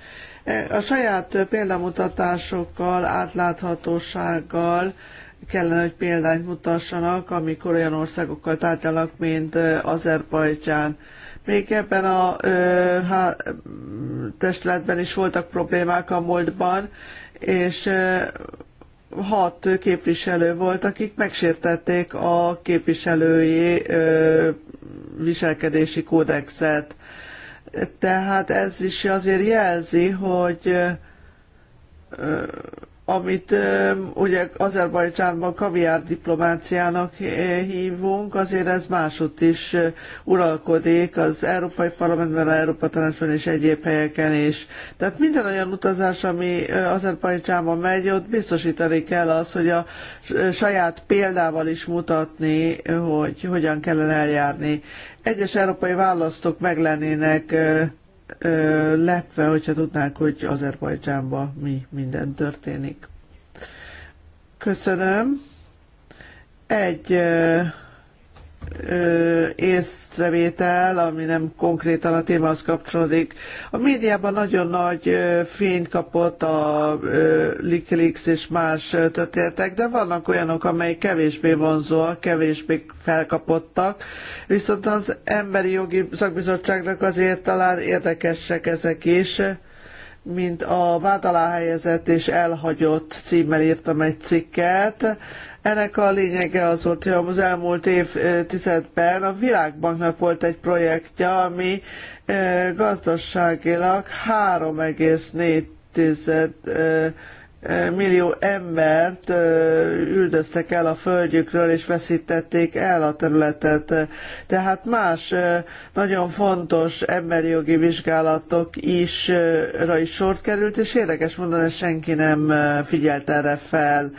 e, a saját példamutatásokkal, átláthatósággal kellene, hogy példányt mutassanak, amikor olyan országokkal tárgyalnak, mint Azerbajdzsán még ebben a ö, há, testületben is voltak problémák a múltban, és ö, hat képviselő volt, akik megsértették a képviselői ö, viselkedési kódexet. Tehát ez is azért jelzi, hogy ö, amit ugye Azerbajdzsánban kaviár diplomáciának hívunk, azért ez másutt is uralkodik az Európai Parlamentben, az Európa Tanácsban és egyéb helyeken is. Tehát minden olyan utazás, ami Azerbajdzsánba megy, ott biztosítani kell az, hogy a saját példával is mutatni, hogy hogyan kellene eljárni. Egyes európai választók meg lennének ö, lepve, hogyha tudnánk, hogy Azerbajdzsánban mi minden történik. Köszönöm. Egy észrevétel, ami nem konkrétan a témához kapcsolódik. A médiában nagyon nagy fényt kapott a Wikileaks és más történetek, de vannak olyanok, amelyek kevésbé vonzóak, kevésbé felkapottak, viszont az Emberi Jogi Szakbizottságnak azért talán érdekesek ezek is, mint a vád alá helyezett és elhagyott címmel írtam egy cikket. Ennek a lényege az volt, hogy az elmúlt évtizedben a Világbanknak volt egy projektje, ami eh, gazdaságilag 3,4 millió embert üldöztek el a földjükről, és veszítették el a területet. Tehát más nagyon fontos emberi jogi vizsgálatok is, ra is sort került, és érdekes mondani, hogy senki nem figyelt erre fel.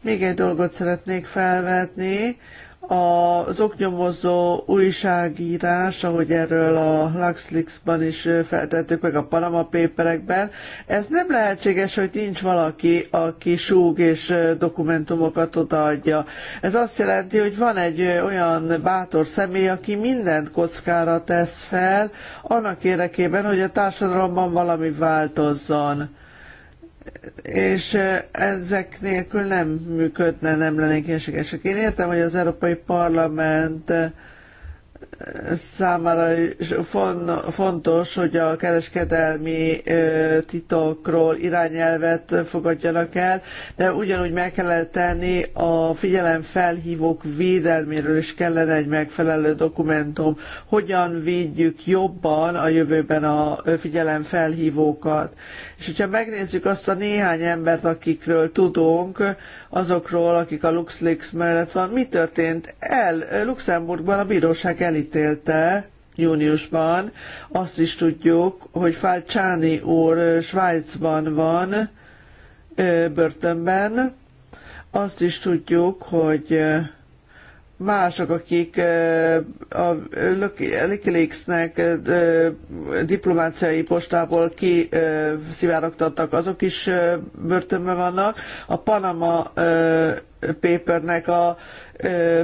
Még egy dolgot szeretnék felvetni, az oknyomozó újságírás, ahogy erről a LuxLeaks-ban is feltettük meg a Panama Paperekben, ez nem lehetséges, hogy nincs valaki, aki súg és dokumentumokat odaadja. Ez azt jelenti, hogy van egy olyan bátor személy, aki mindent kockára tesz fel, annak érdekében, hogy a társadalomban valami változzon és ezek nélkül nem működne, nem lennék egységesek. Én értem, hogy az Európai Parlament számára is fontos, hogy a kereskedelmi titokról irányelvet fogadjanak el, de ugyanúgy meg kellene tenni a figyelemfelhívók védelméről is kellene egy megfelelő dokumentum. Hogyan védjük jobban a jövőben a figyelemfelhívókat. És hogyha megnézzük azt a néhány embert, akikről tudunk, azokról, akik a LuxLeaks mellett van. Mi történt? El Luxemburgban a bíróság elítélte júniusban. Azt is tudjuk, hogy Falcsáni úr Svájcban van, börtönben. Azt is tudjuk, hogy mások, akik a Wikileaksnek diplomáciai postából kiszivárogtattak, azok is börtönben vannak. A Panama papernek a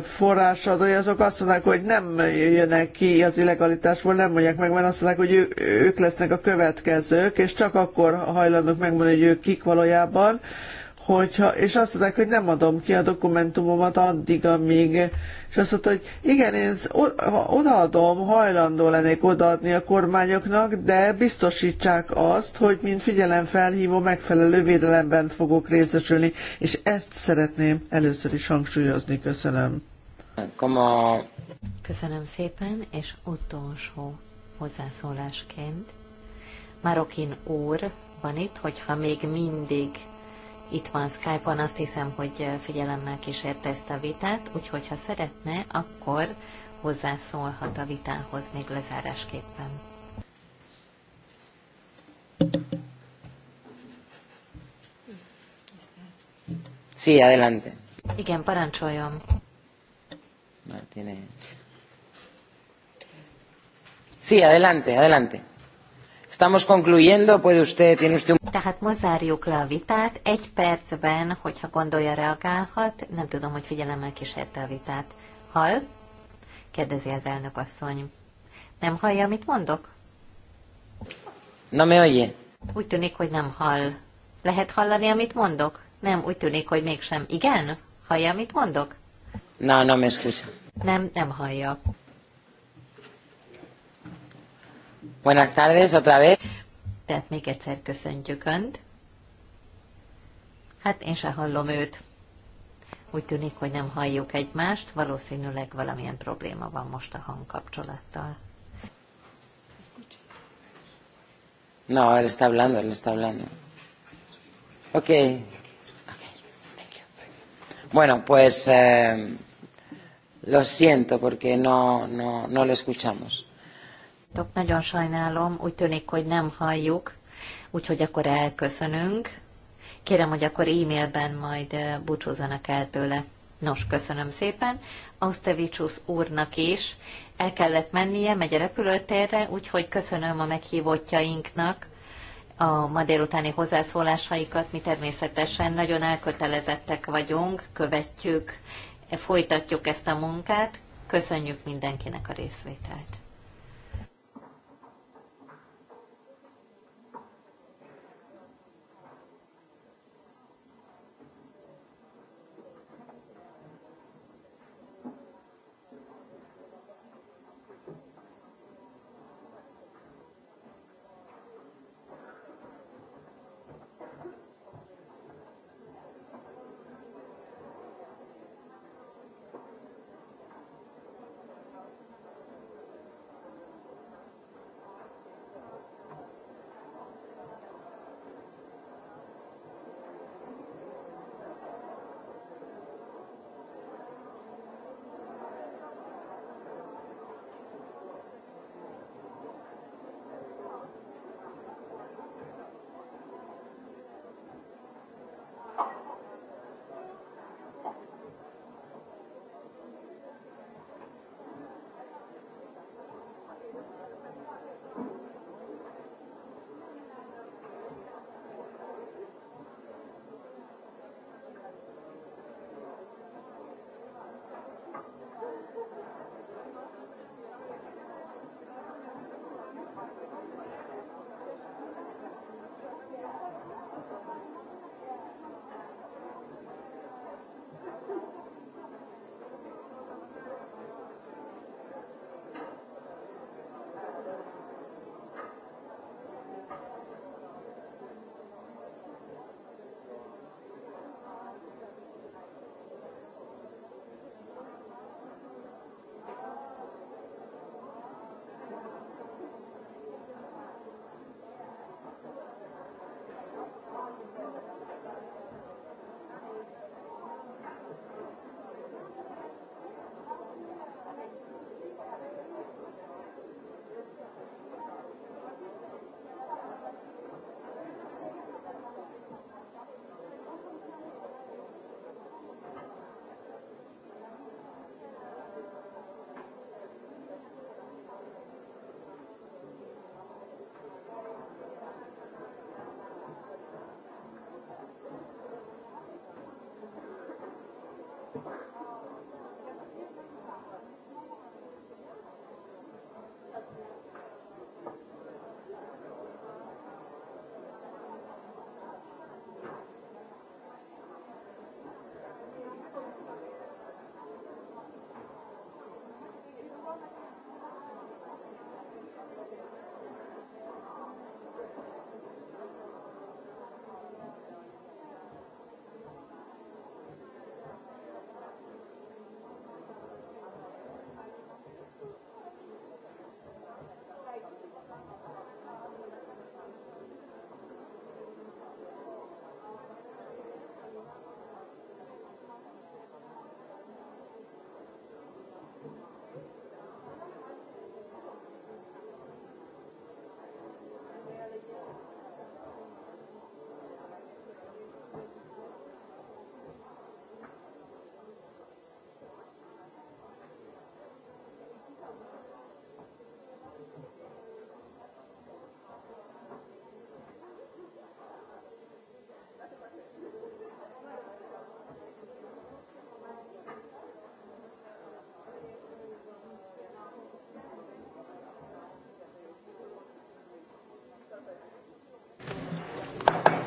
forrásadói, azok azt mondják, hogy nem jönnek ki az illegalitásból, nem mondják meg, mert azt mondják, hogy ő, ők lesznek a következők, és csak akkor hajlandók megmondani, hogy ők kik valójában, hogyha, és azt mondták, hogy nem adom ki a dokumentumomat addig, amíg, és azt mondta, hogy igen, én odaadom, hajlandó lennék odaadni a kormányoknak, de biztosítsák azt, hogy mint figyelemfelhívó megfelelő védelemben fogok részesülni, és ezt szeretném először is hangsúlyozni. Köszönöm. Köszönöm szépen, és utolsó hozzászólásként Marokin úr van itt, hogyha még mindig itt van Skype-on, azt hiszem, hogy figyelemmel kísérte ezt a vitát, úgyhogy ha szeretne, akkor hozzászólhat a vitához még lezárásképpen. Sí, adelante. Igen, parancsoljon. No, Sí, adelante, adelante. Estamos concluyendo, puede usted, tiene usted un... Tehát le a vitát. Egy percben, hogyha gondolja, reagálhat. Nem tudom, hogy figyelemmel kísérte a vitát. Hall? Kérdezi az elnök asszony. Nem hallja, amit mondok? Na me oye? Úgy tűnik, hogy nem hall. Lehet hallani, amit mondok? Nem, úgy tűnik, hogy mégsem. Igen? Hallja, amit mondok? Na, no, no escucha. Nem, nem hallja. Buenas tardes, otra vez. Tehát még egyszer köszöntjük Önt. Hát én se hallom őt. Úgy tűnik, hogy nem halljuk egymást, valószínűleg valamilyen probléma van most a hangkapcsolattal. No, él está hablando, él está hablando. Ok. okay. Thank you. Bueno, pues eh, lo siento porque no, no, no lo escuchamos hallottok. Nagyon sajnálom, úgy tűnik, hogy nem halljuk, úgyhogy akkor elköszönünk. Kérem, hogy akkor e-mailben majd eh, búcsúzzanak el tőle. Nos, köszönöm szépen. Austevicius úrnak is el kellett mennie, megy a repülőtérre, úgyhogy köszönöm a meghívottjainknak a ma délutáni hozzászólásaikat. Mi természetesen nagyon elkötelezettek vagyunk, követjük, folytatjuk ezt a munkát. Köszönjük mindenkinek a részvételt.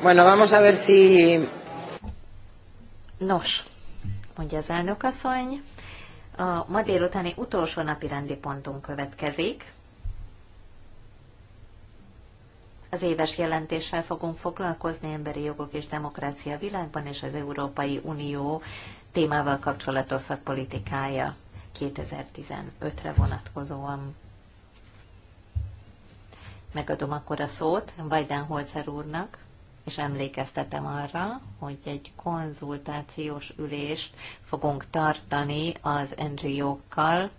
Bueno, vamos a ver si... Nos, mondja az asszony, a ma délutáni utolsó napi rendi pontunk következik. Az éves jelentéssel fogunk foglalkozni emberi jogok és demokrácia világban és az Európai Unió témával kapcsolatos szakpolitikája 2015-re vonatkozóan. Megadom akkor a szót Biden Holzer úrnak, és emlékeztetem arra, hogy egy konzultációs ülést fogunk tartani az NGO-kkal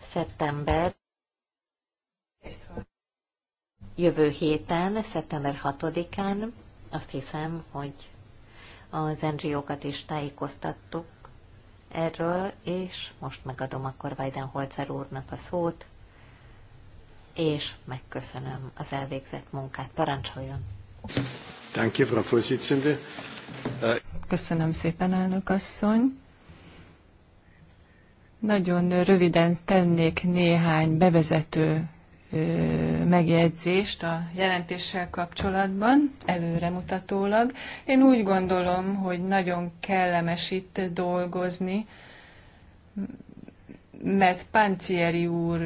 szeptember jövő héten, szeptember 6-án. Azt hiszem, hogy az NGO-kat is tájékoztattuk erről, és most megadom akkor Weidenholzer úrnak a szót és megköszönöm az elvégzett munkát. Parancsoljon! Köszönöm szépen, elnök asszony. Nagyon röviden tennék néhány bevezető megjegyzést a jelentéssel kapcsolatban, előremutatólag. Én úgy gondolom, hogy nagyon kellemes itt dolgozni, mert Pancieri úr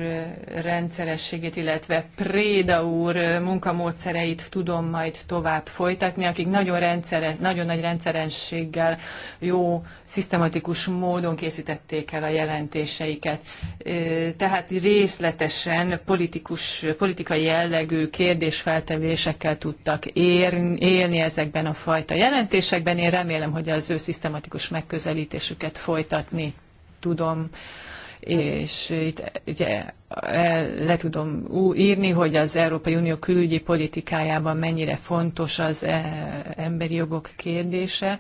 rendszerességét, illetve Préda úr munkamódszereit tudom majd tovább folytatni, akik nagyon, rendszere, nagyon nagy rendszerességgel, jó, szisztematikus módon készítették el a jelentéseiket. Tehát részletesen politikus, politikai jellegű kérdésfeltevésekkel tudtak élni ezekben a fajta jelentésekben. Én remélem, hogy az ő szisztematikus megközelítésüket folytatni tudom és itt ugye, el, le tudom írni, hogy az Európai Unió külügyi politikájában mennyire fontos az e, emberi jogok kérdése,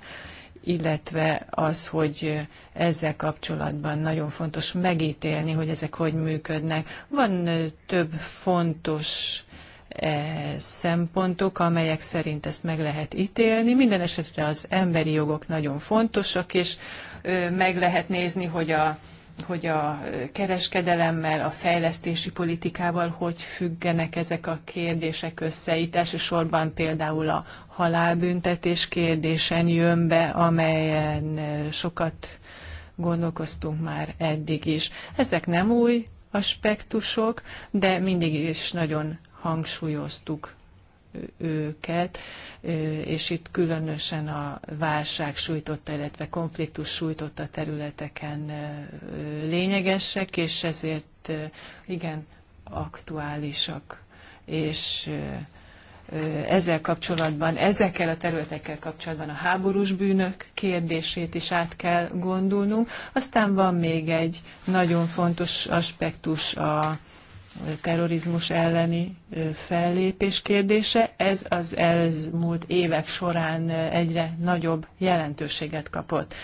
illetve az, hogy ezzel kapcsolatban nagyon fontos megítélni, hogy ezek hogy működnek. Van több fontos e, szempontok, amelyek szerint ezt meg lehet ítélni. Minden esetre az emberi jogok nagyon fontosak, és meg lehet nézni, hogy a hogy a kereskedelemmel, a fejlesztési politikával hogy függenek ezek a kérdések össze. Itt elsősorban például a halálbüntetés kérdésen jön be, amelyen sokat gondolkoztunk már eddig is. Ezek nem új aspektusok, de mindig is nagyon hangsúlyoztuk őket, és itt különösen a válság sújtotta, illetve konfliktus sújtotta területeken lényegesek, és ezért igen aktuálisak. És ezzel kapcsolatban, ezekkel a területekkel kapcsolatban a háborús bűnök kérdését is át kell gondolnunk. Aztán van még egy nagyon fontos aspektus a terrorizmus elleni fellépés kérdése. Ez az elmúlt évek során egyre nagyobb jelentőséget kapott.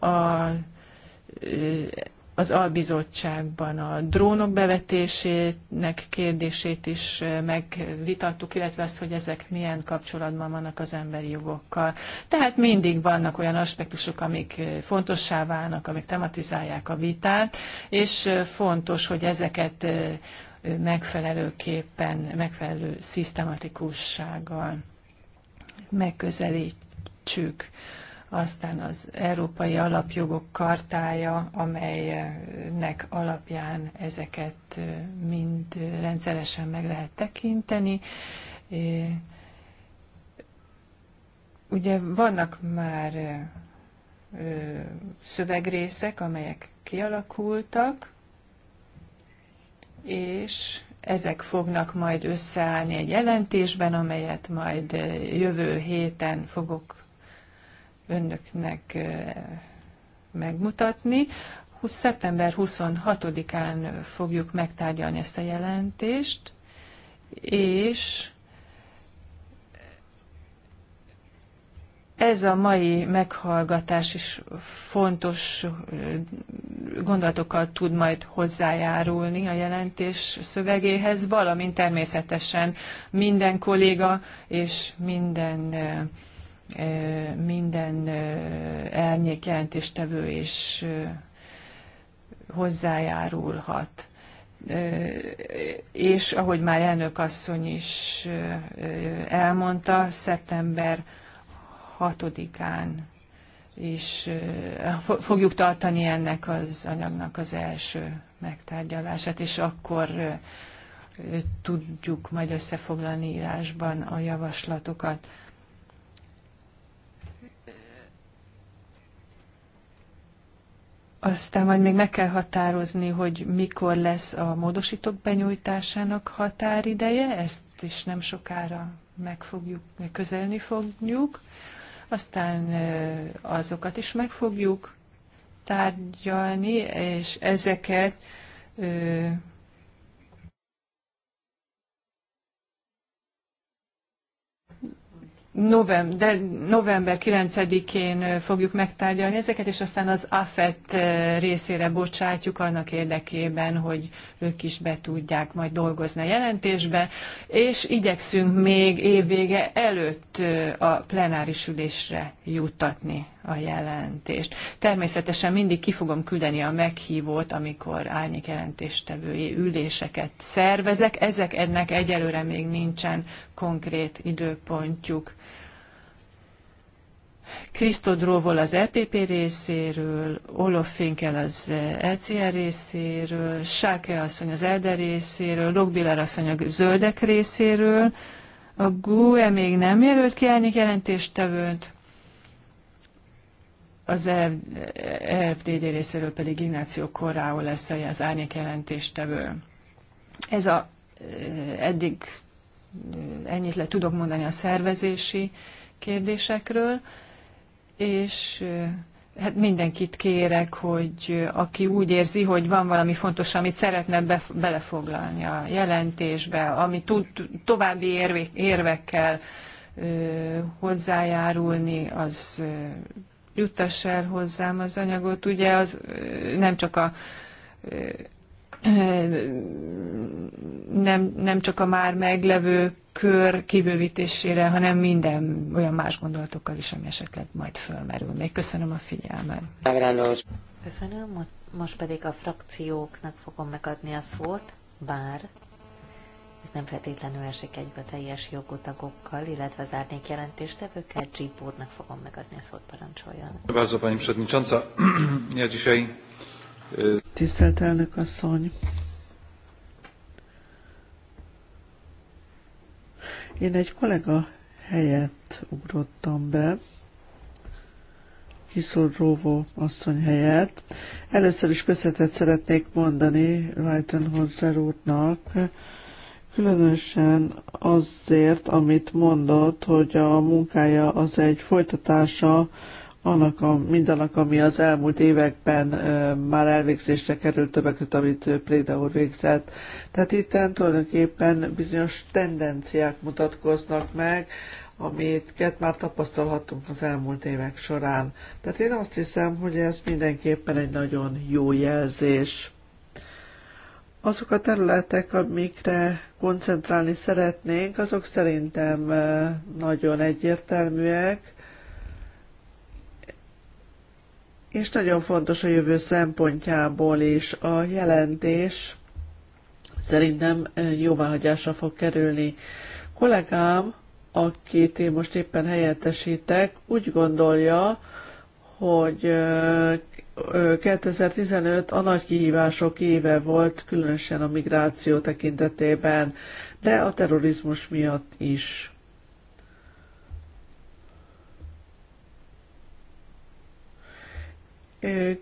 A, az albizottságban a drónok bevetésének kérdését is megvitattuk, illetve azt, hogy ezek milyen kapcsolatban vannak az emberi jogokkal. Tehát mindig vannak olyan aspektusok, amik fontossá válnak, amik tematizálják a vitát, és fontos, hogy ezeket megfelelőképpen, megfelelő szisztematikussággal megközelítsük. Aztán az Európai Alapjogok Kartája, amelynek alapján ezeket mind rendszeresen meg lehet tekinteni. Ugye vannak már szövegrészek, amelyek kialakultak, és ezek fognak majd összeállni egy jelentésben, amelyet majd eh, jövő héten fogok önöknek eh, megmutatni. 20. Szeptember 26-án fogjuk megtárgyalni ezt a jelentést, és ez a mai meghallgatás is fontos gondolatokkal tud majd hozzájárulni a jelentés szövegéhez, valamint természetesen minden kolléga és minden minden elnyék jelentéstevő is hozzájárulhat. És ahogy már elnök asszony is elmondta, szeptember 6-án is fogjuk tartani ennek az anyagnak az első megtárgyalását, és akkor tudjuk majd összefoglalni írásban a javaslatokat. Aztán majd még meg kell határozni, hogy mikor lesz a módosítók benyújtásának határideje, ezt is nem sokára meg fogjuk, közelni fogjuk aztán azokat is meg fogjuk tárgyalni, és ezeket november, de november 9-én fogjuk megtárgyalni ezeket, és aztán az AFET részére bocsátjuk annak érdekében, hogy ők is be tudják majd dolgozni a jelentésbe, és igyekszünk még évvége előtt a plenáris ülésre juttatni a jelentést. Természetesen mindig ki fogom küldeni a meghívót, amikor árnyék jelentéstevői üléseket szervezek. Ezek ennek egyelőre még nincsen konkrét időpontjuk. Krisztodróval az EPP részéről, Olof Finkel az ECR részéről, Sáke asszony az ELDE e részéről, Logbiller asszony a Zöldek részéről, a GUE még nem jelölt ki elnök jelentéstevőt, az EFDD részéről pedig Ignáció Korráó lesz az árnyék jelentéstevő. Ez a eh, eddig eh, ennyit le tudok mondani a szervezési kérdésekről, és eh, hát mindenkit kérek, hogy aki úgy érzi, hogy van valami fontos, amit szeretne be, belefoglalni a jelentésbe, ami tud további érvek, érvekkel ö, hozzájárulni, az ö, juttass el hozzám az anyagot. Ugye az nem csak a nem, nem csak a már meglevő kör kibővítésére, hanem minden olyan más gondolatokkal is, ami esetleg majd fölmerül. Még köszönöm a figyelmet. Köszönöm, most pedig a frakcióknak fogom megadni a szót, bár nem feltétlenül esik egybe teljes jogú tagokkal, illetve az árnyék jelentéstevőkkel. Jeep úrnak fogom megadni a szót, parancsoljon. Bardzo, pani przewodnicząca. Ja e, Tisztelt elnök asszony! Én egy kollega helyett ugrottam be, Kiszor Róvó asszony helyett. Először is köszönetet szeretnék mondani Rajten úrnak, Különösen azért, amit mondott, hogy a munkája az egy folytatása annak a, mindannak, ami az elmúlt években e, már elvégzésre került többek között, amit Préda úr végzett. Tehát itt tulajdonképpen bizonyos tendenciák mutatkoznak meg, amiket már tapasztalhattunk az elmúlt évek során. Tehát én azt hiszem, hogy ez mindenképpen egy nagyon jó jelzés. Azok a területek, amikre koncentrálni szeretnénk, azok szerintem nagyon egyértelműek, és nagyon fontos a jövő szempontjából is a jelentés szerintem jóváhagyásra fog kerülni. Kollégám, akit én most éppen helyettesítek, úgy gondolja, hogy 2015 a nagy kihívások éve volt, különösen a migráció tekintetében, de a terrorizmus miatt is.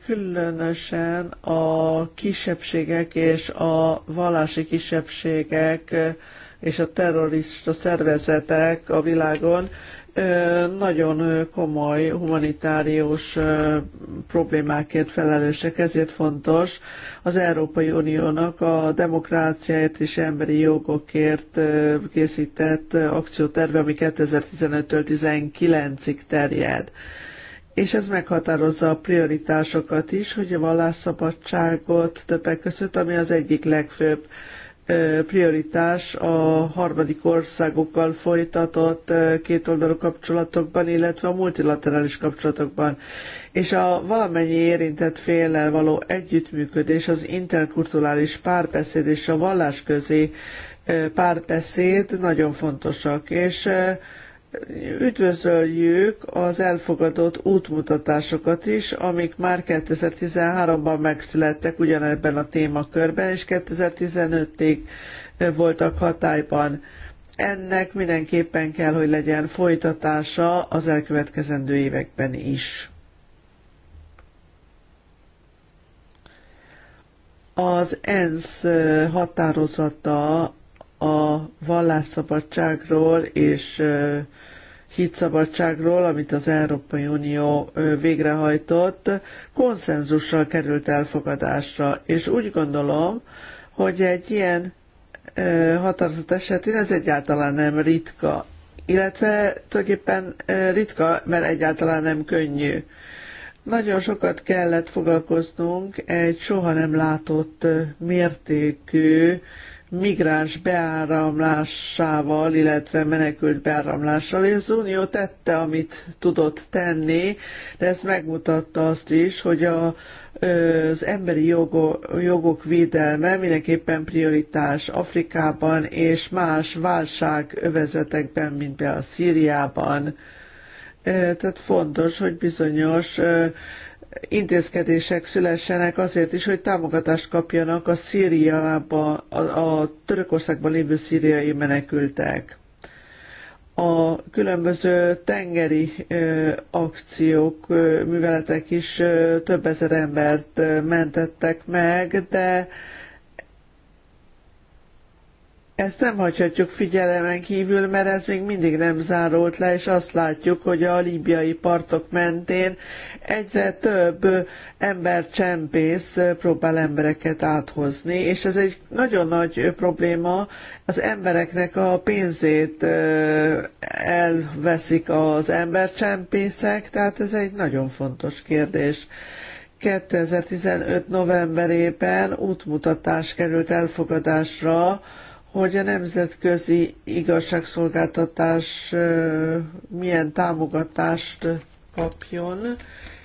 Különösen a kisebbségek és a vallási kisebbségek és a terrorista szervezetek a világon nagyon komoly humanitárius problémákért felelősek, ezért fontos az Európai Uniónak a demokráciáért és emberi jogokért készített akcióterve, ami 2015-től 19-ig terjed. És ez meghatározza a prioritásokat is, hogy a vallásszabadságot többek között, ami az egyik legfőbb prioritás a harmadik országokkal folytatott kétoldalú kapcsolatokban, illetve a multilaterális kapcsolatokban, és a valamennyi érintett féllel való együttműködés, az interkulturális párbeszéd és a közé párbeszéd nagyon fontosak, és üdvözöljük az elfogadott útmutatásokat is, amik már 2013-ban megszülettek ugyanebben a témakörben, és 2015-ig voltak hatályban. Ennek mindenképpen kell, hogy legyen folytatása az elkövetkezendő években is. Az ENSZ határozata a vallásszabadságról és hitszabadságról, amit az Európai Unió végrehajtott, konszenzussal került elfogadásra. És úgy gondolom, hogy egy ilyen határozat esetén ez egyáltalán nem ritka, illetve tulajdonképpen ritka, mert egyáltalán nem könnyű. Nagyon sokat kellett foglalkoznunk egy soha nem látott mértékű migráns beáramlásával, illetve menekült beáramlással. És az Unió tette, amit tudott tenni, de ez megmutatta azt is, hogy a, az emberi jogok, jogok védelme mindenképpen prioritás Afrikában és más válságövezetekben, mint be a Szíriában. Tehát fontos, hogy bizonyos intézkedések szülessenek azért is, hogy támogatást kapjanak a Szíriába, a, a Törökországban lévő szíriai menekültek. A különböző tengeri ö, akciók, ö, műveletek is ö, több ezer embert ö, mentettek meg, de ö, ezt nem hagyhatjuk figyelemen kívül, mert ez még mindig nem zárult le, és azt látjuk, hogy a líbiai partok mentén egyre több embercsempész próbál embereket áthozni, és ez egy nagyon nagy probléma, az embereknek a pénzét elveszik az embercsempészek, tehát ez egy nagyon fontos kérdés. 2015. novemberében útmutatás került elfogadásra, hogy a nemzetközi igazságszolgáltatás milyen támogatást kapjon,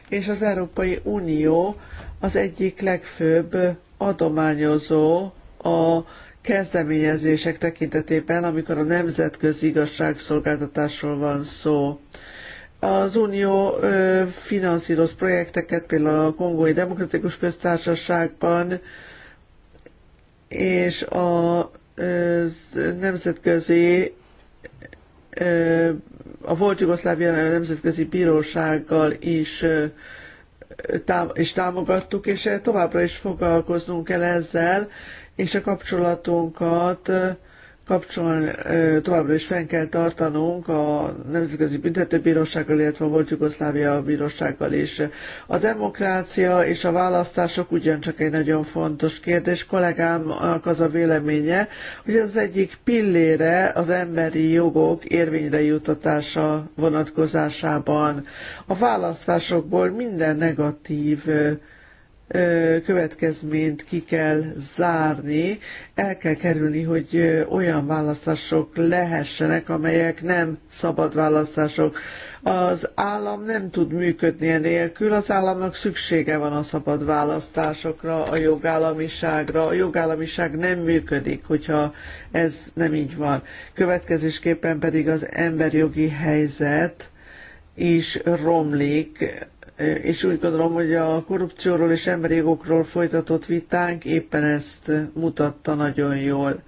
és az Európai Unió az egyik legfőbb adományozó a kezdeményezések tekintetében, amikor a nemzetközi igazságszolgáltatásról van szó. Az Unió ö, finanszíroz projekteket, például a Kongói Demokratikus Köztársaságban, és a nemzetközi a volt Jugoszlávia Nemzetközi Bírósággal is és támogattuk, és továbbra is foglalkoznunk kell ezzel, és a kapcsolatunkat kapcsolatban továbbra is fenn kell tartanunk a Nemzetközi Büntetőbírósággal, illetve a volt Jugoszlávia bírósággal is. A demokrácia és a választások ugyancsak egy nagyon fontos kérdés. Kollégámnak az a véleménye, hogy az egyik pillére az emberi jogok érvényre jutatása vonatkozásában. A választásokból minden negatív következményt ki kell zárni, el kell kerülni, hogy olyan választások lehessenek, amelyek nem szabad választások. Az állam nem tud működni enélkül, az államnak szüksége van a szabad választásokra, a jogállamiságra. A jogállamiság nem működik, hogyha ez nem így van. Következésképpen pedig az emberjogi helyzet is romlik, és úgy gondolom, hogy a korrupcióról és emberi jogokról folytatott vitánk éppen ezt mutatta nagyon jól.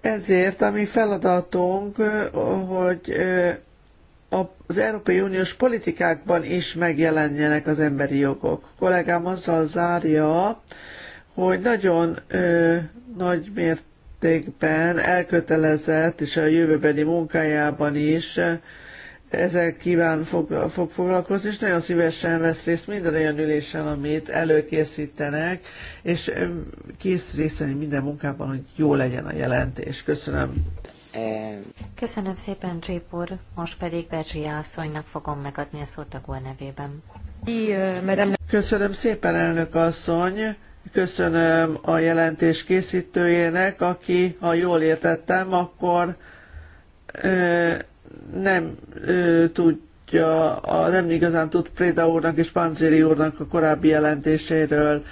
Ezért a mi feladatunk, hogy az Európai Uniós politikákban is megjelenjenek az emberi jogok. A kollégám azzal zárja, hogy nagyon ö, nagy mértékben elkötelezett, és a jövőbeni munkájában is ezzel kíván fog, fog foglalkozni, és nagyon szívesen vesz részt minden olyan ülésen, amit előkészítenek, és kész részt venni minden munkában, hogy jó legyen a jelentés. Köszönöm. Köszönöm szépen, Csép úr. Most pedig Berzsia asszonynak fogom megadni a szót a Gól nevében. Köszönöm szépen, elnök asszony. Köszönöm a jelentés készítőjének, aki, ha jól értettem, akkor nem ö, tudja, a, nem igazán tud Préda úrnak és Panzéri úrnak a korábbi jelentéséről.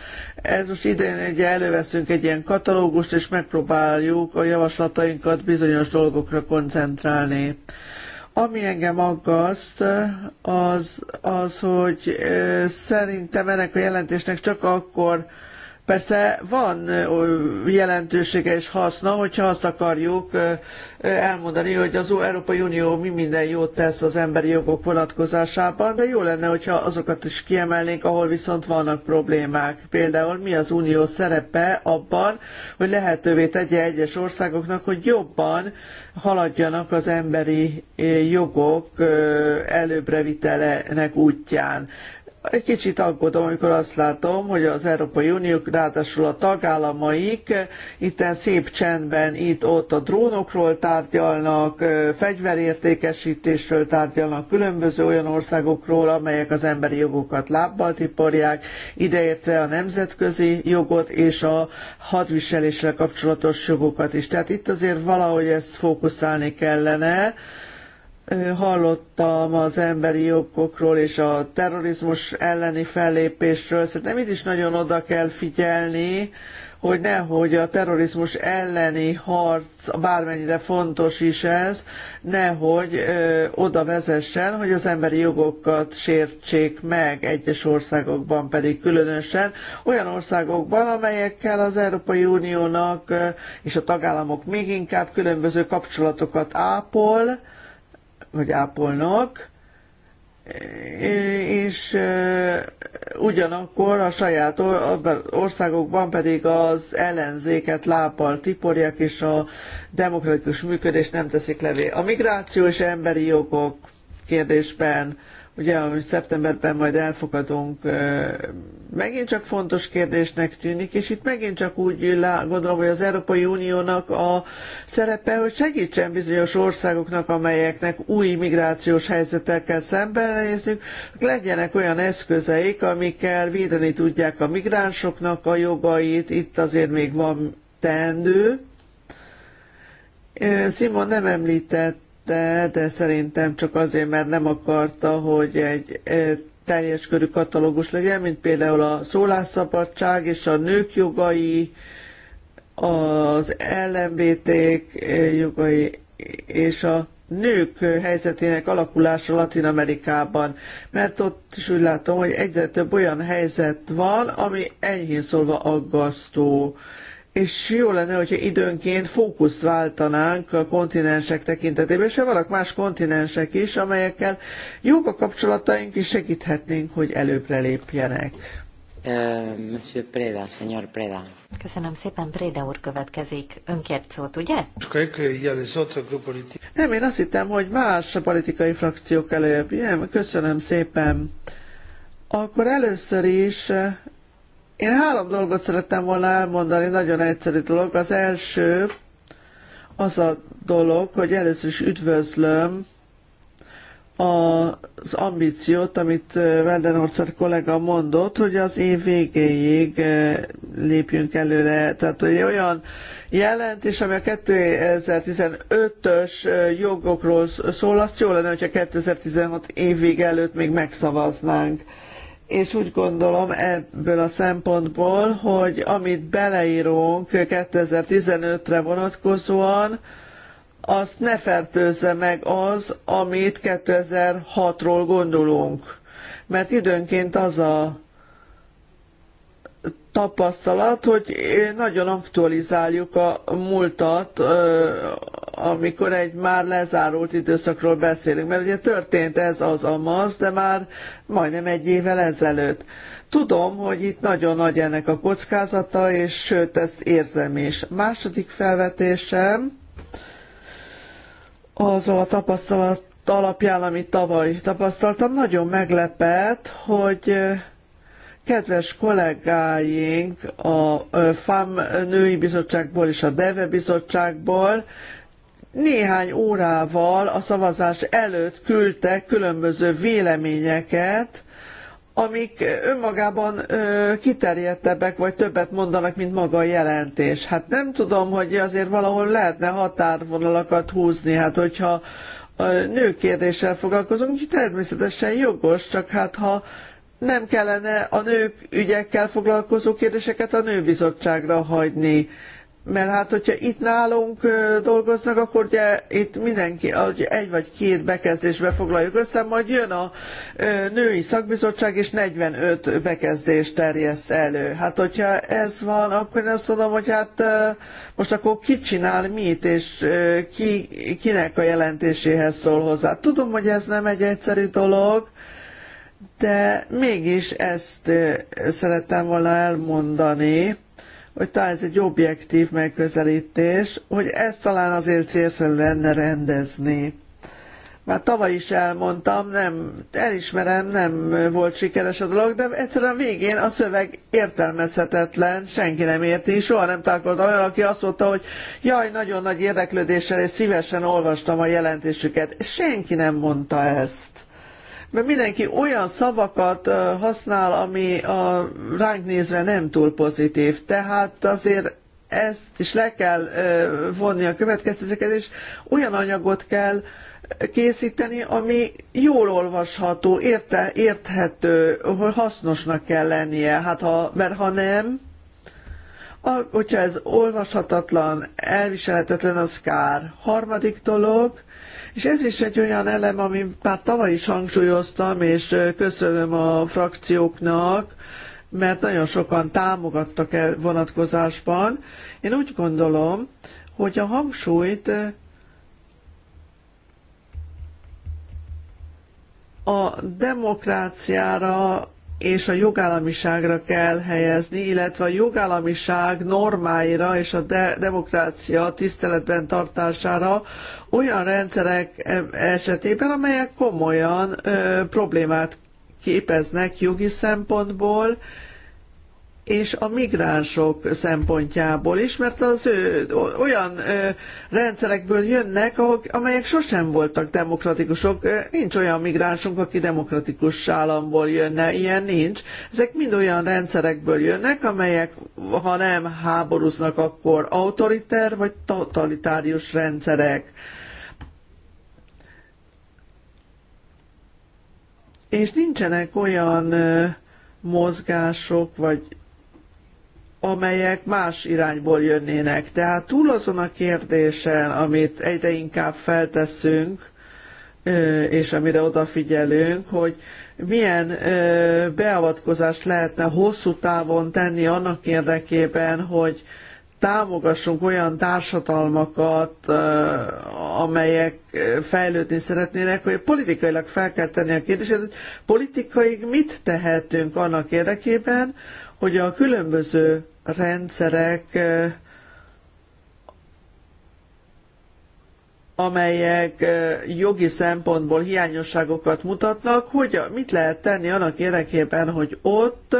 Ez most idén ugye előveszünk egy ilyen katalógust, és megpróbáljuk a javaslatainkat bizonyos dolgokra koncentrálni. Ami engem aggaszt, az, az hogy szerintem ennek a jelentésnek csak akkor Persze van jelentősége és haszna, hogyha azt akarjuk elmondani, hogy az Európai Unió mi minden jót tesz az emberi jogok vonatkozásában, de jó lenne, hogyha azokat is kiemelnénk, ahol viszont vannak problémák. Például mi az unió szerepe abban, hogy lehetővé tegye egyes országoknak, hogy jobban haladjanak az emberi jogok előbbre vitelenek útján egy kicsit aggódom, amikor azt látom, hogy az Európai Unió, ráadásul a tagállamaik itten szép csendben itt-ott a drónokról tárgyalnak, fegyverértékesítésről tárgyalnak, különböző olyan országokról, amelyek az emberi jogokat lábbal tiporják, ideértve a nemzetközi jogot és a hadviseléssel kapcsolatos jogokat is. Tehát itt azért valahogy ezt fókuszálni kellene, hallottam az emberi jogokról és a terrorizmus elleni fellépésről. Szerintem itt is nagyon oda kell figyelni, hogy nehogy a terrorizmus elleni harc, bármennyire fontos is ez, nehogy ö, oda vezessen, hogy az emberi jogokat sértsék meg egyes országokban pedig különösen, olyan országokban, amelyekkel az Európai Uniónak ö, és a tagállamok még inkább különböző kapcsolatokat ápol, hogy ápolnak, és ugyanakkor a saját országokban pedig az ellenzéket lápal tiporják, és a demokratikus működést nem teszik levé. A migráció és emberi jogok kérdésben ugye, amit szeptemberben majd elfogadunk, megint csak fontos kérdésnek tűnik, és itt megint csak úgy gondolom, hogy az Európai Uniónak a szerepe, hogy segítsen bizonyos országoknak, amelyeknek új migrációs helyzetekkel kell hogy legyenek olyan eszközeik, amikkel védeni tudják a migránsoknak a jogait, itt azért még van teendő. Simon nem említett tette, de szerintem csak azért, mert nem akarta, hogy egy teljes körű katalógus legyen, mint például a szólásszabadság és a nők jogai, az LMBT-k jogai és a nők helyzetének alakulása Latin Amerikában, mert ott is úgy látom, hogy egyre több olyan helyzet van, ami enyhén szólva aggasztó és jó lenne, hogyha időnként fókuszt váltanánk a kontinensek tekintetében, és vannak más kontinensek is, amelyekkel jók a kapcsolataink, és segíthetnénk, hogy előbbre lépjenek. Eh, monsieur Preda, señor Preda. Köszönöm szépen, Préda úr következik. Önkért szót, ugye? Nem, én azt hittem, hogy más politikai frakciók előbb. Nem, köszönöm szépen. Akkor először is én három dolgot szerettem volna elmondani, nagyon egyszerű dolog. Az első az a dolog, hogy először is üdvözlöm az ambíciót, amit Veldenhorszer eh, kollega mondott, hogy az év végéig eh, lépjünk előre. Tehát, hogy olyan jelentés, ami a 2015-ös eh, jogokról szól, azt jó lenne, hogyha 2016 évig előtt még megszavaznánk és úgy gondolom ebből a szempontból, hogy amit beleírunk 2015-re vonatkozóan, azt ne fertőzze meg az, amit 2006-ról gondolunk. Mert időnként az a tapasztalat, hogy eh, nagyon aktualizáljuk a múltat, eh, amikor egy már lezárult időszakról beszélünk, mert ugye történt ez az amaz, de már majdnem egy évvel ezelőtt. Tudom, hogy itt nagyon nagy ennek a kockázata, és sőt, ezt érzem is. Második felvetésem azzal a tapasztalat alapján, amit tavaly tapasztaltam, nagyon meglepett, hogy eh, kedves kollégáink a FAM női bizottságból és a DEVE bizottságból néhány órával a szavazás előtt küldtek különböző véleményeket, amik önmagában ö, kiterjedtebbek, vagy többet mondanak, mint maga a jelentés. Hát nem tudom, hogy azért valahol lehetne határvonalakat húzni, hát hogyha a nőkérdéssel foglalkozunk, természetesen jogos, csak hát ha nem kellene a nők ügyekkel foglalkozó kérdéseket a nőbizottságra hagyni. Mert hát, hogyha itt nálunk dolgoznak, akkor ugye itt mindenki egy vagy két bekezdésbe foglaljuk össze, majd jön a női szakbizottság, és 45 bekezdést terjeszt elő. Hát, hogyha ez van, akkor én azt mondom, hogy hát most akkor ki csinál mit, és ki, kinek a jelentéséhez szól hozzá. Tudom, hogy ez nem egy egyszerű dolog, de mégis ezt szerettem volna elmondani, hogy talán ez egy objektív megközelítés, hogy ezt talán azért célszerű lenne rendezni. Már tavaly is elmondtam, nem, elismerem, nem volt sikeres a dolog, de egyszerűen a végén a szöveg értelmezhetetlen, senki nem érti, soha nem találkoztam olyan, aki azt mondta, hogy jaj, nagyon nagy érdeklődéssel és szívesen olvastam a jelentésüket. Senki nem mondta ezt mert mindenki olyan szavakat használ, ami a, ránk nézve nem túl pozitív. Tehát azért ezt is le kell vonni a következtetéseket, és olyan anyagot kell készíteni, ami jól olvasható, érte, érthető, hogy hasznosnak kell lennie. Hát ha, mert ha nem, a, hogyha ez olvashatatlan, elviselhetetlen, az kár. Harmadik dolog, és ez is egy olyan elem, amit már tavaly is hangsúlyoztam, és köszönöm a frakcióknak, mert nagyon sokan támogattak e vonatkozásban. Én úgy gondolom, hogy a hangsúlyt a demokráciára és a jogállamiságra kell helyezni, illetve a jogállamiság normáira és a de- demokrácia tiszteletben tartására olyan rendszerek e- esetében, amelyek komolyan ö, problémát képeznek jogi szempontból, és a migránsok szempontjából is, mert az ő, olyan ö, rendszerekből jönnek, ahol, amelyek sosem voltak demokratikusok. Nincs olyan migránsunk, aki demokratikus államból jönne, ilyen nincs. Ezek mind olyan rendszerekből jönnek, amelyek, ha nem háborúznak, akkor autoriter vagy totalitárius rendszerek. És nincsenek olyan ö, mozgások, vagy amelyek más irányból jönnének. Tehát túl azon a kérdésen, amit egyre inkább felteszünk, és amire odafigyelünk, hogy milyen beavatkozást lehetne hosszú távon tenni annak érdekében, hogy támogassunk olyan társadalmakat, amelyek fejlődni szeretnének, hogy politikailag fel kell tenni a kérdést, hogy politikaig mit tehetünk annak érdekében, hogy a különböző rendszerek, amelyek jogi szempontból hiányosságokat mutatnak, hogy mit lehet tenni annak érdekében, hogy ott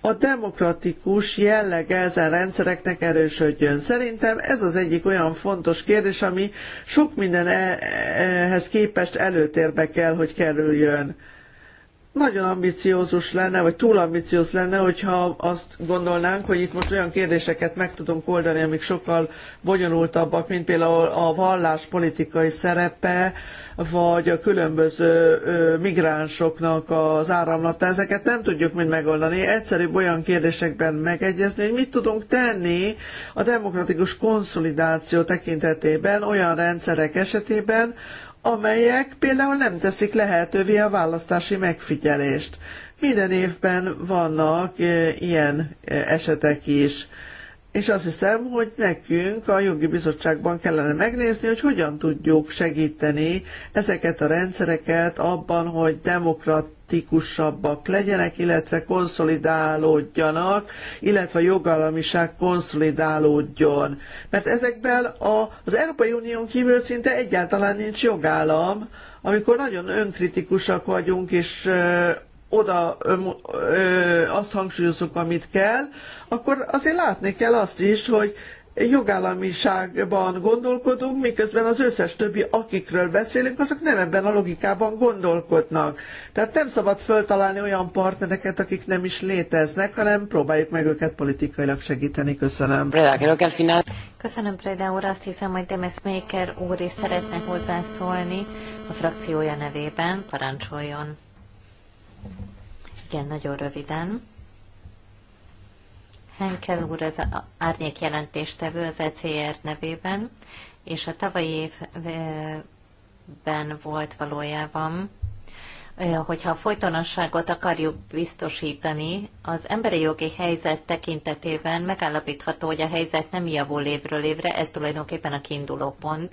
a demokratikus jellege ezen rendszereknek erősödjön. Szerintem ez az egyik olyan fontos kérdés, ami sok mindenhez e- képest előtérbe kell, hogy kerüljön nagyon ambiciózus lenne, vagy túl ambiciózus lenne, hogyha azt gondolnánk, hogy itt most olyan kérdéseket meg tudunk oldani, amik sokkal bonyolultabbak, mint például a vallás politikai szerepe, vagy a különböző migránsoknak az áramlata. Ezeket nem tudjuk mind megoldani. Egyszerűbb olyan kérdésekben megegyezni, hogy mit tudunk tenni a demokratikus konszolidáció tekintetében olyan rendszerek esetében, amelyek például nem teszik lehetővé a választási megfigyelést. Minden évben vannak e, ilyen e, esetek is. És azt hiszem, hogy nekünk a jogi bizottságban kellene megnézni, hogy hogyan tudjuk segíteni ezeket a rendszereket abban, hogy demokrat demokratikusabbak legyenek, illetve konszolidálódjanak, illetve a jogállamiság konszolidálódjon. Mert ezekben a, az Európai Unión kívül szinte egyáltalán nincs jogállam, amikor nagyon önkritikusak vagyunk, és oda ö, ö, azt hangsúlyozunk, amit kell, akkor azért látni kell azt is, hogy jogállamiságban gondolkodunk, miközben az összes többi, akikről beszélünk, azok nem ebben a logikában gondolkodnak. Tehát nem szabad föltalálni olyan partnereket, akik nem is léteznek, hanem próbáljuk meg őket politikailag segíteni. Köszönöm. Köszönöm, Preda úr. Azt hiszem, hogy Demes Maker úr is szeretne hozzászólni a frakciója nevében. Parancsoljon. Igen, nagyon röviden. Henkel úr az árnyék jelentéstevő az ECR nevében, és a tavalyi évben volt valójában, hogyha a folytonosságot akarjuk biztosítani, az emberi jogi helyzet tekintetében megállapítható, hogy a helyzet nem javul évről évre, ez tulajdonképpen a kiinduló pont,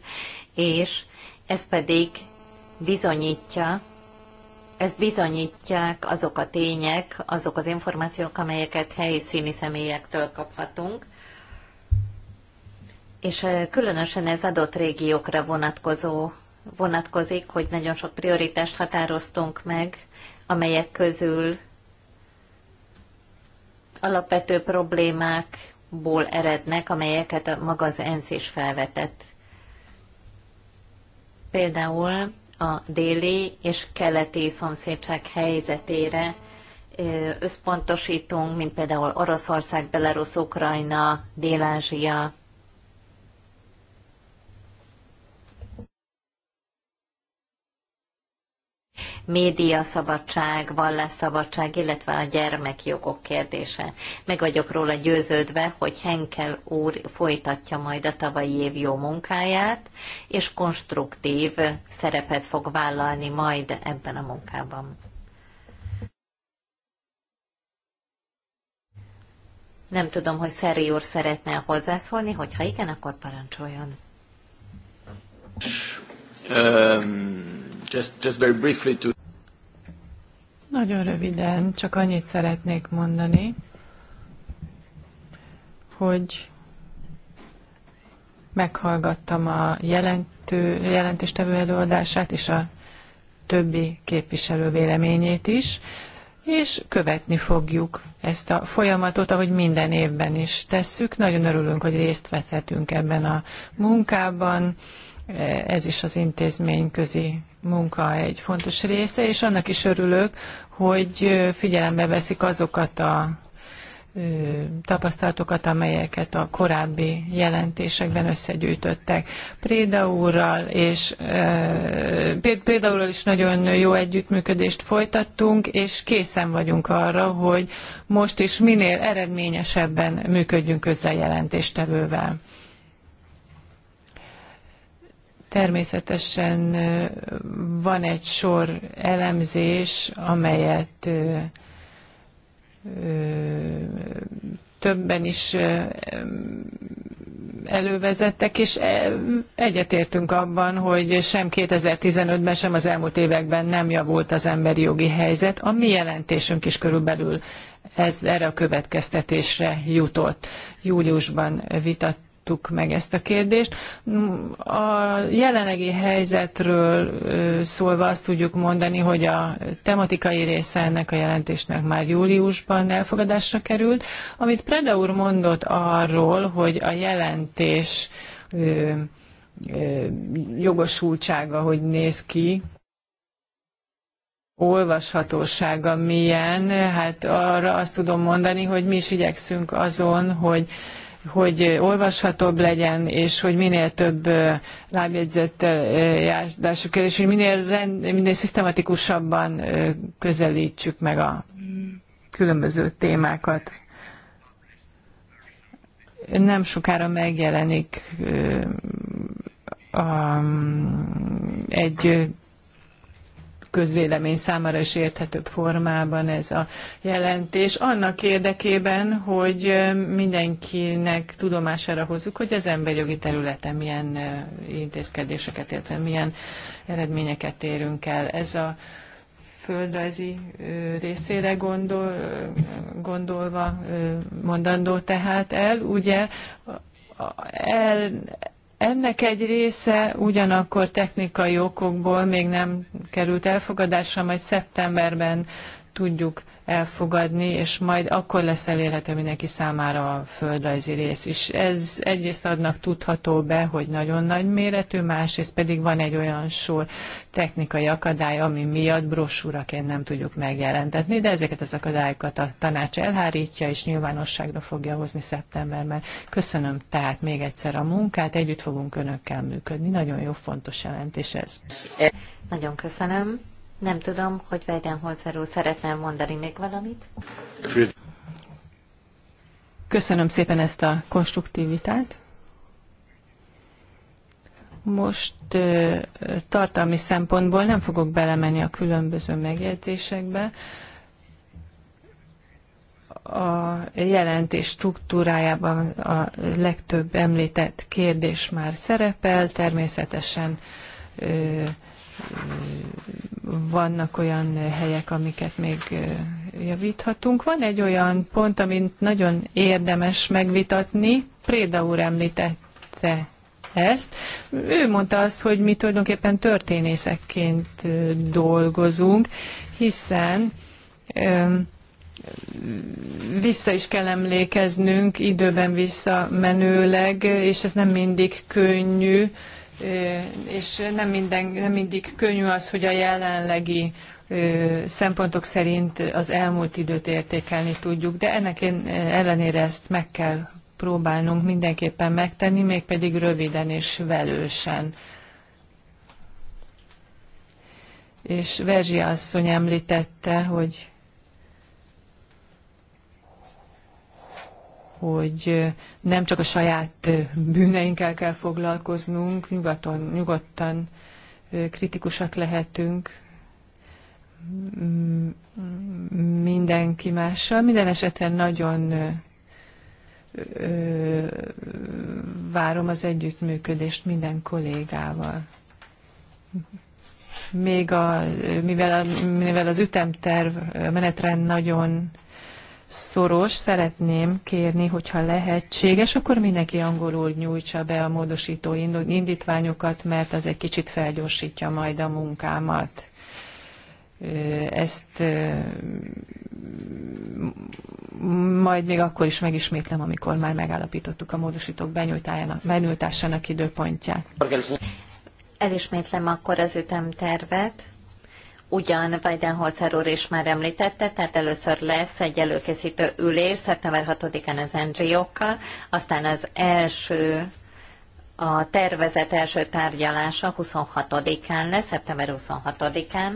és ez pedig bizonyítja, ezt bizonyítják azok a tények, azok az információk, amelyeket helyszíni személyektől kaphatunk. És eh, különösen ez adott régiókra vonatkozó, vonatkozik, hogy nagyon sok prioritást határoztunk meg, amelyek közül alapvető problémákból erednek, amelyeket maga az ENSZ is felvetett. Például a déli és keleti szomszédság helyzetére összpontosítunk, mint például Oroszország, Belarus, Ukrajna, Dél-Ázsia, média szabadság, vallás szabadság illetve a gyermekjogok kérdése. Meg vagyok róla győződve, hogy Henkel úr folytatja majd a tavalyi év jó munkáját, és konstruktív szerepet fog vállalni majd ebben a munkában. Nem tudom, hogy Szeri úr szeretne hozzászólni, hogyha igen, akkor parancsoljon. Nagyon röviden, csak annyit szeretnék mondani, hogy meghallgattam a jelentő, jelentéstevő előadását és a többi képviselő véleményét is, és követni fogjuk ezt a folyamatot, ahogy minden évben is tesszük. Nagyon örülünk, hogy részt vethetünk ebben a munkában, ez is az intézményközi közi munka egy fontos része, és annak is örülök, hogy figyelembe veszik azokat a tapasztalatokat, amelyeket a korábbi jelentésekben összegyűjtöttek. Préda úrral és Préda úrral is nagyon jó együttműködést folytattunk, és készen vagyunk arra, hogy most is minél eredményesebben működjünk közre a jelentéstevővel. Természetesen van egy sor elemzés, amelyet többen is elővezettek, és egyetértünk abban, hogy sem 2015-ben, sem az elmúlt években nem javult az emberi jogi helyzet. A mi jelentésünk is körülbelül ez erre a következtetésre jutott. Júliusban vitat, vitattuk meg ezt a kérdést. A jelenlegi helyzetről szólva azt tudjuk mondani, hogy a tematikai része ennek a jelentésnek már júliusban elfogadásra került, amit Preda úr mondott arról, hogy a jelentés jogosultsága hogy néz ki, olvashatósága milyen, hát arra azt tudom mondani, hogy mi is igyekszünk azon, hogy hogy olvashatóbb legyen, és hogy minél több lábjegyzett járásuk el, és hogy minél, rend, minél szisztematikusabban közelítsük meg a különböző témákat. Nem sokára megjelenik egy közvélemény számára is érthetőbb formában ez a jelentés. Annak érdekében, hogy mindenkinek tudomására hozzuk, hogy az emberjogi területen milyen intézkedéseket, illetve milyen eredményeket érünk el. Ez a földrajzi részére gondol, gondolva mondandó tehát el, ugye el, ennek egy része ugyanakkor technikai okokból még nem került elfogadásra, majd szeptemberben tudjuk elfogadni, és majd akkor lesz elérhető mindenki számára a földrajzi rész is. Ez egyrészt adnak tudható be, hogy nagyon nagy méretű, másrészt pedig van egy olyan sor technikai akadály, ami miatt brosúraként nem tudjuk megjelentetni, de ezeket az akadályokat a tanács elhárítja, és nyilvánosságra fogja hozni szeptemberben. Köszönöm tehát még egyszer a munkát, együtt fogunk önökkel működni. Nagyon jó, fontos jelentés ez. Nagyon köszönöm. Nem tudom, hogy Weidenholzer úr szeretne mondani még valamit. Köszönöm szépen ezt a konstruktivitát. Most tartalmi szempontból nem fogok belemenni a különböző megjegyzésekbe. A jelentés struktúrájában a legtöbb említett kérdés már szerepel, természetesen vannak olyan helyek, amiket még javíthatunk. Van egy olyan pont, amit nagyon érdemes megvitatni. Préda úr említette ezt. Ő mondta azt, hogy mi tulajdonképpen történészekként dolgozunk, hiszen vissza is kell emlékeznünk időben visszamenőleg, és ez nem mindig könnyű és nem, minden, nem mindig könnyű az, hogy a jelenlegi szempontok szerint az elmúlt időt értékelni tudjuk, de ennek ellenére ezt meg kell próbálnunk mindenképpen megtenni, mégpedig röviden és velősen. És Verzsi asszony említette, hogy hogy nem csak a saját bűneinkkel kell foglalkoznunk, nyugaton, nyugodtan kritikusak lehetünk mindenki mással. Minden esetben nagyon várom az együttműködést minden kollégával. Még a, mivel, a, mivel az ütemterv, menetrend nagyon szoros, szeretném kérni, hogyha lehetséges, akkor mindenki angolul nyújtsa be a módosító indítványokat, mert az egy kicsit felgyorsítja majd a munkámat. Ezt majd még akkor is megismétlem, amikor már megállapítottuk a módosítók benyújtásának időpontját. Elismétlem akkor az ütemtervet. Ugyan Holzer úr is már említette, tehát először lesz egy előkészítő ülés szeptember 6-án az NGO-kkal, aztán az első a tervezet első tárgyalása 26-án lesz, szeptember 26-án.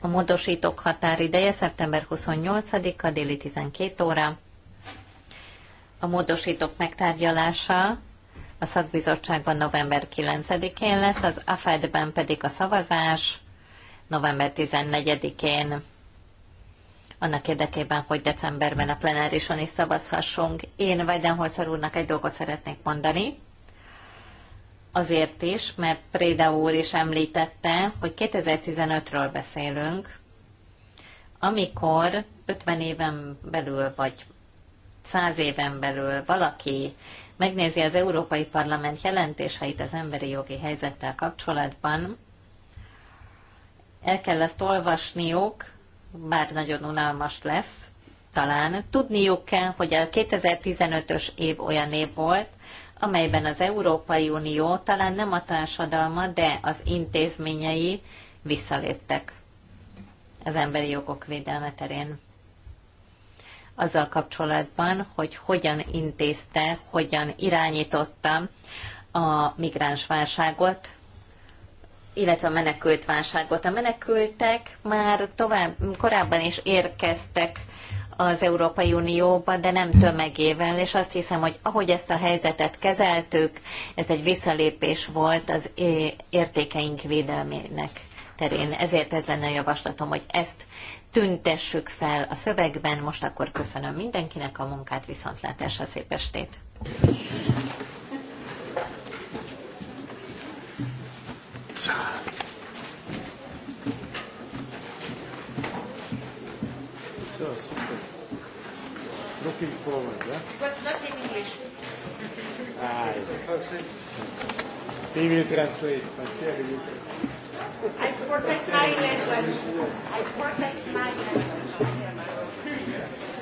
A módosítók határideje szeptember 28-a déli 12 óra. A módosítók megtárgyalása a szakbizottságban november 9-én lesz, az AFED-ben pedig a szavazás november 14-én annak érdekében, hogy decemberben a plenárison is szavazhassunk. Én Weidenholzer úrnak egy dolgot szeretnék mondani, azért is, mert Préda úr is említette, hogy 2015-ről beszélünk, amikor 50 éven belül vagy 100 éven belül valaki megnézi az Európai Parlament jelentéseit az emberi jogi helyzettel kapcsolatban, el kell ezt olvasniuk, bár nagyon unalmas lesz, talán tudniuk kell, hogy a 2015-ös év olyan év volt, amelyben az Európai Unió talán nem a társadalma, de az intézményei visszaléptek az emberi jogok védelme terén azzal kapcsolatban, hogy hogyan intézte, hogyan irányította a migráns válságot, illetve a menekült válságot. A menekültek már tovább, korábban is érkeztek az Európai Unióba, de nem tömegével, és azt hiszem, hogy ahogy ezt a helyzetet kezeltük, ez egy visszalépés volt az értékeink védelmének terén. Ezért ez lenne a javaslatom, hogy ezt tüntessük fel a szövegben. Most akkor köszönöm mindenkinek a munkát, viszontlátásra szép estét! Looking forward, yeah? But not in English. Ah, yeah. He translate, but translate. I protect my language. I protect my language.